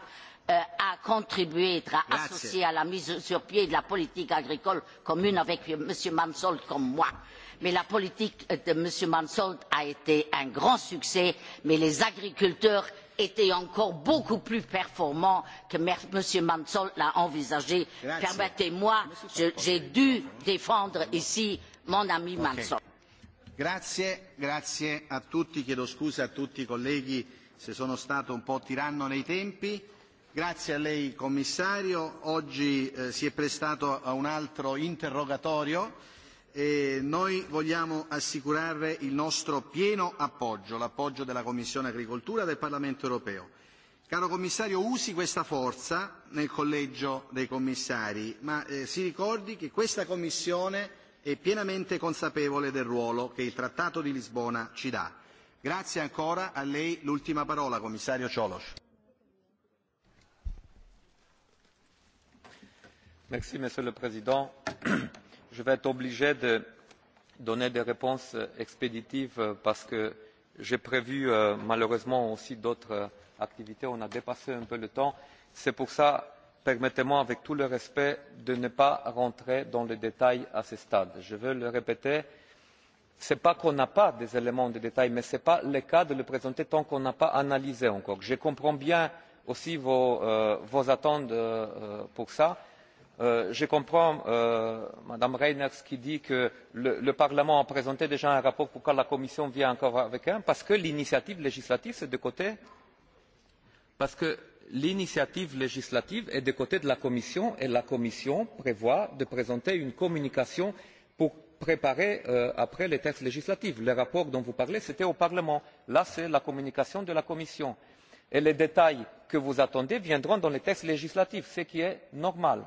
euh, a contribué à être associé à la mise sur pied de la politique agricole commune avec M. Mansolt comme moi. Euh, mais la politique de m. mansholt a été un grand succès mais les agriculteurs étaient encore beaucoup plus performants que m. mansholt l'a envisagé. permettez moi j'ai dû défendre ici mon ami mansholt. Grazie, grazie a tutti, chiedo scusa a tutti i colleghi se sono stato un po' tiranno nei tempi. Grazie a lei commissario, oggi eh, si è prestato a un altro interrogatorio eh, noi vogliamo assicurare il nostro pieno appoggio, l'appoggio della Commissione Agricoltura e del Parlamento europeo. Caro Commissario, usi questa forza nel Collegio dei Commissari, ma eh, si ricordi che questa Commissione è pienamente consapevole del ruolo che il Trattato di Lisbona ci dà. Grazie ancora a lei l'ultima parola, Commissario Cioloș. Merci, Monsieur le Président je vais être obligé de donner des réponses expéditives parce que j'ai prévu euh, malheureusement aussi d'autres euh, activités. nous avons dépassé un peu le temps. c'est pourquoi permettez moi avec tout le respect de ne pas entrer dans le détail à ce stade. je veux le répéter ce n'est pas qu'on n'a pas des éléments de détail mais ce n'est pas le cas de les présenter tant qu'on n'a pas analysé encore. je comprends bien aussi vos euh, attentes à cet Euh, je comprends euh, mme reynders qui dit que le parlement a présenté déjà un rapport pourquoi la commission vient encore avec un parce que l'initiative législative est du côté parce que l'initiative législative est du côté de la commission et la commission prévoit de présenter une communication pour préparer euh, après les textes législatifs. le rapport dont vous parlez c'était au parlement là c'est la communication de la commission et les détails que vous attendez viendront dans les textes législatifs ce qui est normal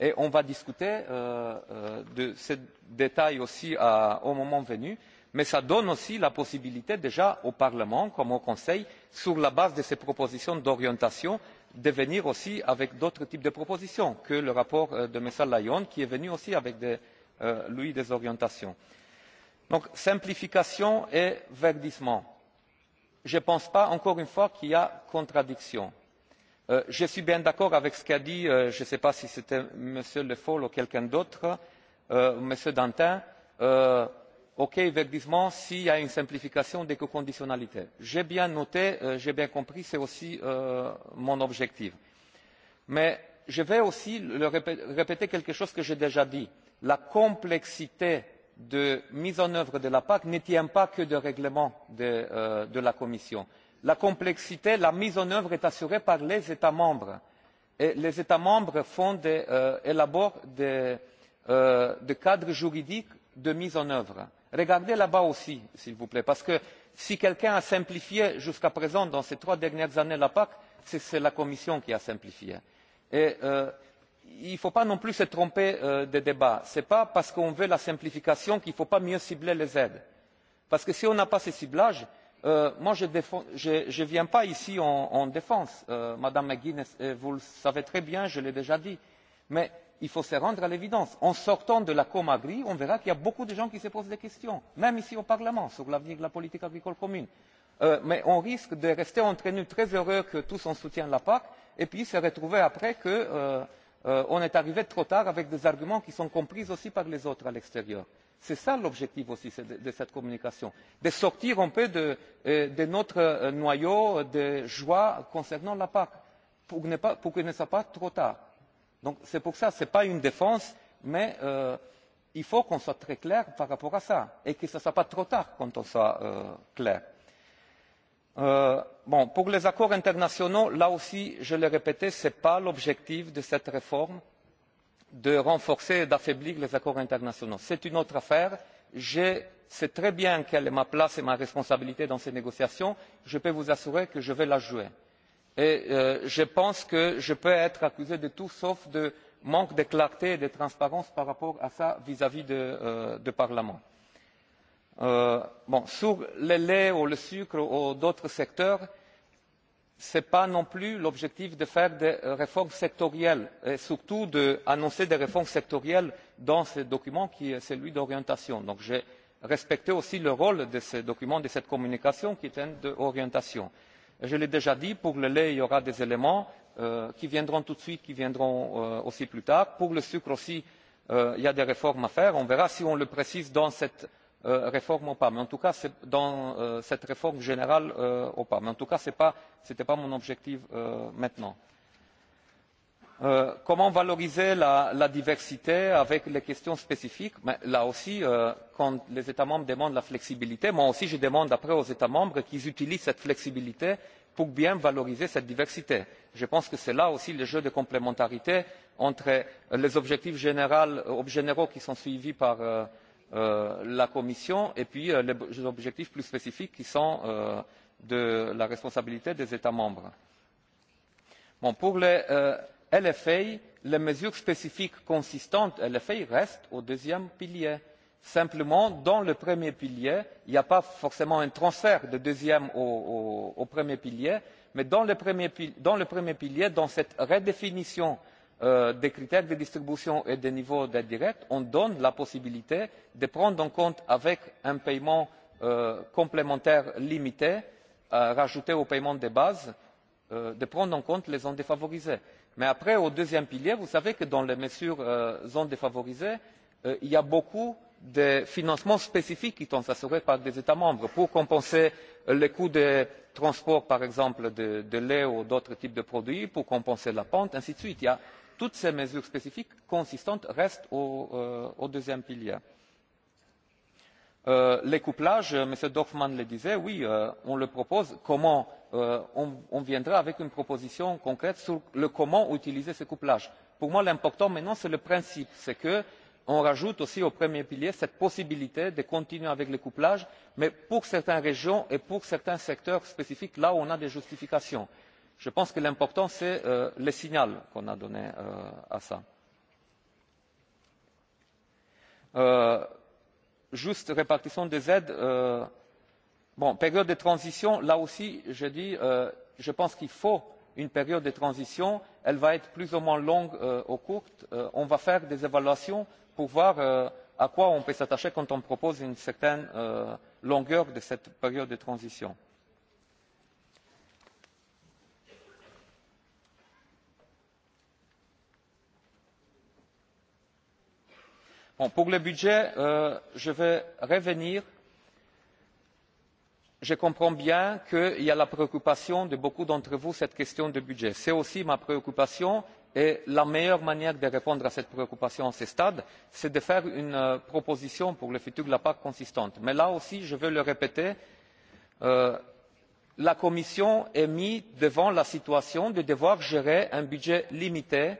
et on va discuter euh, euh, de ces détails aussi au moment venu mais cela donne aussi la possibilité déjà au parlement comme au conseil sur la base de ces propositions d'orientation de venir aussi avec d'autres types de propositions que le rapport euh, de m. lyon qui est venu aussi avec lui des orientations. donc simplification et verdissement je ne pense pas encore une fois qu'il y ait contradiction. Euh, je suis bien d'accord avec ce qu'a dit euh, je ne sais pas si c'était m. le foll ou quelqu'un d'autre euh, m. dantin concernant le verdissement s'il y a une simplification des conditionnalités. j'ai bien noté j'ai bien compris c'est aussi mon objectif. mais je vais aussi répéter quelque chose que j'ai déjà dit la complexité de mise en œuvre de la pac ne tient pas seulement au règlement de la commission la complexité la mise en œuvre est assurée par les états membres et les états membres euh, élaborent euh, des cadres juridiques de mise en œuvre. regardez là bas aussi s'il vous plaît parce que si quelqu'un a simplifié jusqu'à présent dans ces trois dernières années la pac c'est la commission qui a simplifié. Euh, il ne faut pas non plus se tromper de débat. ce n'est pas parce qu'on veut la simplification qu'il ne faut pas mieux cibler les aides parce que si on n'a pas ce ciblage Euh, moi je ne viens pas ici en défense euh, madame mcguinness vous le savez très bien je l'ai déjà dit mais il faut se rendre à l'évidence en sortant de la com agri on verra qu'il y a beaucoup de gens qui se posent des questions même ici au parlement sur l'avenir de la politique agricole commune euh, mais on risque de rester entre nous très heureux que tous on soutient la pac et puis se retrouver après qu'on est arrivé trop tard avec des arguments qui sont compris aussi par les autres à l'extérieur c'est cela l'objectif aussi de cette communication de sortir un peu de euh, notre euh, noyau de joie concernant la pac pour qu'il ne soit pas trop tard. ce n'est pas une défense mais euh, il faut qu'on soit très clair par rapport à cela et qu'il ne soit pas trop tard quand on sera clair. pour les accords internationaux là aussi je le répète ce n'est pas l'objectif de cette réforme de renforcer et d'affaiblir les accords internationaux. c'est une autre affaire. je sais très bien quelle est ma place et ma responsabilité dans ces négociations. je peux vous assurer que je vais la jouer. Euh, je pense que je peux être accusé de tout sauf de manque de clarté et de transparence par rapport à cela vis à vis du euh, parlement. Euh, sur le lait ou le sucre ou d'autres secteurs ce n'est pas non plus l'objectif de faire des euh, réformes sectorielles et surtout d'annoncer des réformes sectorielles dans ce document qui est celui d'orientation. donc j'ai respecté aussi le rôle de ce document de cette communication qui est un document d'orientation. je l'ai déjà dit pour le lait il y aura des éléments euh, qui viendront tout de suite qui viendront euh, aussi plus tard. pour le sucre aussi il y a des réformes à faire. on verra si on le précise dans Euh, réforme ou pas mais en tout cas dans euh, cette réforme générale ou euh, pas. mais en tout cas ce n'était pas mon objectif maintenant. comment valoriser la diversité avec les questions spécifiques? là aussi quand les états membres demandent la flexibilité moi aussi je demande après aux états membres qu'ils utilisent cette flexibilité pour bien valoriser cette diversité. je pense que c'est là aussi le jeu de complémentarité entre les objectifs généraux qui sont suivis Euh, la commission et puis euh, les objectifs plus spécifiques qui sont euh, de la responsabilité des états membres. pour les lfa les mesures spécifiques consistantes lfa restent au deuxième pilier. simplement dans le premier pilier il n'y a pas forcément un transfert du deuxième au premier pilier mais dans le premier pilier dans cette redéfinition Euh, des critères de distribution et des niveaux d'aide directe on donne la possibilité de prendre en compte avec un paiement euh, complémentaire limité euh, rajouté au paiement de base les zones défavorisées. mais après au deuxième pilier vous savez que dans les mesures relatives aux zones défavorisées il y a beaucoup de financements spécifiques qui sont assurés par des états membres pour compenser le coût des transports par exemple de lait ou d'autres types de produits pour compenser la pente et ainsi de suite toutes ces mesures spécifiques consistantes restent au euh, deuxième pilier. Euh, les couplages euh, m. dorfmann le disait oui on le propose. comment? on viendra avec une proposition concrète sur le comment utiliser ce couplage. pour moi l'important maintenant c'est le principe c'est qu'on rajoute aussi au premier pilier cette possibilité de continuer avec le couplage mais pour certaines régions et pour certains secteurs spécifiques là où on a des justifications je pense que l'important c'est euh, le signal que nous avons envoyé. Euh, euh, juste répartition des aides période de transition là aussi je dis que je pense qu'il faut une période de transition elle va être plus ou moins longue ou courte on va faire des évaluations pour voir à quoi on peut s'attacher quand on propose une certaine longueur de cette période de transition. pour le budget euh, je vais revenir je comprends bien qu'il y a la préoccupation de beaucoup d'entre vous cette question du budget. c'est aussi ma préoccupation et la meilleure manière de répondre à cette préoccupation à ce stade c'est de faire une euh, proposition pour le futur de la pac consistante. mais là aussi je veux le répéter euh, la commission est mise devant la situation de devoir gérer un budget limité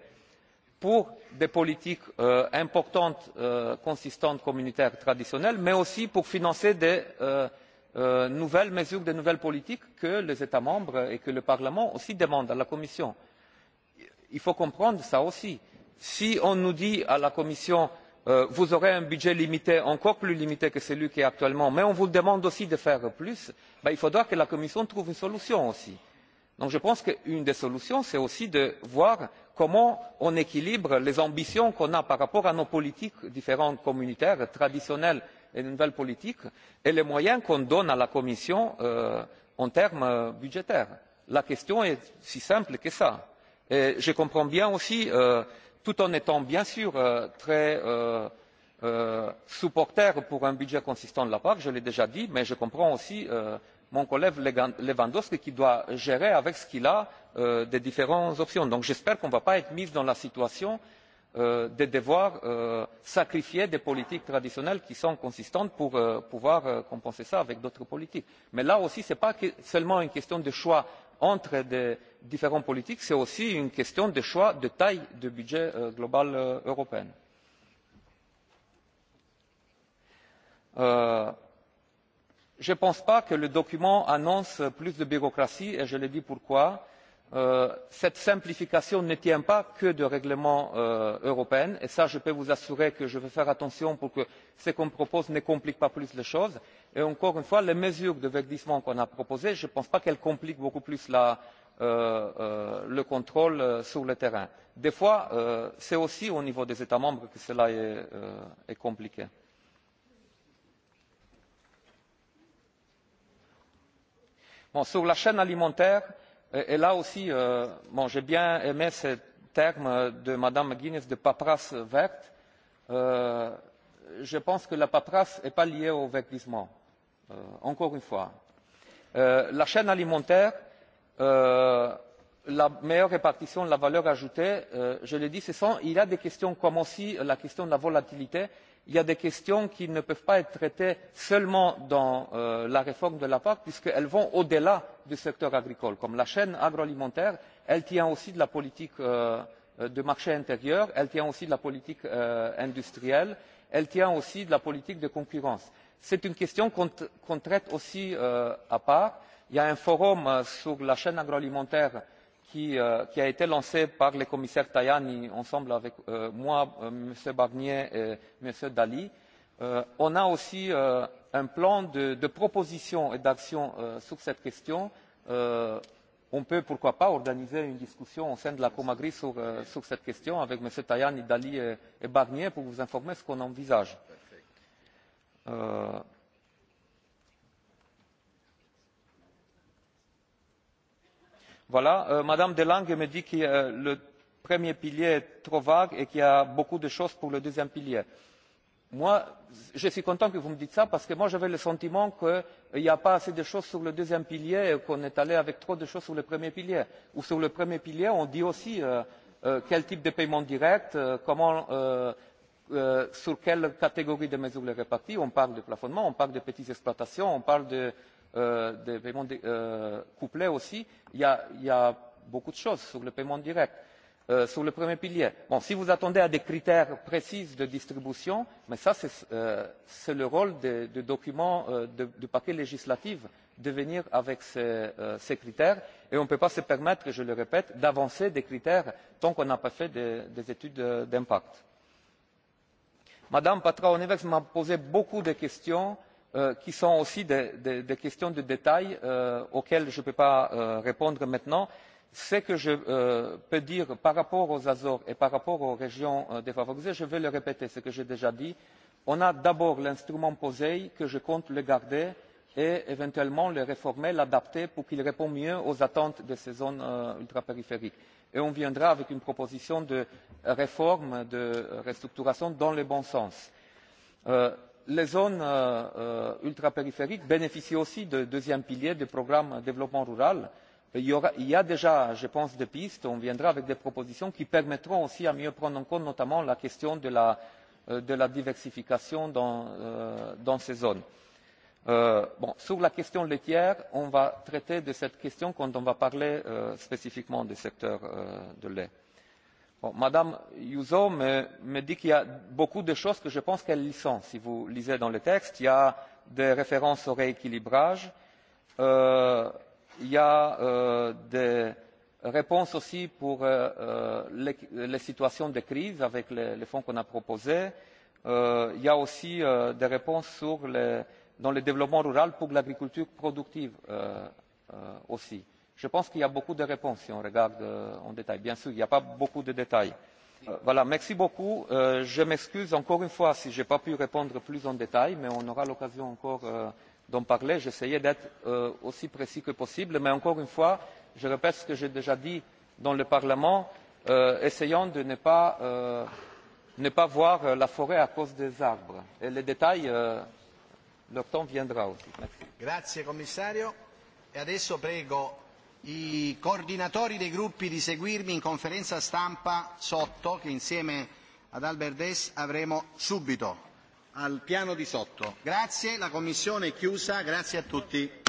pour des politiques euh, importantes euh, consistantes communautaires traditionnelles mais aussi pour financer de euh, nouvelles mesures de nouvelles politiques que les états membres et le parlement aussi demandent à la commission. il faut comprendre cela aussi si on nous dit à la commission vous aurez un budget limité encore plus limité que celui qui est actuellement mais on vous demande aussi de faire plus il faudra que la commission trouve une solution aussi. donc je pense qu'une des solutions c'est aussi de voir comment on équilibre les ambitions que l'on a par rapport à nos politiques différentes communautaires traditionnelles et les nouvelles politiques et les moyens que l'on donne à la commission euh, en termes euh, budgétaires? la question est aussi simple que cela. je comprends bien aussi euh, tout en étant bien sûr très favorable à un budget consistant de la pac je l'ai déjà dit mais je comprends aussi mon collègue lewandowski qui doit gérer avec ce qu'il Euh, des différentes options. j'espère qu'on ne va pas être mis dans la situation euh, de devoir euh, sacrifier des politiques traditionnelles qui sont consistantes pour pouvoir compenser cela avec d'autres politiques. mais là aussi ce n'est pas seulement une question de choix entre les différentes politiques c'est aussi une question de choix de taille du budget global européen. je ne pense pas que le document annonce plus de bureaucratie et je vais vous expliquer pourquoi. Euh, cette simplification ne tient pas que du règlement euh, européen et je peux vous assurer que je vais faire attention pour que ce que nous proposons ne complique pas plus les choses et encore une fois les mesures de verdissement que nous avons proposées je ne pense pas qu'elles compliquent beaucoup plus euh, le contrôle sur le terrain. des fois c'est aussi au niveau des états membres que cela est compliqué. sur la chaîne alimentaire et là aussi euh, j'ai bien aimé ce terme de mme mcguinness de paperasse verte. Euh, je pense que la paperasse n'est pas liée au verdissement euh, encore une fois. la chaîne alimentaire la meilleure répartition de la valeur ajoutée je l'ai dit ce sont des questions comme aussi la question de la volatilité il y a des questions qui ne peuvent pas être traitées seulement dans euh, la réforme de la pac puisqu'elles vont au delà du secteur agricole comme la chaîne agroalimentaire elle tient aussi de la politique euh, euh, du marché intérieur elle tient aussi de la politique industrielle elle tient aussi de la politique de concurrence. c'est une question que nous traitons aussi à part. il y a un forum sur la chaîne agroalimentaire Euh, qui a été lancé par le commissaire tajani ensemble avec euh, moi euh, m. barnier et m. dalli on a aussi un plan de propositions et d'actions sur cette question. on peut pourquoi pas organiser une discussion au sein de la commission de l'agriculture sur cette question avec mm. tajani dalli et barnier pour vous informer de ce qu'on envisage. Euh, mme de lange me dit que le premier pilier est trop vague et qu'il y a beaucoup de choses pour le deuxième pilier. je suis content que vous me disiez cela parce que j'avais le sentiment qu'il n'y avait pas assez de choses sur le deuxième pilier et qu'on était allé avec trop de choses sur le premier pilier. ou sur le premier pilier on dit aussi euh, euh, quel type de paiements directs sur quelle catégorie de mesures les répartir on parle de plafonnement on parle des petites exploitations on parle Euh, des paiements euh, couplés aussi il y a beaucoup de choses sur le paiement direct euh, sur le premier pilier. si vous attendez à des critères précis de distribution c'est le rôle du document du paquet législatif de venir avec ces critères et on ne peut pas se permettre je le répète d'avancer des critères tant qu'on n'a pas fait d'études d'impact. mme patro neves m'a posé beaucoup de questions Euh, qui sont aussi des questions de détail euh, auxquelles je ne peux pas euh, répondre maintenant. ce que je peux dire par rapport aux azores et par rapport aux régions défavorisées je vais le répéter ce que j'ai déjà dit on a d'abord l'instrument posei que je compte garder et éventuellement le réformer l'adapter pour qu'il réponde mieux aux attentes de ces zones ultrapériphériques et on viendra avec une proposition de réforme de restructuration dans le bon sens les zones euh, euh, ultrapériphériques bénéficient aussi du deuxième pilier du programme de développement rural. il y a déjà je pense des pistes on viendra avec des propositions qui permettront aussi de mieux prendre en compte notamment la question de la euh, diversification dans ces zones. sur la question laitière on va traiter de cette question quand on va parler spécifiquement du secteur du lait madame hyouseau me dit qu'il y a beaucoup de choses que je pense qu'elle lit si vous lisez dans le texte il y a des références au rééquilibrage euh, il y a euh, des réponses aussi pour euh, les situations de crise avec les fonds qu'on a proposés il y a aussi des réponses dans le développement rural pour l'agriculture productive aussi je pense qu'il y a beaucoup de réponses si on regarde euh, en détail. bien sûr il n'y a pas beaucoup de détails. Euh, merci beaucoup. Euh, je m'excuse encore une fois si je n'ai pas pu répondre plus en détail mais on aura l'occasion encore d'en parler. j'essayais d'être aussi précis que possible mais encore une fois je répète ce que j'ai déjà dit dans le parlement essayons de ne pas voir la forêt à cause des arbres. et les détails leur temps viendra aussi. merci i coordinatori dei gruppi di seguirmi in conferenza stampa sotto, che insieme ad Alberdes avremo subito al piano di sotto. Grazie, la Commissione è chiusa, grazie a tutti.